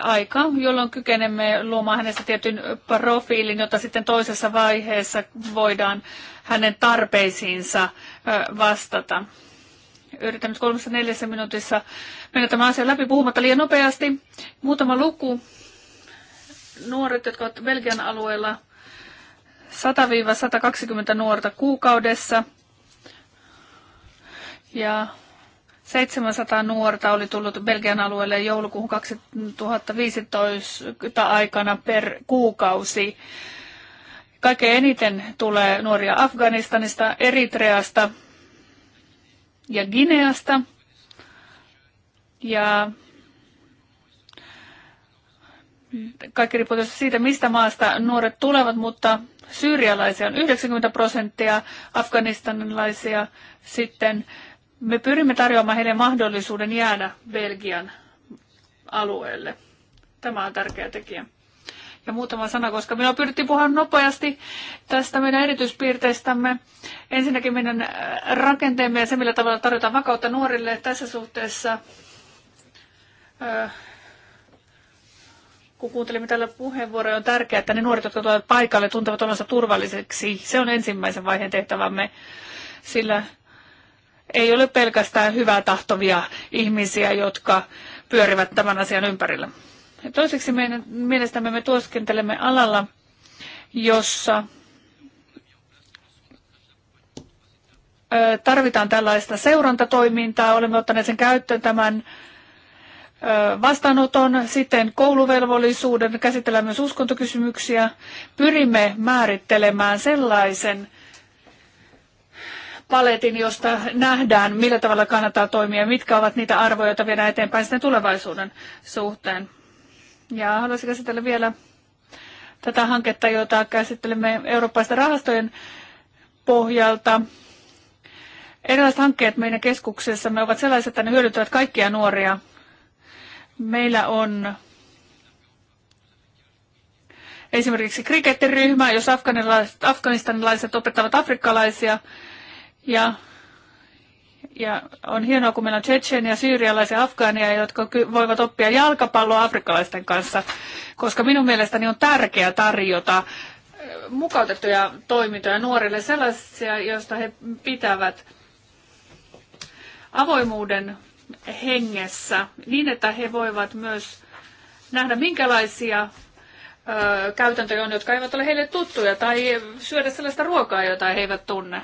aika, jolloin kykenemme luomaan hänestä tietyn profiilin, jota sitten toisessa vaiheessa voidaan hänen tarpeisiinsa vastata. Yritän nyt kolmessa neljässä minuutissa mennä tämän asian läpi puhumatta liian nopeasti. Muutama luku. Nuoret, jotka ovat Belgian alueella 100-120 nuorta kuukaudessa. Ja 700 nuorta oli tullut Belgian alueelle joulukuun 2015 aikana per kuukausi. Kaikkein eniten tulee nuoria Afganistanista, Eritreasta ja Gineasta. Ja kaikki riippuu siitä, mistä maasta nuoret tulevat, mutta syyrialaisia on 90 prosenttia, afganistanilaisia sitten me pyrimme tarjoamaan heille mahdollisuuden jäädä Belgian alueelle. Tämä on tärkeä tekijä. Ja muutama sana, koska minua pyrittiin puhua nopeasti tästä meidän erityispiirteistämme. Ensinnäkin meidän äh, rakenteemme ja se, millä tavalla tarjotaan vakautta nuorille tässä suhteessa. Äh, kun kuuntelimme tällä puheenvuoroja, on tärkeää, että ne nuoret, jotka tulevat paikalle, tuntevat olonsa turvalliseksi. Se on ensimmäisen vaiheen tehtävämme, sillä ei ole pelkästään hyvää tahtovia ihmisiä, jotka pyörivät tämän asian ympärillä. Toiseksi meidän, mielestämme me tuoskentelemme alalla, jossa tarvitaan tällaista seurantatoimintaa. Olemme ottaneet sen käyttöön tämän vastaanoton, sitten kouluvelvollisuuden, käsitellään myös uskontokysymyksiä. Pyrimme määrittelemään sellaisen paletin, josta nähdään, millä tavalla kannattaa toimia, mitkä ovat niitä arvoja, joita viedään eteenpäin sitten tulevaisuuden suhteen. Ja haluaisin käsitellä vielä tätä hanketta, jota käsittelemme eurooppaisten rahastojen pohjalta. Erilaiset hankkeet meidän keskuksessamme ovat sellaiset, että ne hyödyttävät kaikkia nuoria. Meillä on esimerkiksi krikettiryhmä, jos afganistanilaiset opettavat afrikkalaisia ja, ja on hienoa, kun meillä on Tsetsen ja syyrialaisia afgaania, jotka voivat oppia jalkapalloa afrikkalaisten kanssa, koska minun mielestäni on tärkeää tarjota mukautettuja toimintoja nuorille, sellaisia, joista he pitävät avoimuuden hengessä, niin että he voivat myös nähdä, minkälaisia ö, käytäntöjä on, jotka eivät ole heille tuttuja, tai syödä sellaista ruokaa, jota he eivät tunne.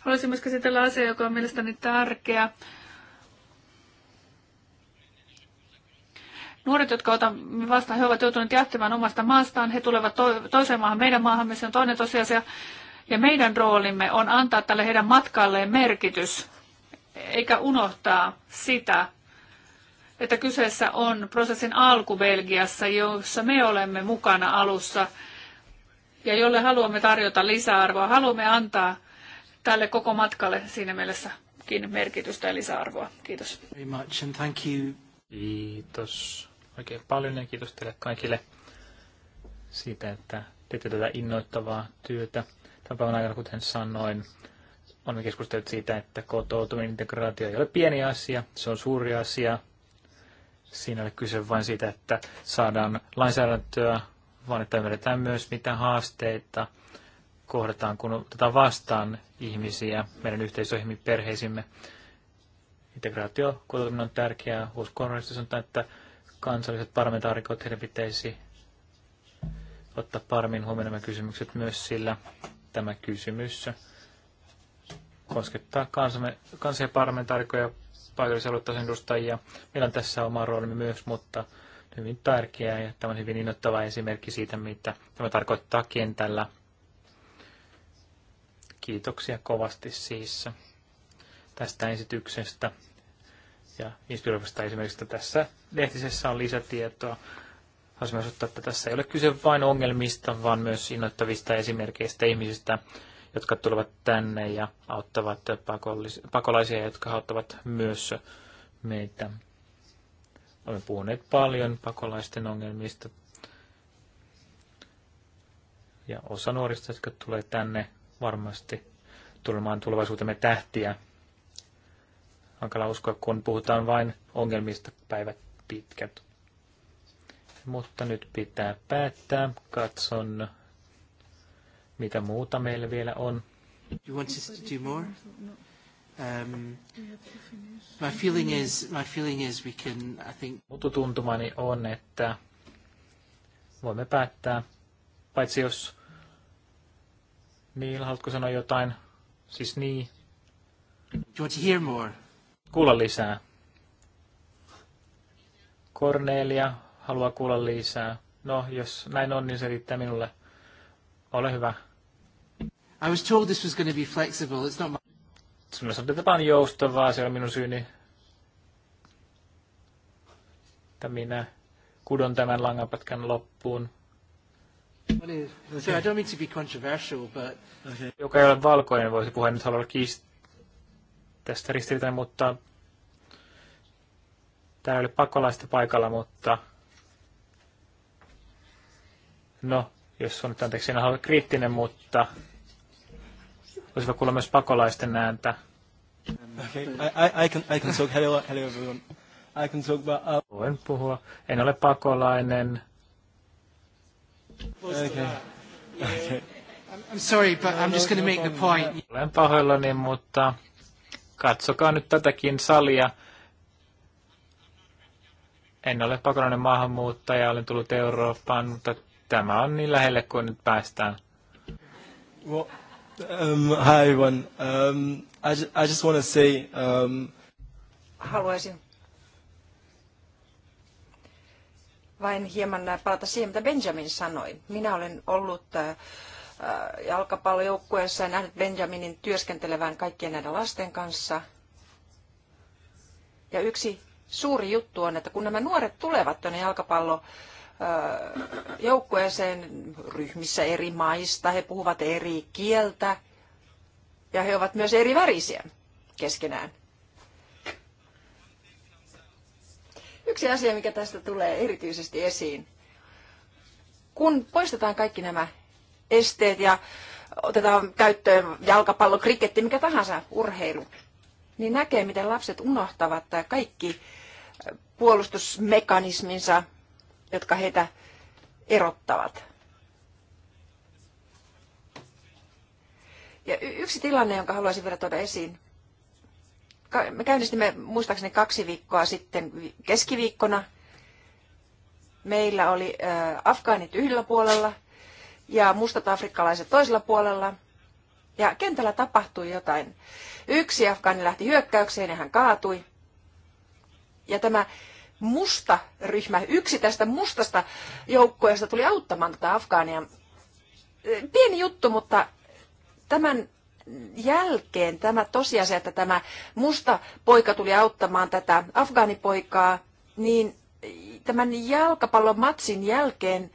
Haluaisin myös käsitellä asiaa, joka on mielestäni tärkeä. Nuoret, jotka otamme vastaan, he ovat joutuneet jättämään omasta maastaan. He tulevat to- toiseen maahan, meidän maahamme, se on toinen tosiasia. Ja meidän roolimme on antaa tälle heidän matkalleen merkitys, eikä unohtaa sitä, että kyseessä on prosessin alku Belgiassa, jossa me olemme mukana alussa ja jolle haluamme tarjota lisäarvoa. Haluamme antaa tälle koko matkalle siinä mielessäkin merkitystä ja lisäarvoa. Kiitos. Very much and thank you. Kiitos oikein paljon ja kiitos teille kaikille siitä, että teette tätä innoittavaa työtä. Tämän päivän aikana, kuten sanoin, on keskusteltu siitä, että kotoutuminen integraatio ei ole pieni asia, se on suuri asia. Siinä oli kyse vain siitä, että saadaan lainsäädäntöä, vaan että ymmärretään myös, mitä haasteita kohdataan, kun otetaan vastaan ihmisiä meidän yhteisöihimme, perheisimme. Integraatio kotoutuminen on tärkeää. Uuskonnollisesti sanotaan, että kansalliset parlamentaarikot, heidän pitäisi ottaa paremmin huomioon nämä kysymykset myös sillä tämä kysymys koskettaa kansamme, kansia parlamentaarikoja, paikallisen edustajia. Meillä on tässä oma roolimme myös, mutta hyvin tärkeää ja tämä on hyvin innoittava esimerkki siitä, mitä tämä tarkoittaa kentällä Kiitoksia kovasti siis tästä esityksestä ja inspiroivasta esimerkiksi tässä lehtisessä on lisätietoa. Haluaisin myös ottaa, että tässä ei ole kyse vain ongelmista, vaan myös innoittavista esimerkkeistä ihmisistä, jotka tulevat tänne ja auttavat pakolaisia, jotka auttavat myös meitä. Olemme puhuneet paljon pakolaisten ongelmista. Ja osa nuorista, jotka tulee tänne, varmasti tulemaan tulevaisuutemme tähtiä. Hankala uskoa, kun puhutaan vain ongelmista päivät pitkät. Mutta nyt pitää päättää. Katson, mitä muuta meillä vielä on. You want us to do more? Um, my feeling is, my feeling is we can, I think... tuntumani on, että voimme päättää, paitsi jos Neil, haluatko sanoa jotain? Siis niin. Do you want to hear more? Kuulla lisää. Cornelia haluaa kuulla lisää. No, jos näin on, niin se riittää minulle. Ole hyvä. I was told this was going to be flexible. It's not my... Sinulle sanottiin, että tämä on joustavaa, se on minun syyni. Että minä kudon tämän langanpätkän loppuun. So I don't mean to be controversial, but... Okay. Joka ei ole valkoinen, niin voisi puhua nyt haluaa kiistää tästä ristiriitaa, mutta täällä oli pakolaista paikalla, mutta no, jos on nyt anteeksi, en halua kriittinen, mutta voisivat kuulla myös pakolaisten ääntä. Okay. I, I, can, I can talk. Hello, hello everyone. I can talk about... Uh, Voin puhua. En ole pakolainen olen pahoillani, mutta katsokaa nyt tätäkin salia. En ole pakolainen maahanmuuttaja, olen tullut Eurooppaan, mutta tämä on niin lähelle kuin nyt päästään. Well, um, hi everyone. Um, I, just, I just want say... Um... Haluaisin vain hieman palata siihen, mitä Benjamin sanoi. Minä olen ollut äh, jalkapallojoukkueessa ja nähnyt Benjaminin työskentelevän kaikkien näiden lasten kanssa. Ja yksi suuri juttu on, että kun nämä nuoret tulevat tuonne jalkapallo äh, joukkueeseen ryhmissä eri maista, he puhuvat eri kieltä ja he ovat myös eri värisiä keskenään. Yksi asia, mikä tästä tulee erityisesti esiin. Kun poistetaan kaikki nämä esteet ja otetaan käyttöön jalkapallo, kriketti, mikä tahansa urheilu, niin näkee, miten lapset unohtavat kaikki puolustusmekanisminsa, jotka heitä erottavat. Ja yksi tilanne, jonka haluaisin vielä tuoda esiin, me käynnistimme muistaakseni kaksi viikkoa sitten keskiviikkona. Meillä oli afgaanit yhdellä puolella ja mustat afrikkalaiset toisella puolella. Ja kentällä tapahtui jotain. Yksi afgaani lähti hyökkäykseen ja hän kaatui. Ja tämä musta ryhmä, yksi tästä mustasta joukkueesta tuli auttamaan tätä Afgaania. Pieni juttu, mutta tämän jälkeen tämä tosiasia, että tämä musta poika tuli auttamaan tätä afgaanipoikaa, niin tämän jalkapallon matsin jälkeen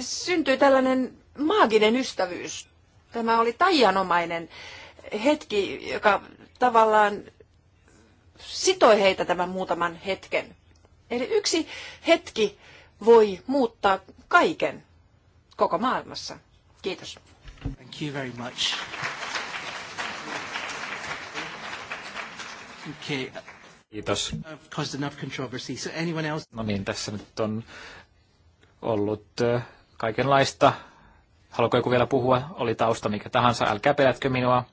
syntyi tällainen maaginen ystävyys. Tämä oli taianomainen hetki, joka tavallaan sitoi heitä tämän muutaman hetken. Eli yksi hetki voi muuttaa kaiken koko maailmassa. Kiitos. Thank you very much. Okay. Kiitos. Caused enough controversy. So anyone else? No niin, tässä nyt on ollut kaikenlaista. Haluatko joku vielä puhua? Oli tausta mikä tahansa. Älkää pelätkö minua.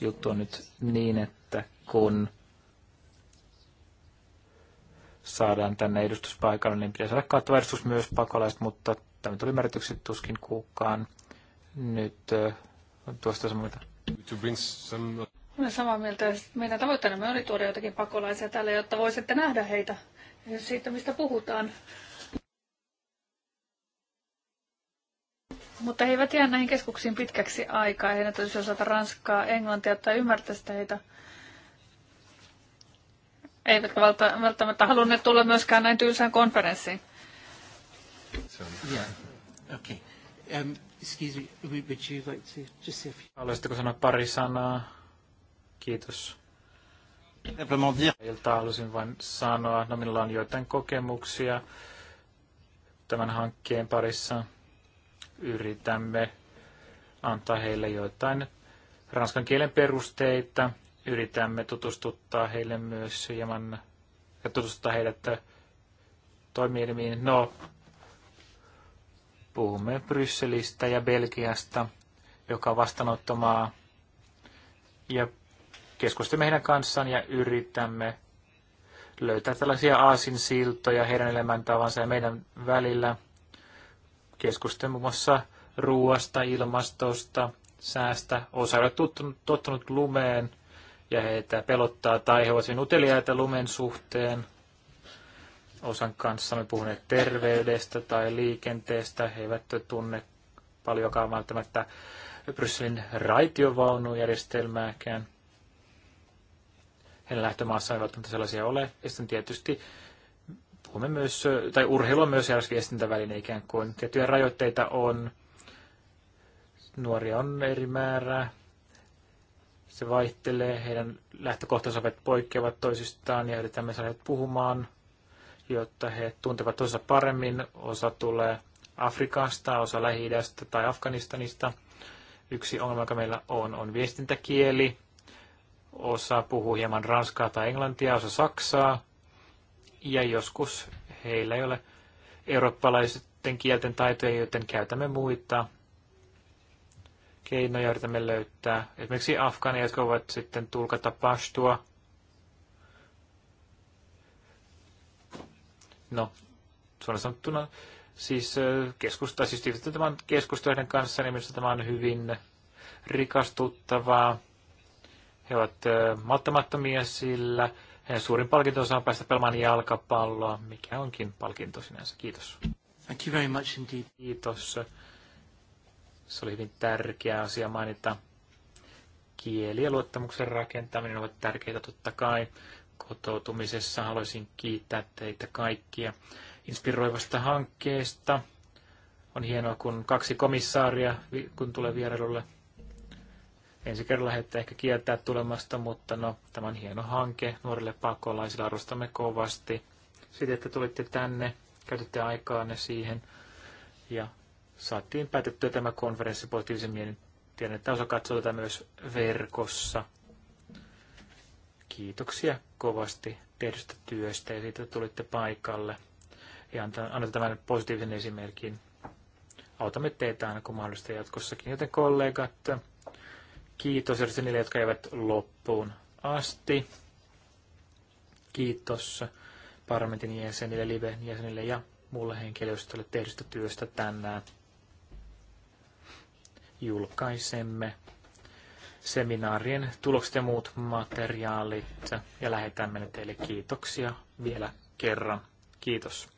Juttu on nyt niin, että kun saadaan tänne edustuspaikalle, niin pitäisi saada kattava edustus myös pakolaiset, mutta Tämä tuli ymmärretyksi tuskin kukaan. Nyt tuosta samalta. Olen samaa mieltä. Meidän tavoitteena oli tuoda jotakin pakolaisia tälle, jotta voisitte nähdä heitä siitä, mistä puhutaan. Mutta he eivät jää näihin keskuksiin pitkäksi aikaa. Heidän tulisi osata ranskaa, englantia tai ymmärtäisi heitä. Eivätkä välttämättä halunneet tulla myöskään näin tylsään konferenssiin. Yeah. Okay. Um, excuse me, would you like to just say a few... Haluaisitteko sanoa pari sanaa? Kiitos. Ilta halusin vain sanoa, no minulla on joitain kokemuksia tämän hankkeen parissa. Yritämme antaa heille joitain ranskan kielen perusteita. Yritämme tutustuttaa heille myös hieman ja tutustuttaa heidät toimielimiin. No, Puhumme Brysselistä ja Belgiasta, joka on vastaanottomaa, ja keskustelemme heidän kanssaan ja yritämme löytää tällaisia siltoja heidän elämäntavansa ja meidän välillä. Keskustelemme muun muassa ruoasta, ilmastosta, säästä. Osa on tottunut, tottunut lumeen ja heitä pelottaa tai he ovat uteliaita lumen suhteen osan kanssa me puhuneet terveydestä tai liikenteestä. He eivät tunne paljonkaan välttämättä Brysselin raitiovaunujärjestelmääkään. Heidän lähtömaassa ei välttämättä sellaisia ole. Ja sitten tietysti puhumme myös, tai urheilu on myös eräs viestintäväline ikään kuin. Tiettyjä rajoitteita on, nuoria on eri määrää, se vaihtelee, heidän lähtökohtansa poikkeavat toisistaan ja yritämme saada puhumaan – jotta he tuntevat toisa paremmin. Osa tulee Afrikasta, osa lähi tai Afganistanista. Yksi ongelma, joka meillä on, on viestintäkieli. Osa puhuu hieman ranskaa tai englantia, osa saksaa. Ja joskus heillä ei ole eurooppalaisten kielten taitoja, joten käytämme muita keinoja yritämme löytää. Esimerkiksi afgaaneja, jotka voivat sitten tulkata pashtua no suoraan sanottuna, siis keskustaa, siis tämän keskustelun kanssa, niin minusta tämä on hyvin rikastuttavaa. He ovat malttamattomia sillä. Heidän suurin palkintonsa on päästä pelaamaan jalkapalloa, mikä onkin palkinto sinänsä. Kiitos. Thank you very much indeed. Kiitos. Se oli hyvin tärkeä asia mainita. Kieli ja luottamuksen rakentaminen ovat tärkeitä totta kai kotoutumisessa. Haluaisin kiittää teitä kaikkia inspiroivasta hankkeesta. On hienoa, kun kaksi komissaaria, kun tulee vierailulle ensi kerralla heitä ehkä kieltää tulemasta, mutta no, tämä on hieno hanke nuorille pakolaisille, arvostamme kovasti. Sitten, että tulitte tänne, käytitte aikaanne siihen ja saatiin päätettyä tämä konferenssi positiivisen mielen. Tiedän, että osa katsoo tätä myös verkossa kiitoksia kovasti tehdystä työstä ja siitä, että tulitte paikalle. Ja annatte tämän positiivisen esimerkin. Autamme teitä aina kun mahdollista jatkossakin. Joten kollegat, kiitos erityisesti niille, jotka eivät loppuun asti. Kiitos parlamentin jäsenille, liveen jäsenille ja muulle henkilöstölle tehdystä työstä tänään. Julkaisemme seminaarien tulokset ja muut materiaalit ja lähetämme ne teille. Kiitoksia vielä kerran. Kiitos.